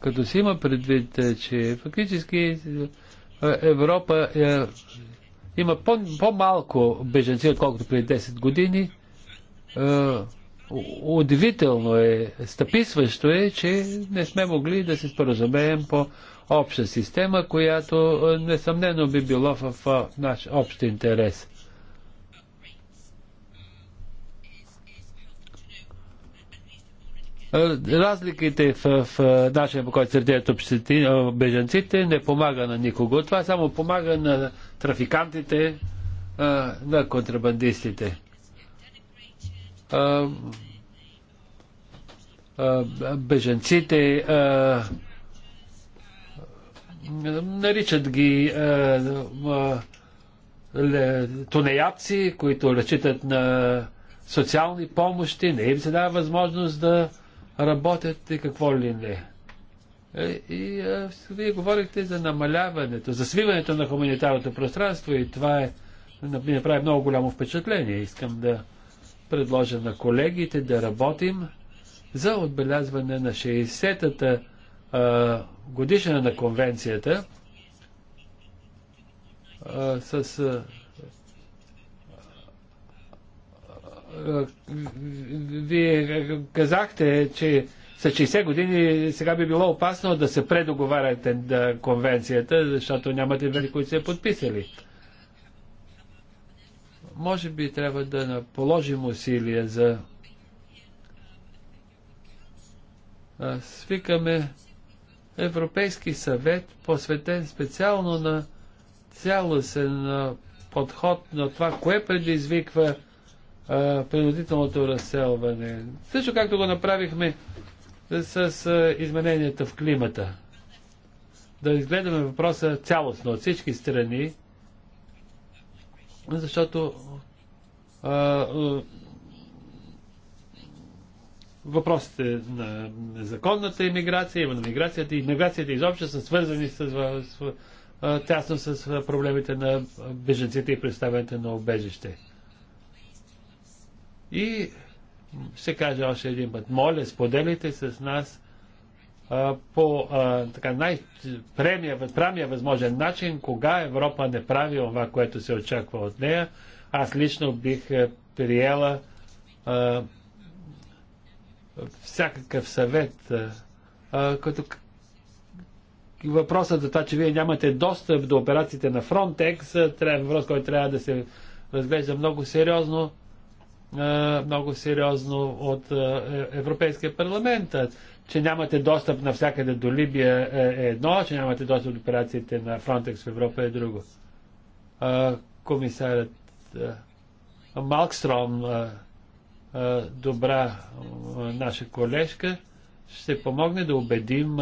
Като си има предвид, е, че фактически е, Европа е, има по-малко по бежанци, отколкото преди 10 години, е, удивително е, стъписващо е, че не сме могли да се споразумеем по обща система, която е, несъмнено би било в наш общ интерес. Е, разликите в, в нашия по който се е, беженците не помага на никого. Това само помага на трафикантите, на контрабандистите. Беженците наричат ги е, е, тунеяци, които разчитат на социални помощи, не им се дава възможност да работят и какво ли не. Е, и а, вие говорихте за намаляването, за свиването на хуманитарното пространство и това е, ми прави много голямо впечатление. Искам да предложа на колегите да работим за отбелязване на 60-та годишна на конвенцията с вие казахте, че с 60 години сега би било опасно да се предоговаряте на конвенцията, защото нямате вели, които се е подписали. Може би трябва да положим усилия за свикаме Европейски съвет, посветен специално на цялостен подход на това, кое предизвиква принудителното разселване. Също както го направихме с а, измененията в климата. Да изгледаме въпроса цялостно от всички страни, защото а, въпросите на незаконната иммиграция, на миграцията и миграцията изобщо са свързани с, с, с, тясно с проблемите на беженците и представянето на обежище. И ще кажа още един път, моля, споделите с нас а, по а, така най-прямия възможен начин, кога Европа не прави това, което се очаква от нея. Аз лично бих е, приела а, всякакъв съвет, като въпросът за това, че вие нямате достъп до операциите на Frontex, трябва, въпрос, който трябва да се разглежда много сериозно, много сериозно от е, Европейския парламент. Че нямате достъп навсякъде до Либия е, е едно, че нямате достъп до операциите на Frontex в Европа е друго. Комисарът Малкстром добра наша колежка ще помогне да убедим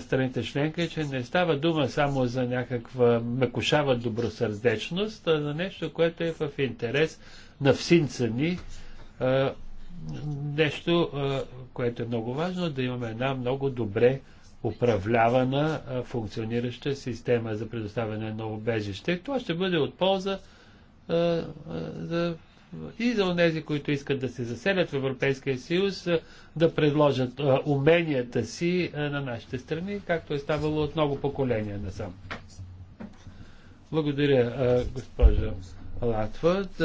страните членки, че не става дума само за някаква мекушава добросърдечност, а за нещо, което е в интерес на всинца ни. Нещо, което е много важно, да имаме една много добре управлявана, функционираща система за предоставяне на обежище. Това ще бъде от полза за и за онези, които искат да се заселят в Европейския съюз, да предложат уменията си на нашите страни, както е ставало от много поколения насам. Благодаря, госпожа Латвард.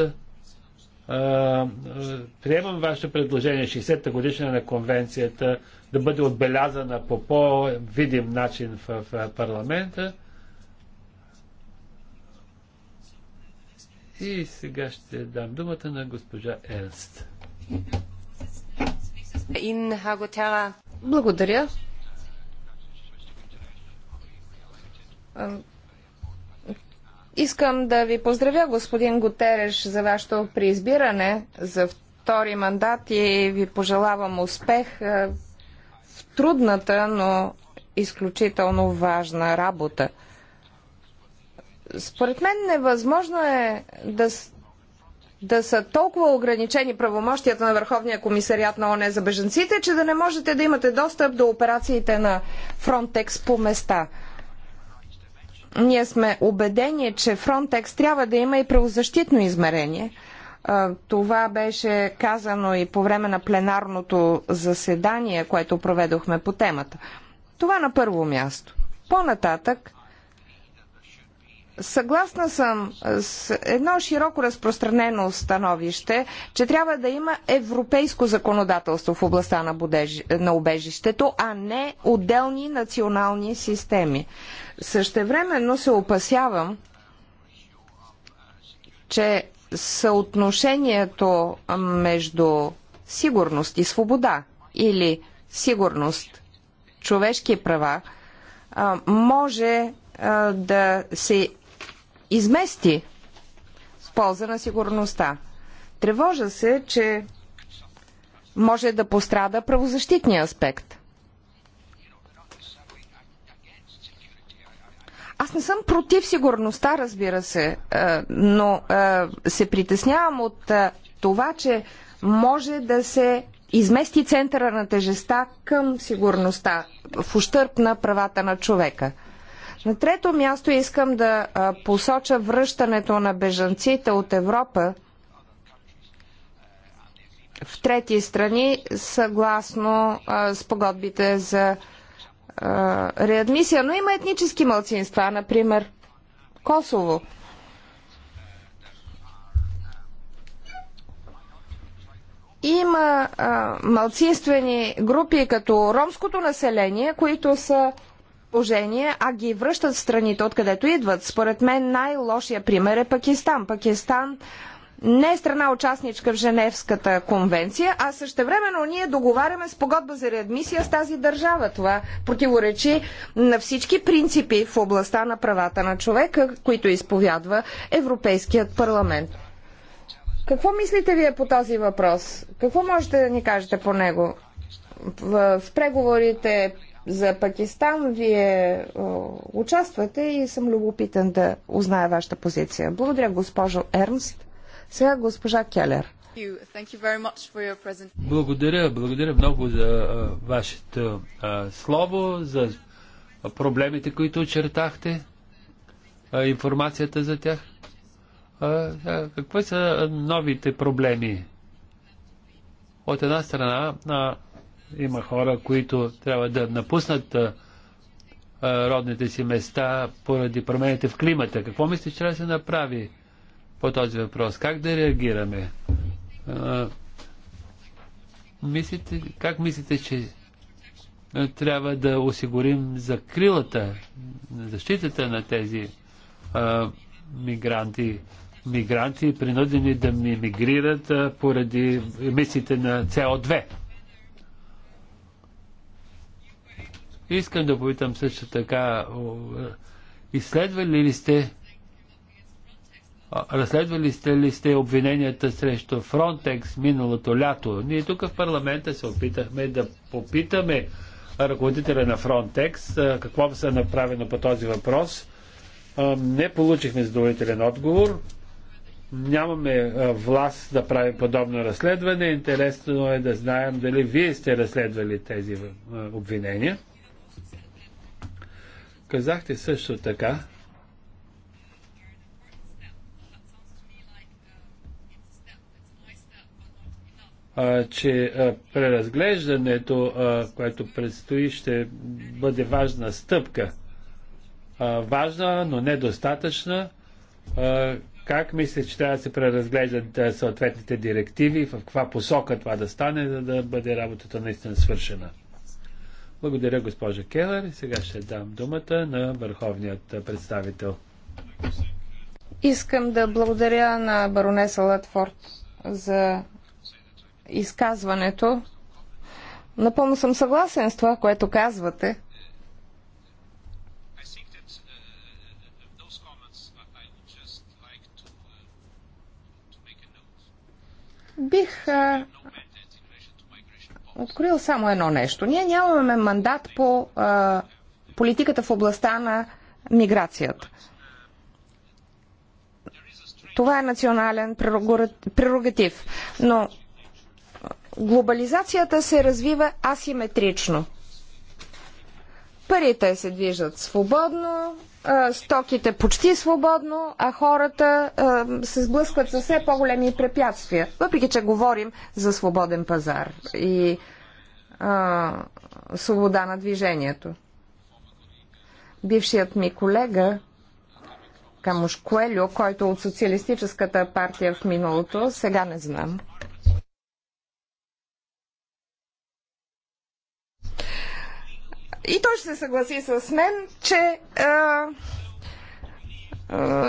Приемам ваше предложение 60-та годишна на конвенцията да бъде отбелязана по по-видим начин в парламента. И сега ще дам думата на госпожа Ернст. Благодаря. Искам да ви поздравя, господин Готереш, за вашето преизбиране за втори мандат и ви пожелавам успех е, в трудната, но изключително важна работа. Според мен невъзможно е да, да са толкова ограничени правомощията на Върховния комисариат на ОНЕ за беженците, че да не можете да имате достъп до операциите на Фронтекс по места. Ние сме убедени, че Фронтекс трябва да има и правозащитно измерение. Това беше казано и по време на пленарното заседание, което проведохме по темата. Това на първо място. По-нататък Съгласна съм с едно широко разпространено становище, че трябва да има европейско законодателство в областта на, на убежището, а не отделни национални системи. Същевременно се опасявам, че съотношението между сигурност и свобода или сигурност, човешки права, може да се измести с полза на сигурността. Тревожа се, че може да пострада правозащитния аспект. Аз не съм против сигурността, разбира се, е, но е, се притеснявам от е, това, че може да се измести центъра на тежеста към сигурността в ущърп на правата на човека. На трето място искам да посоча връщането на бежанците от Европа в трети страни, съгласно спогодбите за реадмисия. Но има етнически мълцинства, например Косово. Има а, групи, като ромското население, които са положение, а ги връщат в страните, откъдето идват. Според мен най-лошия пример е Пакистан. Пакистан не е страна участничка в Женевската конвенция, а същевременно ние договаряме с погодба за реадмисия с тази държава. Това противоречи на всички принципи в областта на правата на човека, които изповядва Европейският парламент. Какво мислите вие по този въпрос? Какво можете да ни кажете по него? В преговорите за Пакистан. Вие участвате и съм любопитен да узная вашата позиция. Благодаря, госпожо Ернст. Сега госпожа Келер. Благодаря, благодаря много за вашето слово, за проблемите, които очертахте, информацията за тях. Какви са новите проблеми? От една страна, има хора, които трябва да напуснат родните си места поради промените в климата. Какво мислиш, че трябва да се направи по този въпрос? Как да реагираме? Мислите, как мислите, че трябва да осигурим закрилата, защитата на тези а, мигранти? Мигранти принудени да мигрират а, поради емисиите на СО2. Искам да попитам също така, изследвали ли сте, разследвали сте ли сте обвиненията срещу Фронтекс миналото лято? Ние тук в парламента се опитахме да попитаме ръководителя на Фронтекс какво се е направено по този въпрос. Не получихме задоволителен отговор нямаме власт да правим подобно разследване. Интересно е да знаем дали вие сте разследвали тези обвинения. Казахте също така, че преразглеждането, което предстои, ще бъде важна стъпка. Важна, но недостатъчна. Как мисля, че трябва да се преразглеждат съответните директиви, в каква посока това да стане, за да бъде работата наистина свършена? Благодаря, госпожа Келър. Сега ще дам думата на върховният представител. Искам да благодаря на баронеса Латфорд за изказването. Напълно съм съгласен с това, което казвате. Бих открил само едно нещо. Ние нямаме мандат по а, политиката в областта на миграцията. Това е национален прерогатив. Но глобализацията се развива асиметрично. Парите се движат свободно, стоките почти свободно, а хората се сблъскват с все по-големи препятствия, въпреки че говорим за свободен пазар и свобода на движението. Бившият ми колега Камуш Коелю, който от Социалистическата партия в миналото, сега не знам – И той ще се съгласи с мен, че а,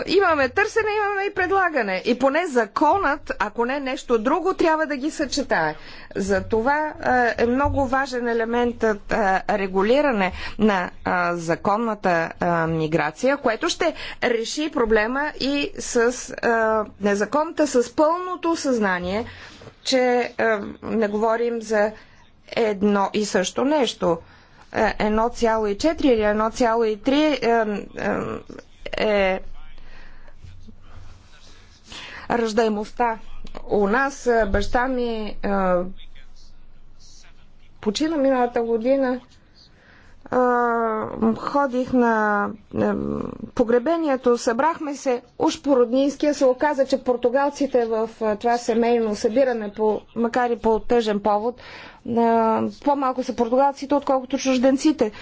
имаме търсене, имаме и предлагане. И поне законът, ако не нещо друго, трябва да ги съчетае. За това е много важен елементът регулиране на законната миграция, което ще реши проблема и с незаконната, с пълното съзнание, че не говорим за едно и също нещо – 1,4 или 1,3 е ръждаемостта. У нас баща ми е, почина миналата година ходих на погребението, събрахме се, уж по роднинския се оказа, че португалците в това семейно събиране, по, макар и по тъжен повод, по-малко са португалците, отколкото чужденците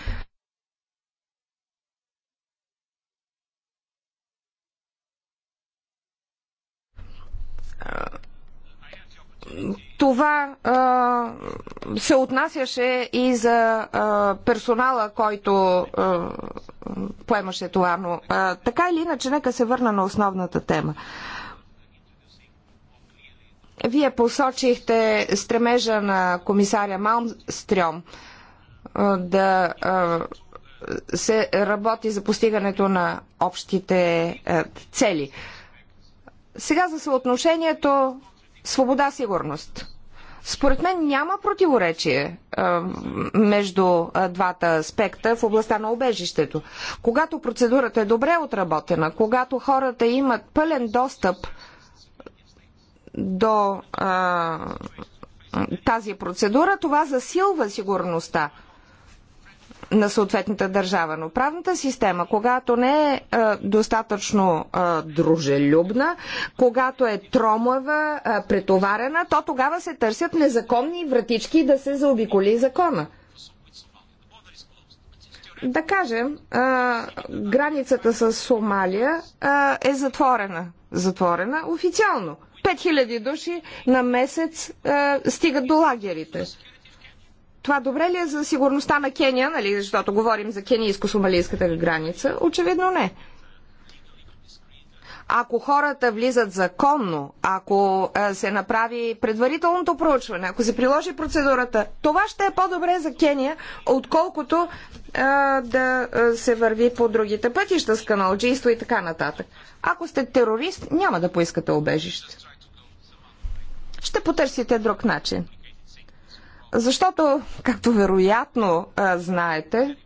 това а, се отнасяше и за а, персонала, който а, поемаше това. Но а, така или иначе, нека се върна на основната тема. Вие посочихте стремежа на комисаря Малмстрём да а, се работи за постигането на общите а, цели. Сега за съотношението свобода, сигурност. Според мен няма противоречие а, е, между а, е, двата аспекта в областта на обежището. Когато процедурата е добре отработена, когато хората имат пълен достъп до а, е, тази процедура, това засилва сигурността на съответната държава. Но правната система, когато не е, е достатъчно е, дружелюбна, когато е тромава, е, претоварена, то тогава се търсят незаконни вратички да се заобиколи закона. Да кажем, границата с Сомалия е затворена. Затворена официално. 5000 души на месец стигат до лагерите. Това добре ли е за сигурността на Кения, нали, защото говорим за кенийско-сомалийската граница? Очевидно не. Ако хората влизат законно, ако е, се направи предварителното проучване, ако се приложи процедурата, това ще е по-добре за Кения, отколкото а, е, да е, се върви по другите пътища с каналджийство и така нататък. Ако сте терорист, няма да поискате обежище. Ще потърсите друг начин. Защото, както вероятно а, знаете,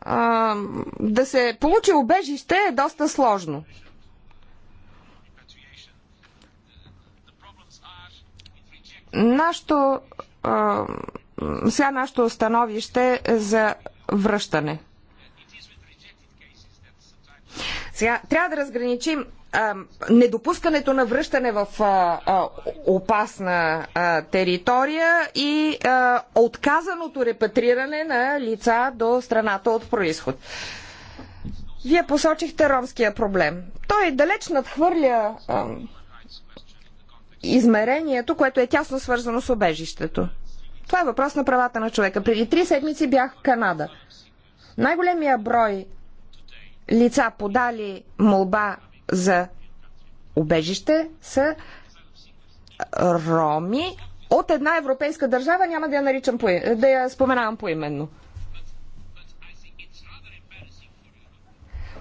а, да се получи убежище е доста сложно. Нашето, а, сега нашето становище е за връщане. Сега трябва да разграничим недопускането на връщане в опасна територия и отказаното репатриране на лица до страната от происход. Вие посочихте ромския проблем. Той далеч надхвърля измерението, което е тясно свързано с обежището. Това е въпрос на правата на човека. Преди три седмици бях в Канада. Най-големия брой лица подали молба за убежище са роми от една европейска държава, няма да я, наричам, да я споменавам поименно.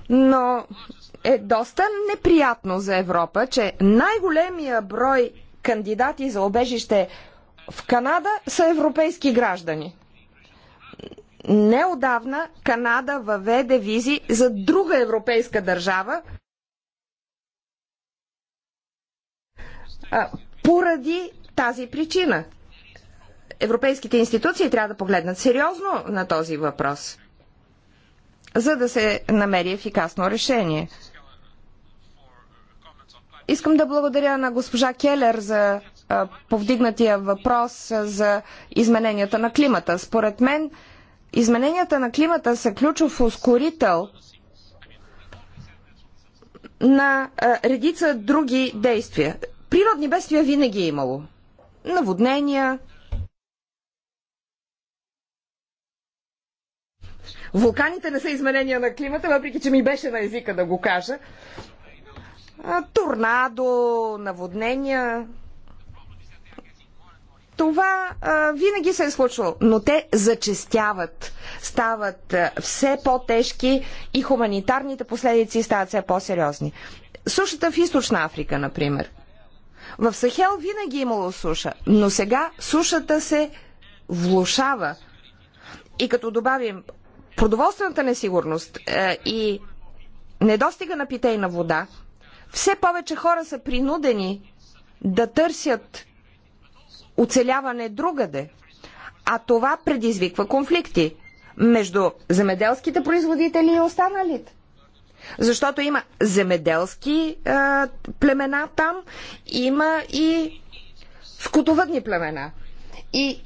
Но е доста неприятно за Европа, че най-големия брой кандидати за обежище в Канада са европейски граждани. Неодавна Канада въведе визи за друга европейска държава, поради тази причина. Европейските институции трябва да погледнат сериозно на този въпрос, за да се намери ефикасно решение. Искам да благодаря на госпожа Келер за повдигнатия въпрос за измененията на климата. Според мен, измененията на климата са ключов ускорител на редица други действия. Природни бедствия винаги е имало. Наводнения, Вулканите не са изменения на климата, въпреки че ми беше на езика да го кажа. Торнадо, наводнения. Това а, винаги се е случвало, но те зачестяват, стават а, все по-тежки и хуманитарните последици стават все по-сериозни. Сушата в Източна Африка, например. В Сахел винаги е имало суша, но сега сушата се влушава. И като добавим продоволствената несигурност е, и недостига на питейна вода, все повече хора са принудени да търсят оцеляване другаде. А това предизвиква конфликти между земеделските производители и останалите. Защото има земеделски а, племена там, има и скотовъдни племена. И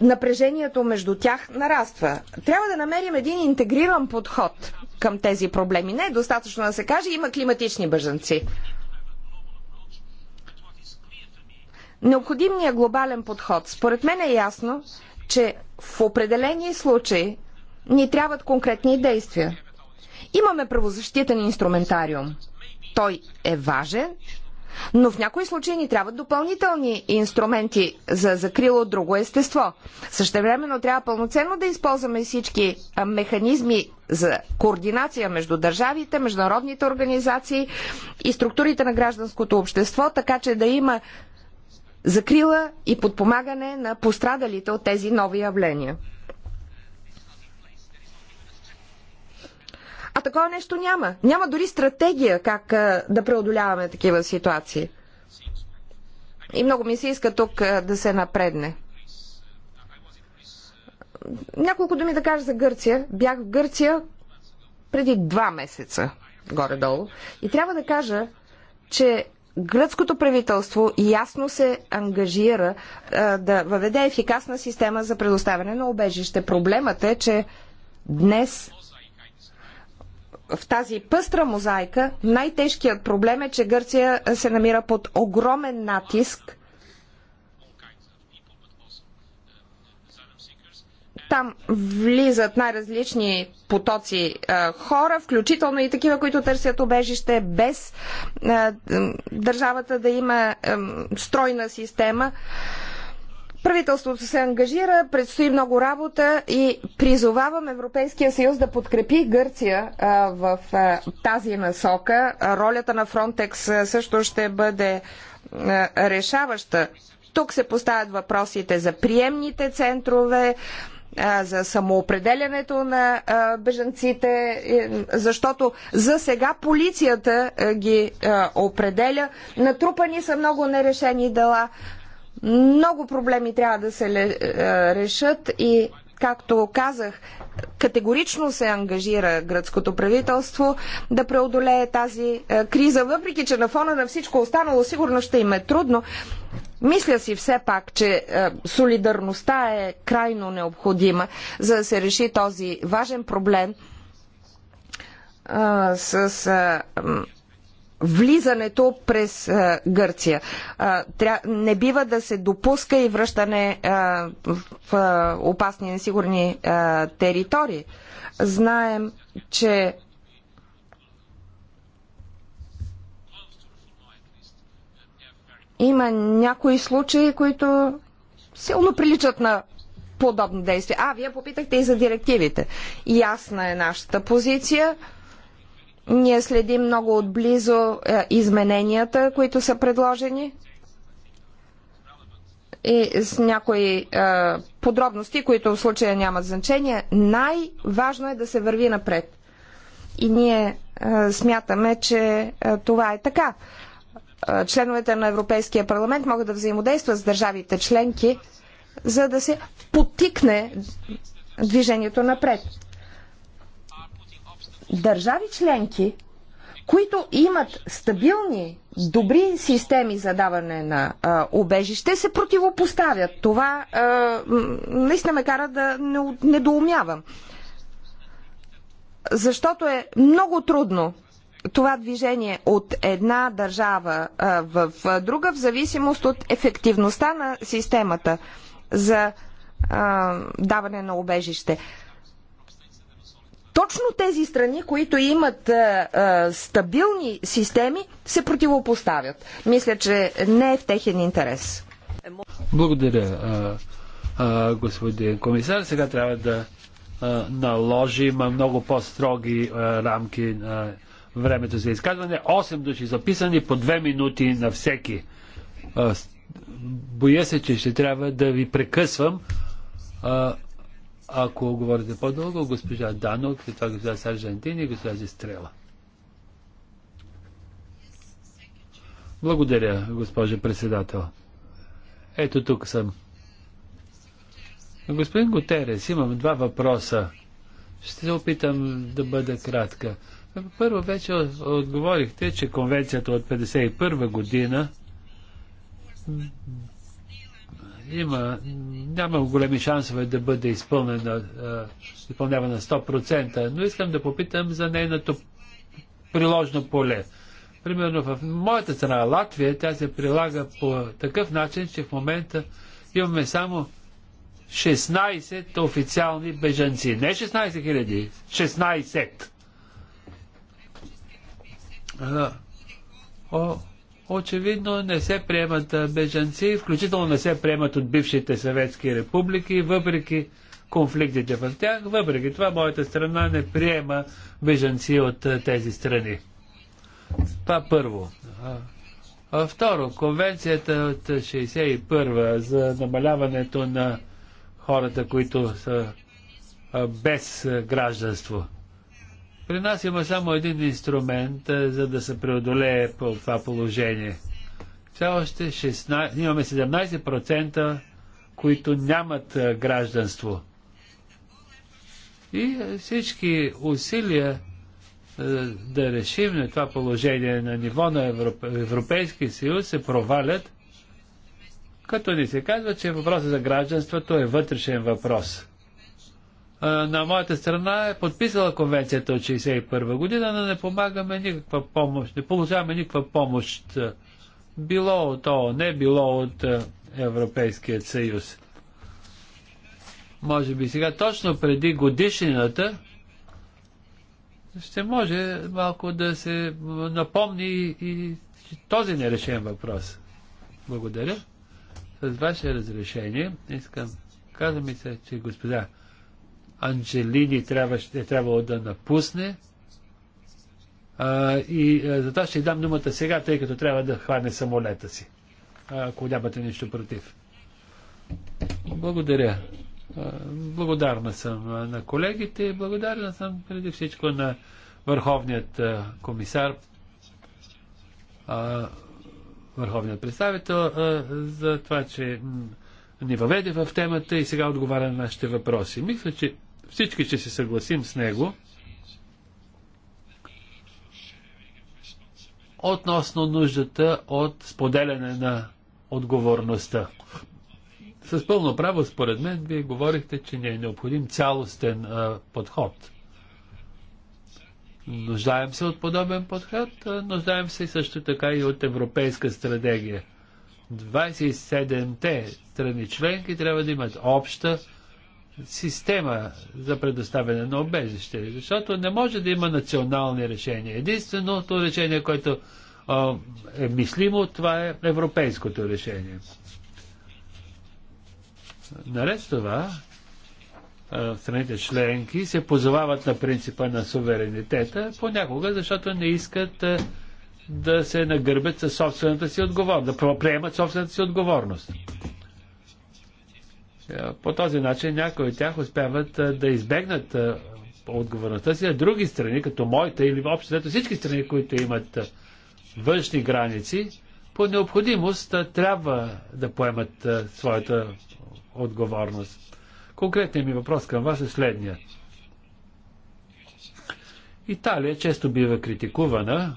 напрежението между тях нараства. Трябва да намерим един интегриран подход към тези проблеми. Не е достатъчно да се каже, има климатични бежанци. Необходимният глобален подход. Според мен е ясно, че в определени случаи ни трябват конкретни действия. Имаме правозащитен инструментариум. Той е важен, но в някои случаи ни трябват допълнителни инструменти за закрило от друго естество. Същевременно трябва пълноценно да използваме всички механизми за координация между държавите, международните организации и структурите на гражданското общество, така че да има закрила и подпомагане на пострадалите от тези нови явления. А такова нещо няма. Няма дори стратегия как да преодоляваме такива ситуации. И много ми се иска тук да се напредне. Няколко думи да кажа за Гърция. Бях в Гърция преди два месеца, горе-долу. И трябва да кажа, че гръцкото правителство ясно се ангажира да въведе ефикасна система за предоставяне на обежище. Проблемът е, че днес в тази пъстра мозайка най-тежкият проблем е, че Гърция се намира под огромен натиск. Там влизат най-различни потоци а, хора, включително и такива, които търсят обежище, без а, държавата да има а, стройна система. А, Правителството се ангажира, предстои много работа и призовавам Европейския съюз да подкрепи Гърция а, в а, тази насока. Ролята на Фронтекс също ще бъде а, решаваща. Тук се поставят въпросите за приемните центрове, за самоопределянето на бежанците, защото за сега полицията ги определя. Натрупани са много нерешени дела. Много проблеми трябва да се е, решат и, както казах, категорично се ангажира гръцкото правителство да преодолее тази е, криза, въпреки че на фона на всичко останало сигурно ще им е трудно. Мисля си все пак, че е, солидарността е крайно необходима, за да се реши този важен проблем с влизането през а, Гърция. А, тря... Не бива да се допуска и връщане а, в а, опасни, несигурни а, територии. Знаем, че има някои случаи, които силно приличат на подобно действие. А, вие попитахте и за директивите. Ясна е нашата позиция. Ние следим много отблизо е, измененията, които са предложени и с някои е, подробности, които в случая нямат значение. Най-важно е да се върви напред. И ние е, смятаме, че е, това е така. Е, членовете на Европейския парламент могат да взаимодействат с държавите членки, за да се потикне движението напред държави членки, които имат стабилни, добри системи за даване на а, убежище, се противопоставят. Това а, наистина ме кара да не, недоумявам. Защото е много трудно това движение от една държава а, в друга, в зависимост от ефективността на системата за а, даване на убежище. Точно тези страни, които имат а, е, а, е, стабилни системи, се противопоставят. Мисля, че не е в техен интерес. Благодаря, а, е, а, господин комисар. Сега трябва да а, наложим много по-строги рамки на времето за изказване. 8 души записани по 2 минути на всеки. А, боя се, че ще трябва да ви прекъсвам. А, ако говорите по-дълго, госпожа Данок, и това госпожа Саржантин и госпожа Зестрела. Благодаря, госпожа председател. Ето тук съм. Господин Готерес, имам два въпроса. Ще се опитам да бъда кратка. Първо вече отговорихте, че конвенцията от 51 година има, няма големи шансове да бъде изпълнена, изпълнявана 100%, но искам да попитам за нейното приложно поле. Примерно в моята страна, Латвия, тя се прилага по такъв начин, че в момента имаме само 16 официални бежанци. Не 16 хиляди, 16 очевидно не се приемат бежанци, включително не се приемат от бившите съветски републики, въпреки конфликтите в тях. Въпреки това, моята страна не приема бежанци от тези страни. Това първо. А, второ, конвенцията от 61 за намаляването на хората, които са без гражданство. При нас има само един инструмент, е, за да се преодолее по това положение. Все още 16, имаме 17%, които нямат е, гражданство. И е, всички усилия да решим на това положение на ниво на Европ... Европейския съюз се провалят, като ни се казва, че въпросът за гражданството е вътрешен въпрос на моята страна е подписала конвенцията от 1961 година, но не помагаме никаква помощ, не получаваме никаква помощ. Било от ООН, било от Европейският съюз. Може би сега, точно преди годишнината, ще може малко да се напомни и този нерешен въпрос. Благодаря. С ваше разрешение искам. Каза ми се, че господа Анджелини трябваше, е трябвало да напусне. А, и а, затова ще дам думата сега, тъй като трябва да хване самолета си. Ако нямате нищо против. Благодаря. Благодарна съм на колегите и благодарна съм преди всичко на върховният комисар, върховният представител за това, че ни въведе в темата и сега отговаря на нашите въпроси. Мисля, че всички ще се съгласим с него относно нуждата от споделяне на отговорността. С пълно право, според мен, вие говорихте, че не е необходим цялостен а, подход. Нуждаем се от подобен подход, нуждаем се също така и от европейска стратегия. 27-те страни членки трябва да имат обща система за предоставяне на обежище, защото не може да има национални решения. Единственото решение, което а, е мислимо, това е европейското решение. Наред с това, страните членки се позовават на принципа на суверенитета, понякога, защото не искат да се нагърбят със собствената си отговорност, да приемат собствената си отговорност. Е, по този начин някои от тях успяват е, да избегнат е, отговорността си, а други страни, като моята или общо всички страни, които имат външни граници, по необходимост трябва да поемат своята отговорност. Конкретният ми въпрос към вас е следния. Италия често бива критикувана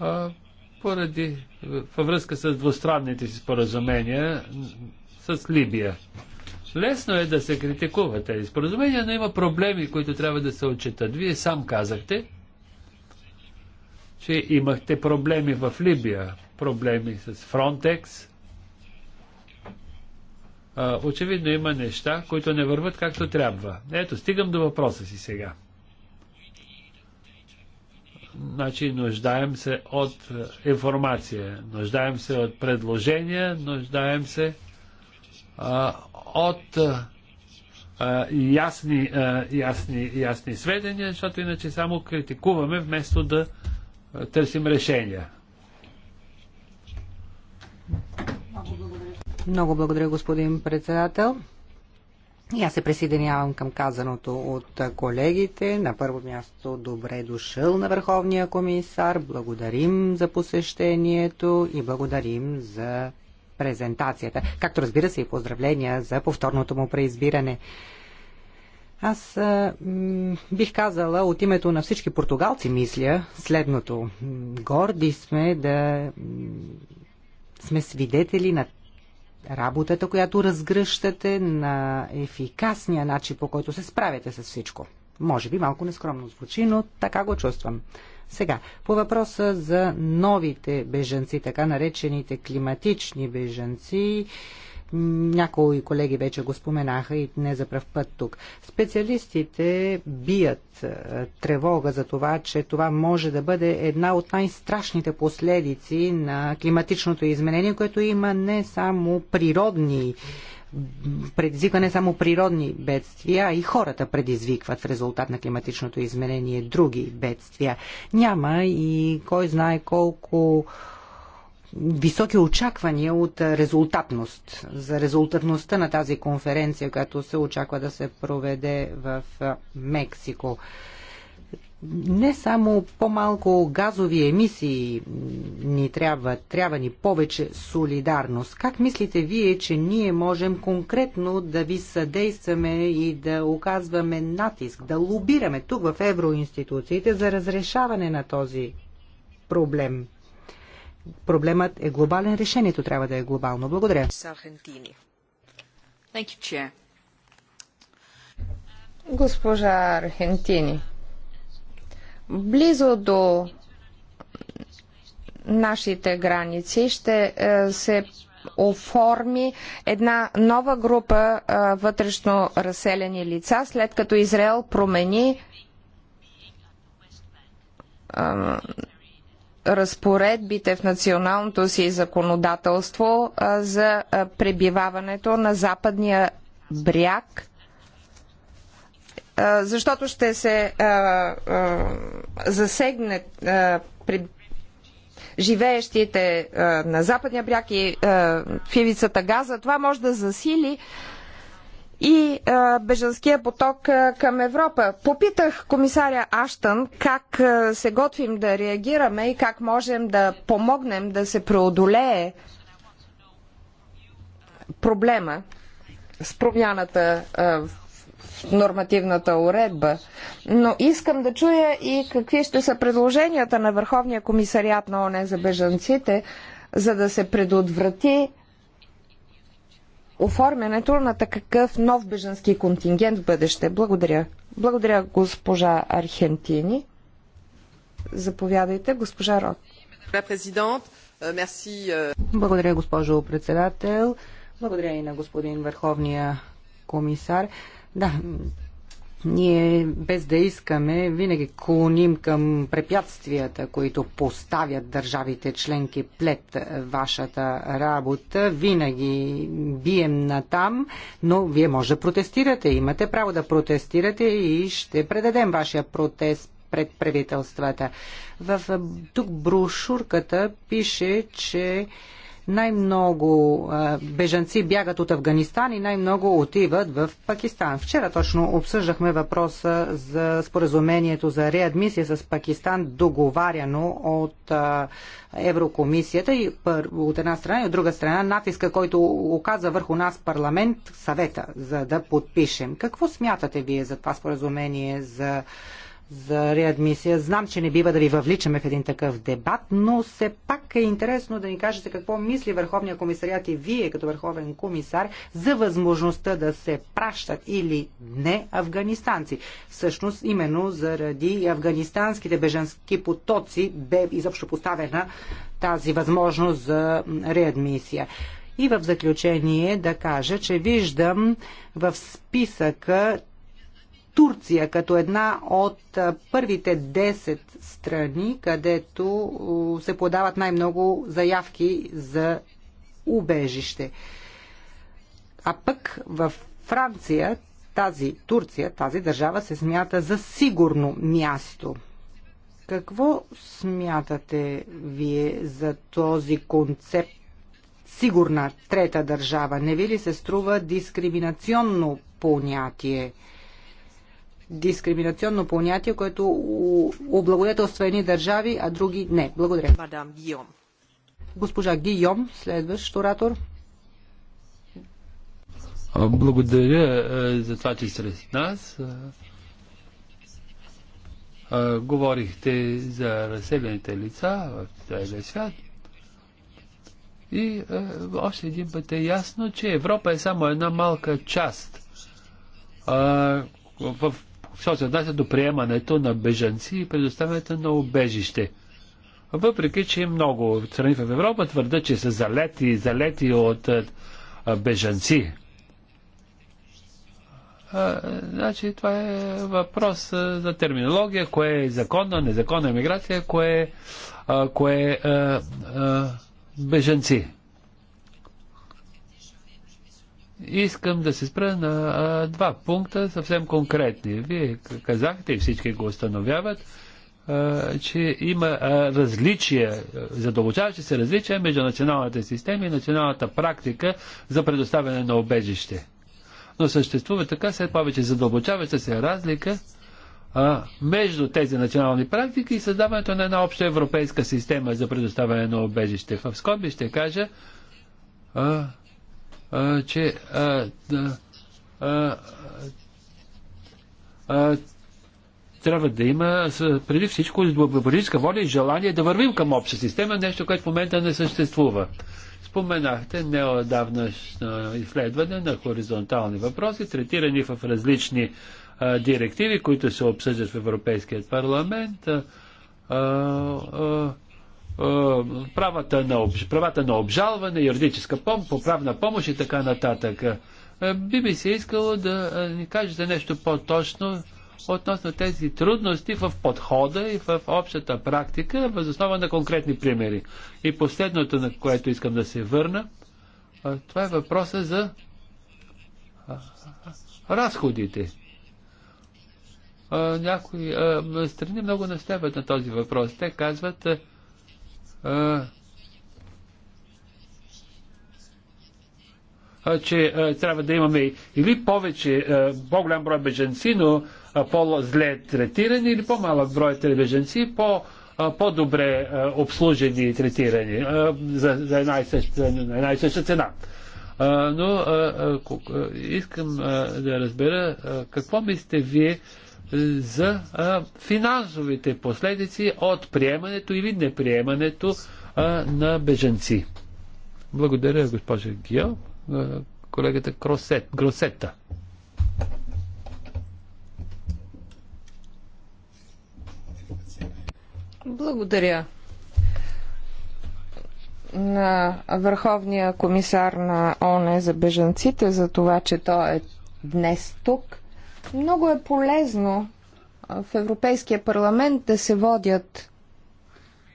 а, поради във връзка с двустранните си споразумения с Либия. Лесно е да се критикува тези споразумения, но има проблеми, които трябва да се отчитат. Вие сам казахте, че имахте проблеми в Либия, проблеми с Фронтекс. Очевидно има неща, които не върват както трябва. Ето, стигам до въпроса си сега. Значи, нуждаем се от е, информация, нуждаем се от предложения, нуждаем се от ясни, ясни, ясни сведения, защото иначе само критикуваме вместо да търсим решения. Много благодаря, господин председател. И аз се присъединявам към казаното от колегите. На първо място добре дошъл на Върховния комисар. Благодарим за посещението и благодарим за презентацията. Както разбира се и поздравления за повторното му преизбиране. Аз бих казала от името на всички португалци, мисля, следното. Горди сме да сме свидетели на работата, която разгръщате, на ефикасния начин, по който се справяте с всичко. Може би малко нескромно звучи, но така го чувствам. Сега, по въпроса за новите бежанци, така наречените климатични бежанци, някои колеги вече го споменаха и не за пръв път тук. Специалистите бият е, тревога за това, че това може да бъде една от най-страшните последици на климатичното изменение, което има не само природни предизвиква не само природни бедствия, а и хората предизвикват в резултат на климатичното изменение други бедствия. Няма и кой знае колко високи очаквания от резултатност, за резултатността на тази конференция, която се очаква да се проведе в Мексико не само по-малко газови емисии ни трябва, трябва ни повече солидарност. Как мислите вие, че ние можем конкретно да ви съдействаме и да оказваме натиск, да лобираме тук в евроинституциите за разрешаване на този проблем? Проблемът е глобален, решението трябва да е глобално. Благодаря. Госпожа Архентини близо до нашите граници ще е, се оформи една нова група е, вътрешно разселени лица, след като Израел промени е, разпоредбите в националното си законодателство за пребиваването на западния бряг защото ще се засегне при живеещите на западния бряг и в ивицата Газа. Това може да засили и а, бежанския поток а, към Европа. Попитах комисаря Аштън как а, се готвим да реагираме и как можем да помогнем да се преодолее проблема с промяната а, в нормативната уредба. Но искам да чуя и какви ще са предложенията на Върховния комисариат на ОНЕ за бежанците, за да се предотврати оформянето на такъв нов бежански контингент в бъдеще. Благодаря. Благодаря, госпожа Архентини. Заповядайте, госпожа Рот. Благодаря, госпожо председател. Благодаря и на господин Върховния комисар. Да, ние без да искаме винаги клоним към препятствията, които поставят държавите членки плед вашата работа. Винаги бием на там, но вие може да протестирате. Имате право да протестирате и ще предадем вашия протест пред правителствата. В, тук брошурката пише, че най-много бежанци бягат от Афганистан и най-много отиват в Пакистан. Вчера точно обсъждахме въпроса за споразумението за реадмисия с Пакистан, договаряно от Еврокомисията и от една страна и от друга страна натиска, който оказа върху нас парламент, съвета, за да подпишем. Какво смятате вие за това споразумение за за реадмисия. Знам, че не бива да ви въвличаме в един такъв дебат, но все пак е интересно да ни кажете какво мисли Върховния комисариат и вие като Върховен комисар за възможността да се пращат или не афганистанци. Всъщност, именно заради афганистанските бежански потоци бе изобщо поставена тази възможност за реадмисия. И в заключение да кажа, че виждам в списъка Турция като една от първите 10 страни, където се подават най-много заявки за убежище. А пък в Франция тази Турция, тази държава се смята за сигурно място. Какво смятате вие за този концепт сигурна трета държава? Не ви ли се струва дискриминационно понятие? дискриминационно понятие, което облагодетелства едни държави, а други не. Благодаря. Мадам Гийом. Госпожа Гийом, следващ оратор. Благодаря за това, че сред нас. Говорихте за разселените лица в целия свят. И още един път е ясно, че Европа е само една малка част в що се отнася до приемането на бежанци и предоставянето на убежище. Въпреки, че много страни в Европа твърдят, че са залети, залети от е, бежанци. А, значи това е въпрос а, е, за терминология, кое е законна, незаконна миграция, кое, е, а, кое е бежанци. Искам да се спра на а, два пункта съвсем конкретни. Вие казахте и всички го установяват, а, че има а, различия, задълбочаващи се различия между националната система и националната практика за предоставяне на обежище. Но съществува така след повече задълбочаваща се разлика а, между тези национални практики и създаването на една обща европейска система за предоставяне на обежище. В скоби ще кажа, а, че трябва да има преди всичко политическа воля и желание да вървим към обща система, нещо, което в момента не съществува. Споменахте неодавна изследване на хоризонтални въпроси, третирани в различни а, директиви, които се обсъждат в Европейския парламент. А, а, е, правата на, обж... правата на обжалване, юридическа пом, поправна правна помощ и така нататък. Е, би ми се искало да е, ни кажете нещо по-точно относно тези трудности в подхода и в общата практика, основа на конкретни примери. И последното, на което искам да се върна, това е въпроса за разходите. Някои страни много настояват на този въпрос. Те казват, че трябва да имаме или повече, по-голям брой беженци, но по-зле третирани, или по-малък брой беженци, по- по-добре обслужени и третирани за, за една, и съща, една и съща цена. Но искам да разбера какво мислите вие за а, финансовите последици от приемането или неприемането а, на беженци. Благодаря, госпожа Гио. Колегата Кросет, Гросета. Благодаря на Върховния комисар на ОНЕ за бежанците за това, че той е днес тук – много е полезно в Европейския парламент да се водят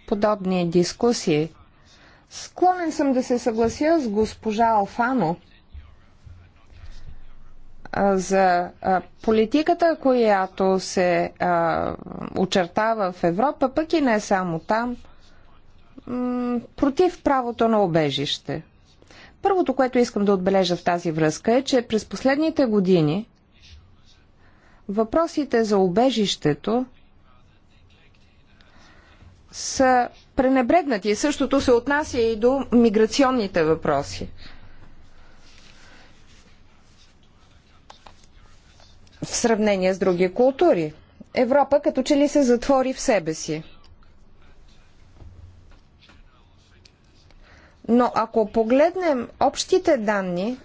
подобни дискусии. Склонен съм да се съглася с госпожа Алфано за политиката, която се очертава в Европа, пък и не само там, против правото на обежище. Първото, което искам да отбележа в тази връзка е, че през последните години Въпросите за убежището са пренебрегнати. Същото се отнася и до миграционните въпроси. В сравнение с други култури. Европа като че ли се затвори в себе си. Но ако погледнем общите данни,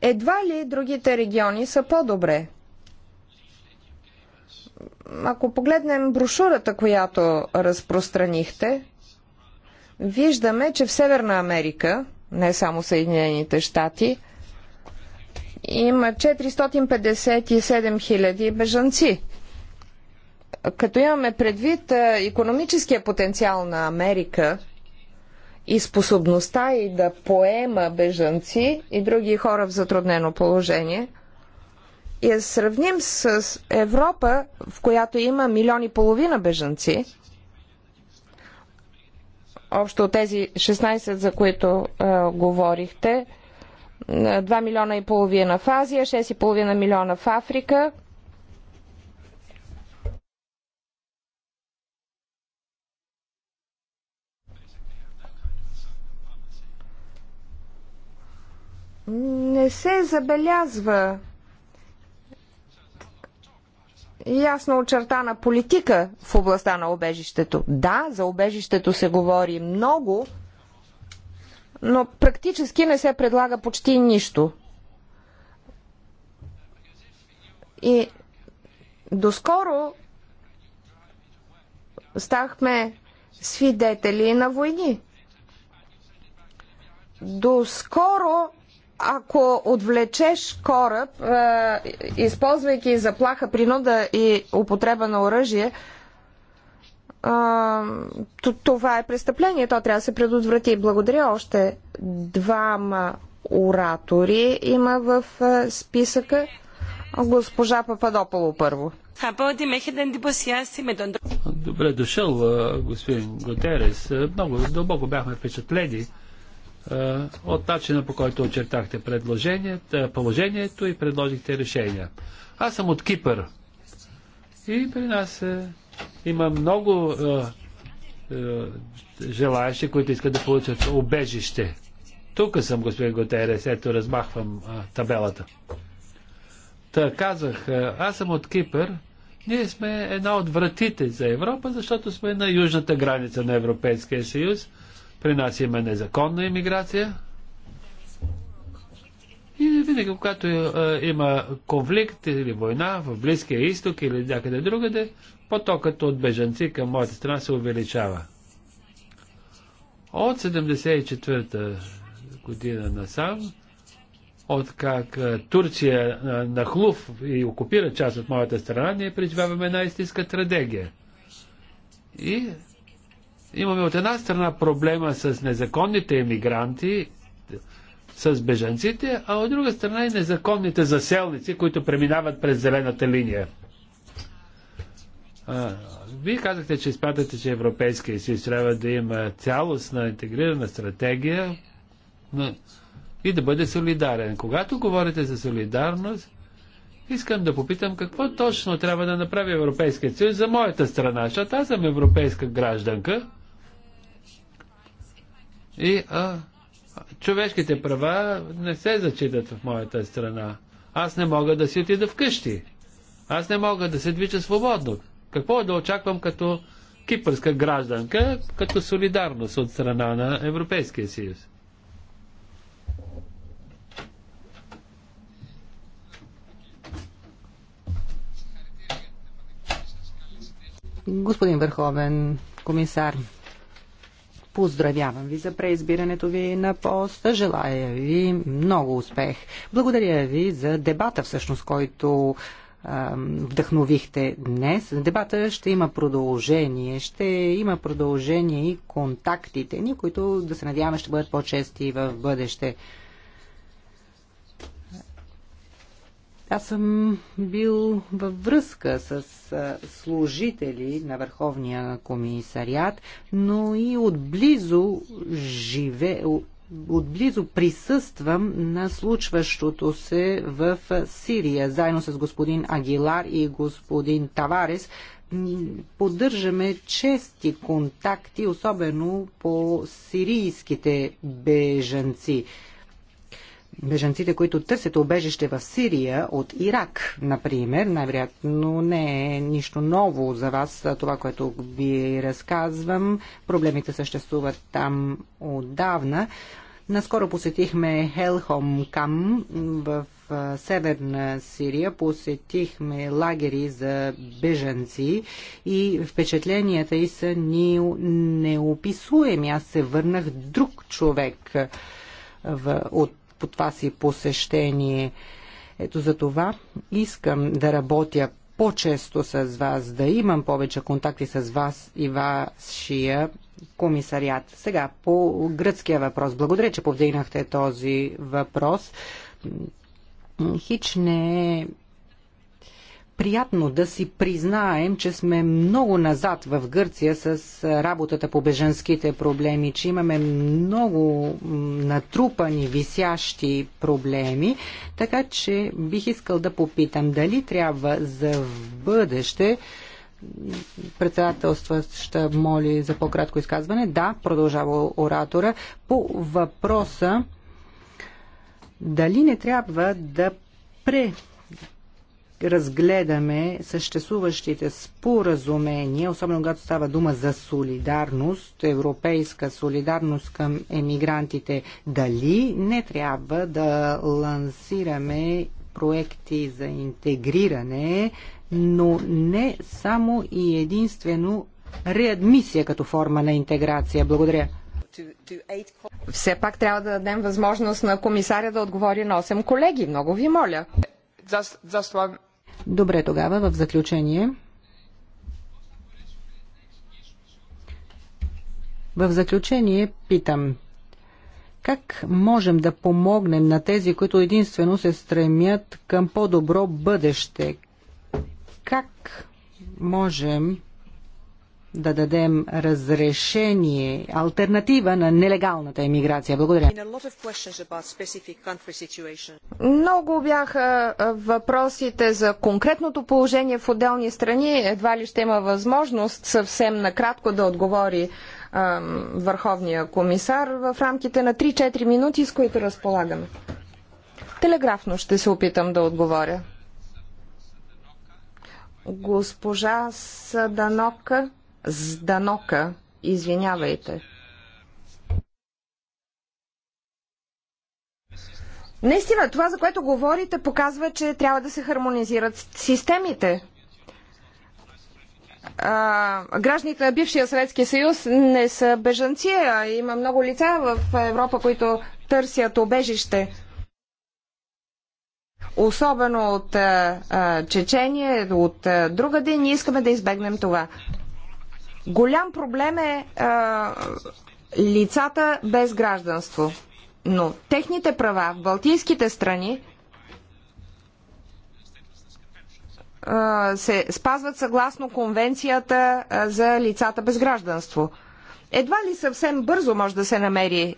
едва ли другите региони са по-добре – ако погледнем брошурата, която разпространихте, виждаме, че в Северна Америка, не само Съединените щати, има 457 000 бежанци. Като имаме предвид економическия потенциал на Америка и способността и да поема бежанци и други хора в затруднено положение – я е сравним с Европа, в която има милион и половина бежанци, общо от тези 16, за които а, говорихте, 2 милиона и половина в Азия, 6,5 милиона в Африка. Не се забелязва ясно очертана политика в областта на обежището. Да, за обежището се говори много, но практически не се предлага почти нищо. И доскоро стахме свидетели на войни. Доскоро ако отвлечеш кораб, използвайки заплаха, принуда и употреба на оръжие, това е престъпление. То трябва да се предотврати. Благодаря още двама оратори има в списъка. Госпожа Пападополо първо. Добре дошъл, господин Готерес. Много дълбоко бяхме впечатлени е, от начина по който очертахте предложението, положението и предложихте решения. Аз съм от Кипър и при нас е, има много е, е, желаящи, които искат да получат обежище. Тук съм, господин Готерес, ето размахвам е, табелата. Та казах, е, аз съм от Кипър, ние сме една от вратите за Европа, защото сме на южната граница на Европейския съюз – при нас има незаконна иммиграция. И винаги, когато е, е, има конфликт или война в Близкия изток или някъде другаде, потокът от бежанци към моята страна се увеличава. От 74-та година насам, от как е, Турция нахлув и окупира част от моята страна, ние преживяваме една истинска трагедия. И Имаме от една страна проблема с незаконните емигранти, с бежанците, а от друга страна и незаконните заселници, които преминават през зелената линия. А, вие казахте, че смятате, че Европейския съюз трябва да има цялостна интегрирана стратегия но, и да бъде солидарен. Когато говорите за солидарност, искам да попитам какво точно трябва да направи Европейския съюз за моята страна, защото аз съм европейска гражданка и а, човешките права не се зачитат в моята страна. Аз не мога да си отида вкъщи. Аз не мога да се движа свободно. Какво да очаквам като кипърска гражданка, като солидарност от страна на Европейския съюз? Господин Върховен комисар, Поздравявам ви за преизбирането ви на поста. Желая ви много успех. Благодаря ви за дебата, всъщност, който вдъхновихте днес. Дебата ще има продължение. Ще има продължение и контактите ни, които да се надяваме ще бъдат по-чести в бъдеще. Аз съм бил във връзка с служители на Върховния комисариат, но и отблизо живе, отблизо присъствам на случващото се в Сирия. Заедно с господин Агилар и господин Таварес поддържаме чести контакти, особено по сирийските бежанци бежанците, които търсят обежище в Сирия от Ирак, например, най-вероятно не е нищо ново за вас това, което ви разказвам. Проблемите съществуват там отдавна. Наскоро посетихме Хелхом Кам в Северна Сирия, посетихме лагери за бежанци и впечатленията й са ни неописуеми. Аз се върнах друг човек в, от по това си посещение. Ето за това искам да работя по-често с вас, да имам повече контакти с вас и вашия комисариат. Сега по гръцкия въпрос. Благодаря, че повдигнахте този въпрос. Хич не е приятно да си признаем, че сме много назад в Гърция с работата по беженските проблеми, че имаме много натрупани, висящи проблеми, така че бих искал да попитам дали трябва за в бъдеще председателстваща моли за по-кратко изказване. Да, продължава оратора. По въпроса дали не трябва да пре разгледаме съществуващите споразумения, особено когато става дума за солидарност, европейска солидарност към емигрантите, дали не трябва да лансираме проекти за интегриране, но не само и единствено реадмисия като форма на интеграция. Благодаря. Все пак трябва да дадем възможност на комисаря да отговори на 8 колеги. Много ви моля. Just, just one, Добре, тогава в заключение. В заключение питам, как можем да помогнем на тези, които единствено се стремят към по-добро бъдеще? Как можем да дадем разрешение, альтернатива на нелегалната емиграция. Благодаря. Много бяха въпросите за конкретното положение в отделни страни. Едва ли ще има възможност съвсем накратко да отговори Върховния комисар в рамките на 3-4 минути, с които разполагаме. Телеграфно ще се опитам да отговоря. Госпожа Саданока Зданока, извинявайте. Наистина, това, за което говорите, показва, че трябва да се хармонизират системите. А, гражданите на бившия Съветски съюз не са бежанци, а има много лица в Европа, които търсят обежище. Особено от а, Чечения, от а, друга ден, ние искаме да избегнем това. Голям проблем е а, лицата без гражданство, но техните права в Балтийските страни а, се спазват съгласно конвенцията а, за лицата без гражданство. Едва ли съвсем бързо може да се намери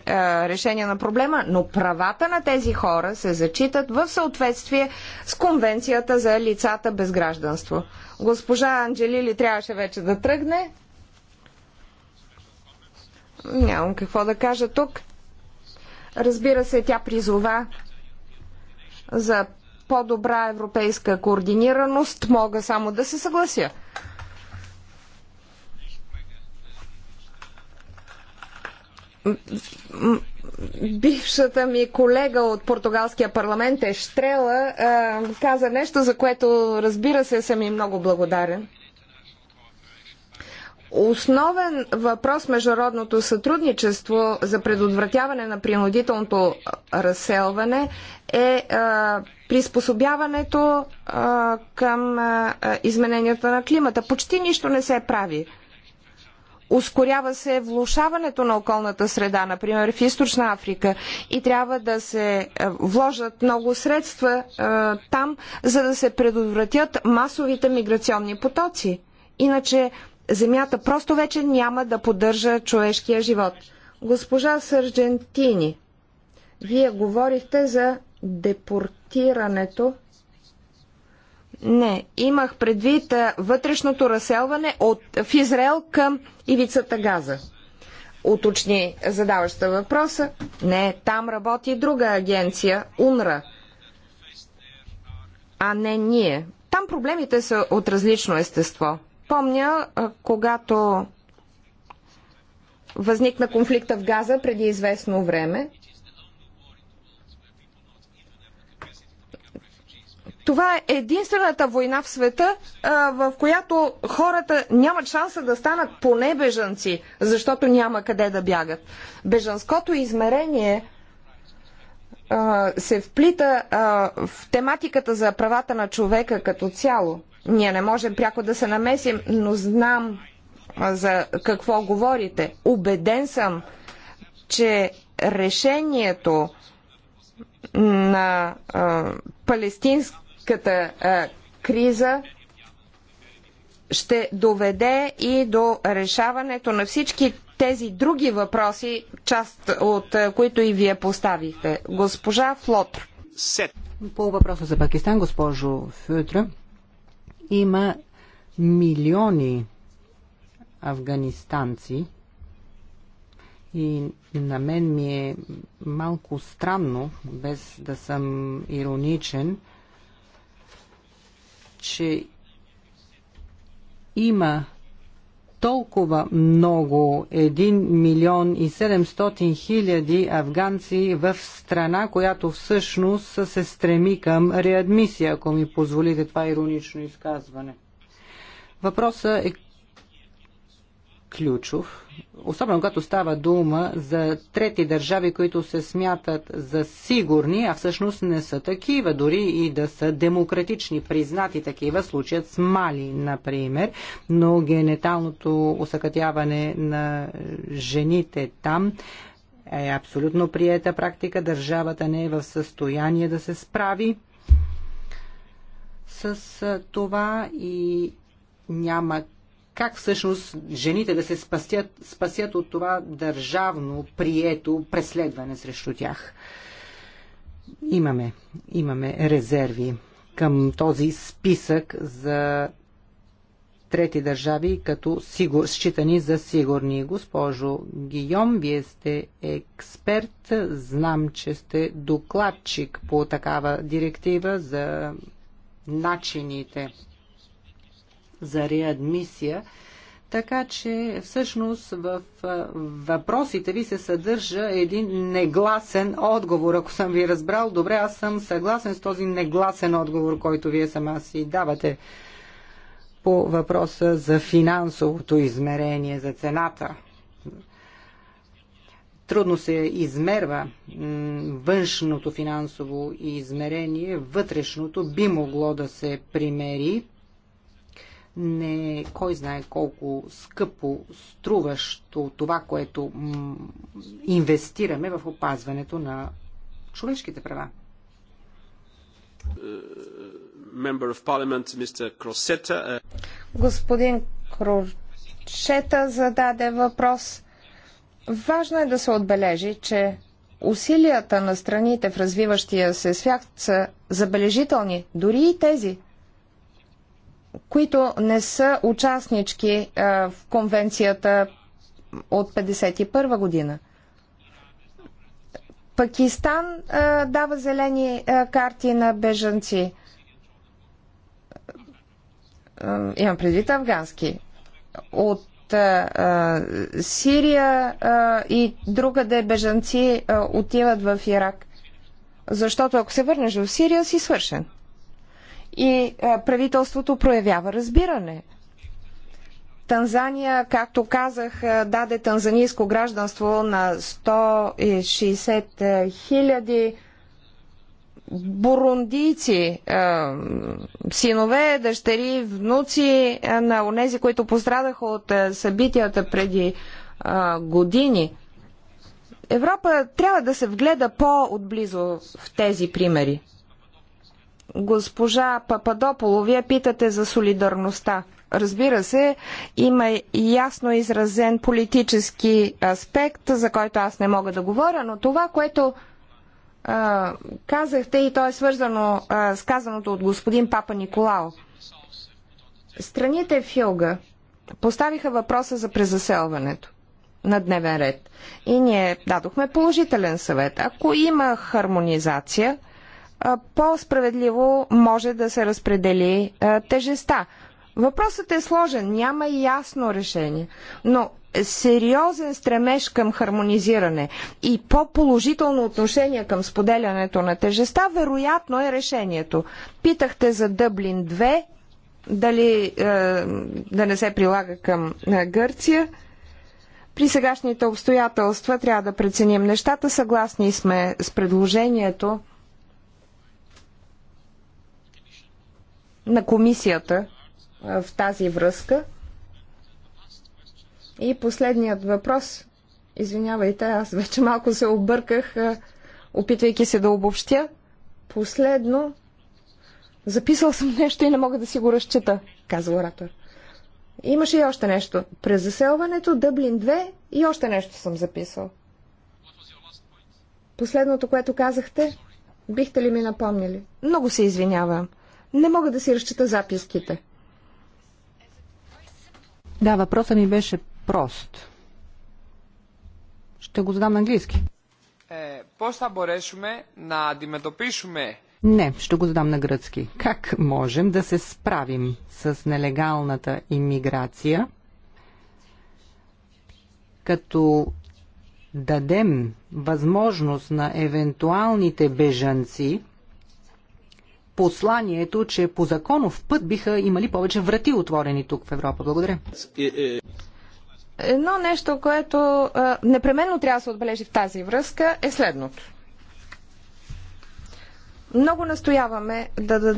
решение на проблема, но правата на тези хора се зачитат в съответствие с Конвенцията за лицата без гражданство. Госпожа Анджелили трябваше вече да тръгне. Нямам какво да кажа тук. Разбира се, тя призова за по-добра европейска координираност. Мога само да се съглася. бившата ми колега от португалския парламент Ештрела каза нещо, за което разбира се съм и много благодарен. Основен въпрос международното сътрудничество за предотвратяване на принудителното разселване е приспособяването към измененията на климата. Почти нищо не се прави. Ускорява се влушаването на околната среда, например в Източна Африка, и трябва да се вложат много средства там, за да се предотвратят масовите миграционни потоци. Иначе земята просто вече няма да поддържа човешкия живот. Госпожа Сържентини, вие говорихте за депортирането. Не, имах предвид вътрешното разселване от, в Израел към ивицата Газа. Уточни задаваща въпроса. Не, там работи друга агенция, УНРА, а не ние. Там проблемите са от различно естество спомня, когато възникна конфликта в Газа преди известно време, Това е единствената война в света, в която хората нямат шанса да станат поне бежанци, защото няма къде да бягат. Бежанското измерение се вплита в тематиката за правата на човека като цяло. Ние не можем пряко да се намесим, но знам за какво говорите. Убеден съм, че решението на а, палестинската а, криза ще доведе и до решаването на всички тези други въпроси, част от а, които и вие поставихте. Госпожа Флотр. По въпроса за Пакистан, госпожо Фютра, има милиони афганистанци и на мен ми е малко странно, без да съм ироничен, че има толкова много 1 милион и 700 хиляди афганци в страна, която всъщност се стреми към реадмисия, ако ми позволите това иронично изказване. Въпросът е ключов, особено когато става дума за трети държави, които се смятат за сигурни, а всъщност не са такива, дори и да са демократични, признати такива, случаят с Мали, например, но генеталното усъкътяване на жените там е абсолютно приета практика, държавата не е в състояние да се справи с това и няма как всъщност жените да се спасят, спасят от това държавно прието преследване срещу тях. Имаме, имаме резерви към този списък за трети държави, като сигур, считани за сигурни. Госпожо Гийом, вие сте експерт. Знам, че сте докладчик по такава директива за начините за реадмисия. Така че всъщност в въпросите ви се съдържа един негласен отговор. Ако съм ви разбрал добре, аз съм съгласен с този негласен отговор, който вие сама си давате по въпроса за финансовото измерение, за цената. Трудно се измерва външното финансово измерение, вътрешното би могло да се примери не кой знае колко скъпо струващо това, което инвестираме в опазването на човешките права. Uh, Господин Крошета зададе въпрос. Важно е да се отбележи, че усилията на страните в развиващия се свят са забележителни, дори и тези, които не са участнички е, в конвенцията от 1951 година. Пакистан е, дава зелени е, карти на бежанци. Имам предвид афгански. От Сирия и другаде бежанци отиват в Ирак. Защото ако се върнеш в Сирия, си свършен и правителството проявява разбиране. Танзания, както казах, даде танзанийско гражданство на 160 хиляди бурундийци, синове, дъщери, внуци на онези, които пострадаха от събитията преди години. Европа трябва да се вгледа по-отблизо в тези примери. Госпожа Пападополо, вие питате за солидарността. Разбира се, има ясно изразен политически аспект, за който аз не мога да говоря, но това, което а, казахте и то е свързано а, с казаното от господин Папа Николао. Страните в Юга поставиха въпроса за презаселването на дневен ред. И ние дадохме положителен съвет. Ако има хармонизация, по-справедливо може да се разпредели тежеста. Въпросът е сложен, няма и ясно решение, но сериозен стремеж към хармонизиране и по-положително отношение към споделянето на тежеста, вероятно е решението. Питахте за Дъблин 2, дали е, да не се прилага към е, Гърция. При сегашните обстоятелства трябва да преценим нещата. Съгласни сме с предложението на комисията в тази връзка. И последният въпрос. Извинявайте, аз вече малко се обърках, опитвайки се да обобщя. Последно. Записал съм нещо и не мога да си го разчита, казва оратор. Имаше и още нещо. През заселването, Дъблин 2 и още нещо съм записал. Последното, което казахте, бихте ли ми напомнили? Много се извинявам не мога да си разчита записките. Да, въпросът ми беше прост. Ще го задам на английски. Е, πώς θα μπορέσουμε να не, ще го задам на гръцки. Как можем да се справим с нелегалната иммиграция, като дадем възможност на евентуалните бежанци посланието, че по законов път биха имали повече врати отворени тук в Европа. Благодаря. Едно нещо, което а, непременно трябва да се отбележи в тази връзка е следното. Много настояваме да да,